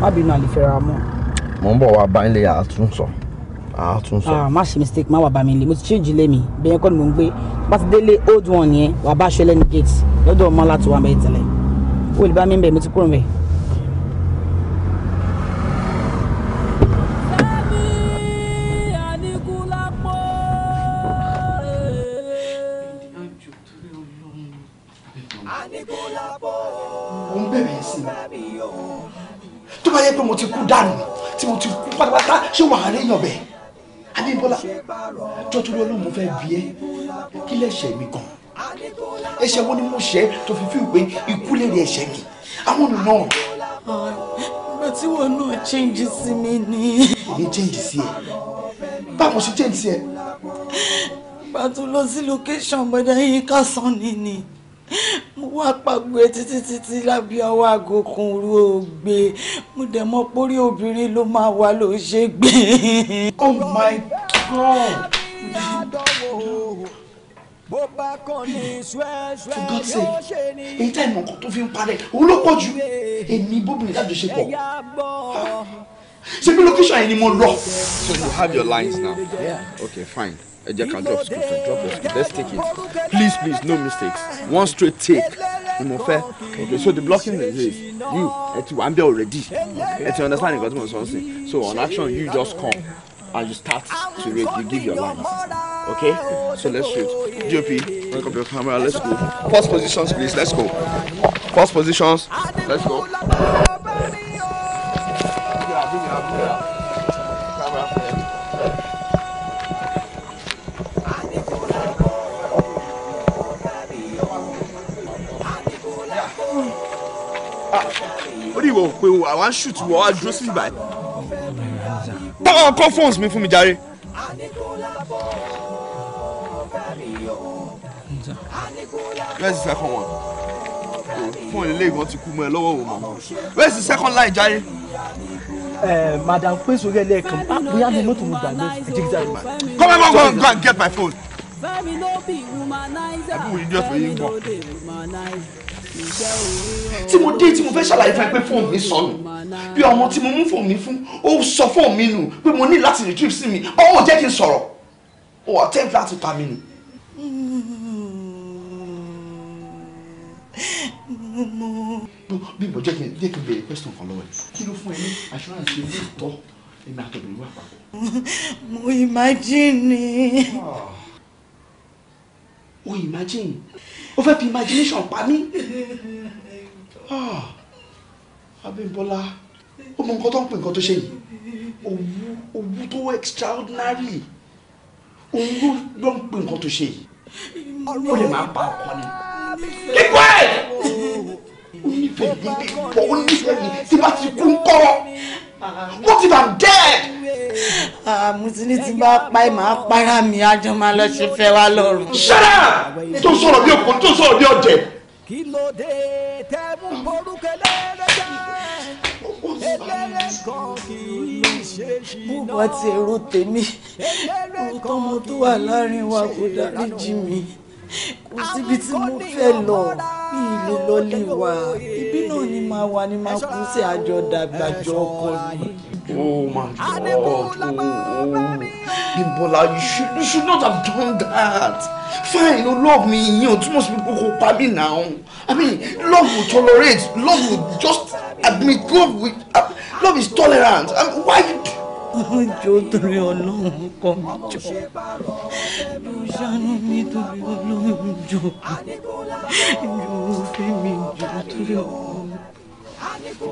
má bínú àlè a ah má ṣe mistake má wà bá mi lè mo ti change ilé mi bẹ́ẹ̀ kọ́ ni mò ń gbé pátidélé old one yẹn wà bá aṣọ ẹlẹ́ni gate lọ́dọ̀ ọmọ láti wà bẹ́ẹ̀ tẹ́lẹ̀ ó lè bá mi bẹ̀ mo ti kúrò bẹ́ẹ̀. tó bá yẹ pé mo ti kú dànù tí mo ti kú pátápátá ṣé wàá rí yàn bẹ́ẹ̀. Abímbọ́lá jọtúrú olóhùn fẹ́ bí ẹ kí lẹ́ṣẹ̀ mi gan ẹ̀ṣẹ̀ wo ni mo ṣẹ̀ tó fi fi pé ikú lè rí mi àwọn olùnà. ìgbà tí wọn náà change sí mi ni. èmi change sí ẹ báwo ṣe change sí ẹ. pàtó lọ sí location bọ́dá yín ká sàn ni ni mo wá pàgbé títí títí lábí ọwọ́ aago kan ru ògbé mo dẹ̀ mọ̀ pórí obìnrin ló máa wà ló ṣe gbé. oh my god. bó bá kàn ní ṣúẹ́ṣúẹ́ yóò ṣe ní. èyí tẹ́ ìmọ̀ kan tó fi ń parẹ́ òun ló pọ̀ jù èmi bóbìnrin lájọṣepọ̀ ṣé bí location yẹn ni mo lọ. so you have your lines now. Yeah. okay fine ẹ jẹ́ ká drop script drop the script let's take it please please no mistakes one straight take ni mo fẹ́ okay so the blocking is this you ẹ ti wà already ẹ ti understand nǹkan tí mo sọ so on action you just come and you start to rate you give your lines okay so let's shoot GOP pick up your camera let's go first positions please let's go first positions let's go. wò pé àwa ń ṣùtù wọ́n á dúró síbi báyìí. báwo kọ́ fóònù mi fún mi jàre. where's the second one fóònù ilé ìgbọ́n ti kú mọ́ ẹ lọ́wọ́ wò mọ́ where's the second line jàre. Eh, madam pé sórí ẹlẹ́ẹ̀kan ah, bóyá mi mọ́tò mo gbà lọ ẹ̀jẹ̀ kí come on go and go and get my phone. àbí wòye jẹ́ fún yín gbọ́ tí mo dé tí mo fẹ́ ṣàlàyé fún ẹ pé fóònù mi sọnù bí ọmọ tí mo mú fóònù mi fún ó sọ fóònù mi nù pé mo ní láti retrieve sí mi ọmọ ò jẹ́ kí n sọ̀rọ̀ ó attempt láti pa mí ni. bímbọ jẹ́ kí n jẹ́ kí n béèrè question kan lọ́wọ́ ẹ kí ló fún ẹ ní assurance ṣe ní ìtọ́ ẹ̀mí àtọ̀bẹ̀rẹ̀ wà papọ̀. mo imagine. Oh o oh, imagine o fẹ́ fi imagination pa Ah, Abímbọ́lá ó mọ nǹkan tó ń pè nǹkan tó ṣe yìí owó owó tó extraordinary òun ló ló ń pè nǹkan tó ṣe yìí ó lè máa bá ọkọ ni kíkọ́ ẹ̀ ó nífẹ̀ẹ́ mi bí ìbọn ó nífẹ̀ẹ́ mi tí bá ti kú ń kọ́ What if I'm dead? Ah, Mùsùlùmí ti bá pa ẹ̀ máa para mi, ajọ́ máa lọ ṣe fẹ́ wá lọ́rùn. Shut up! Tó sọ̀rọ̀ bí ọkùnrin tó sọ̀rọ̀ bí ọ̀jẹ̀. Kí ló dé tẹ́mú borúkẹ lẹ́lẹ́dẹ́? Ẹgbẹ́rẹ́ kan kì í ṣe ṣìnà. ti èrò tèmi, òótọ́ mo tó wà láàrin wa kò dáríjì mi kò mo fẹ́ lọ bí ilé lọ́lé wa ibi náà ni máa wà ni máa kú sí àjọ dàgbàjọ ọkọ mi. Oh my God! Oh, oh. Bimbola, you should, you should not have done that. Fine, you love me, you too much people go pa me now. I mean, love will tolerate. Love will just admit. Love will, uh, love is tolerant. I mean, why you? jọ torí ọlọ́run kọ́ mi jọ ṣàánú mi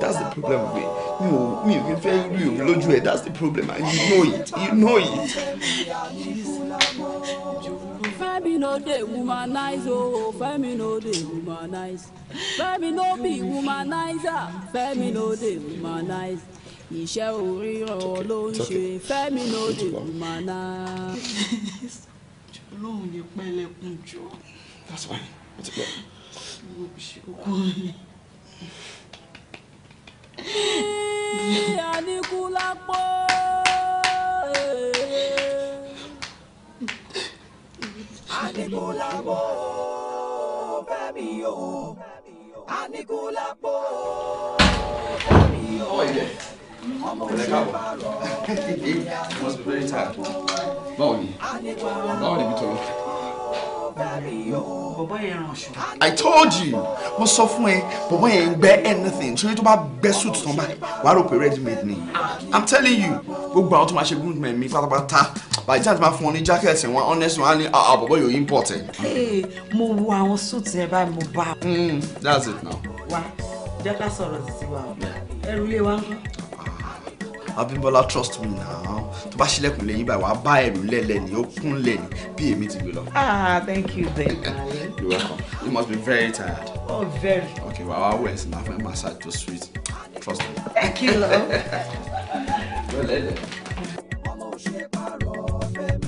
That's the problem with me. Mi me, mi ò fẹ́ rí òun lójú ẹ̀. That's the problem and you know it. You know it. Femi no dey womanize o, oh, oh, Femi no dey womanize. Femi no be womanizer, Femi no dey womanize iṣẹ́ oríran ló ń ṣe fẹ́mi ló dé kùmánà. olóhùn lè pẹ́ jọ. that's fine ó o àníkú lápò o. Oh, I told you mo sọ fún ẹ bọ̀bọ̀ yẹn ń gbẹ anything ṣé tó bá gbẹ suit tán báyìí wàá rò pé ready made ni I'm telling you gbogbo àwọn tó máa ṣe group men. mi pátápátá by the time máa fún ọ ní jacket wọn honest wọn á ní àbọ̀bọ̀ ah, ah, yóò import ẹ. mo wo àwọn suit yẹn báyìí mo bá. Mm, that's it now. wa jẹ́ ká sọ̀rọ̀ sí wa ẹrù ilé wa ń kọ́. Abímbọ́lá trust me now tó bá ṣílẹ̀kùn lẹ́yìn báyìí wàá bá ẹrù lẹ́lẹ̀ ni ó kún lẹ̀ ni bí èmi ti gbé lọ. ah thank you very darling. you're welcome you must be very tired. oh very. okay wàá wá wẹ̀ sí náà fún massage tó sweet trust me. thank you love. lọ́lẹ́lẹ̀. ọmọ òṣèpá rọ̀ ọ̀fẹ́ mi.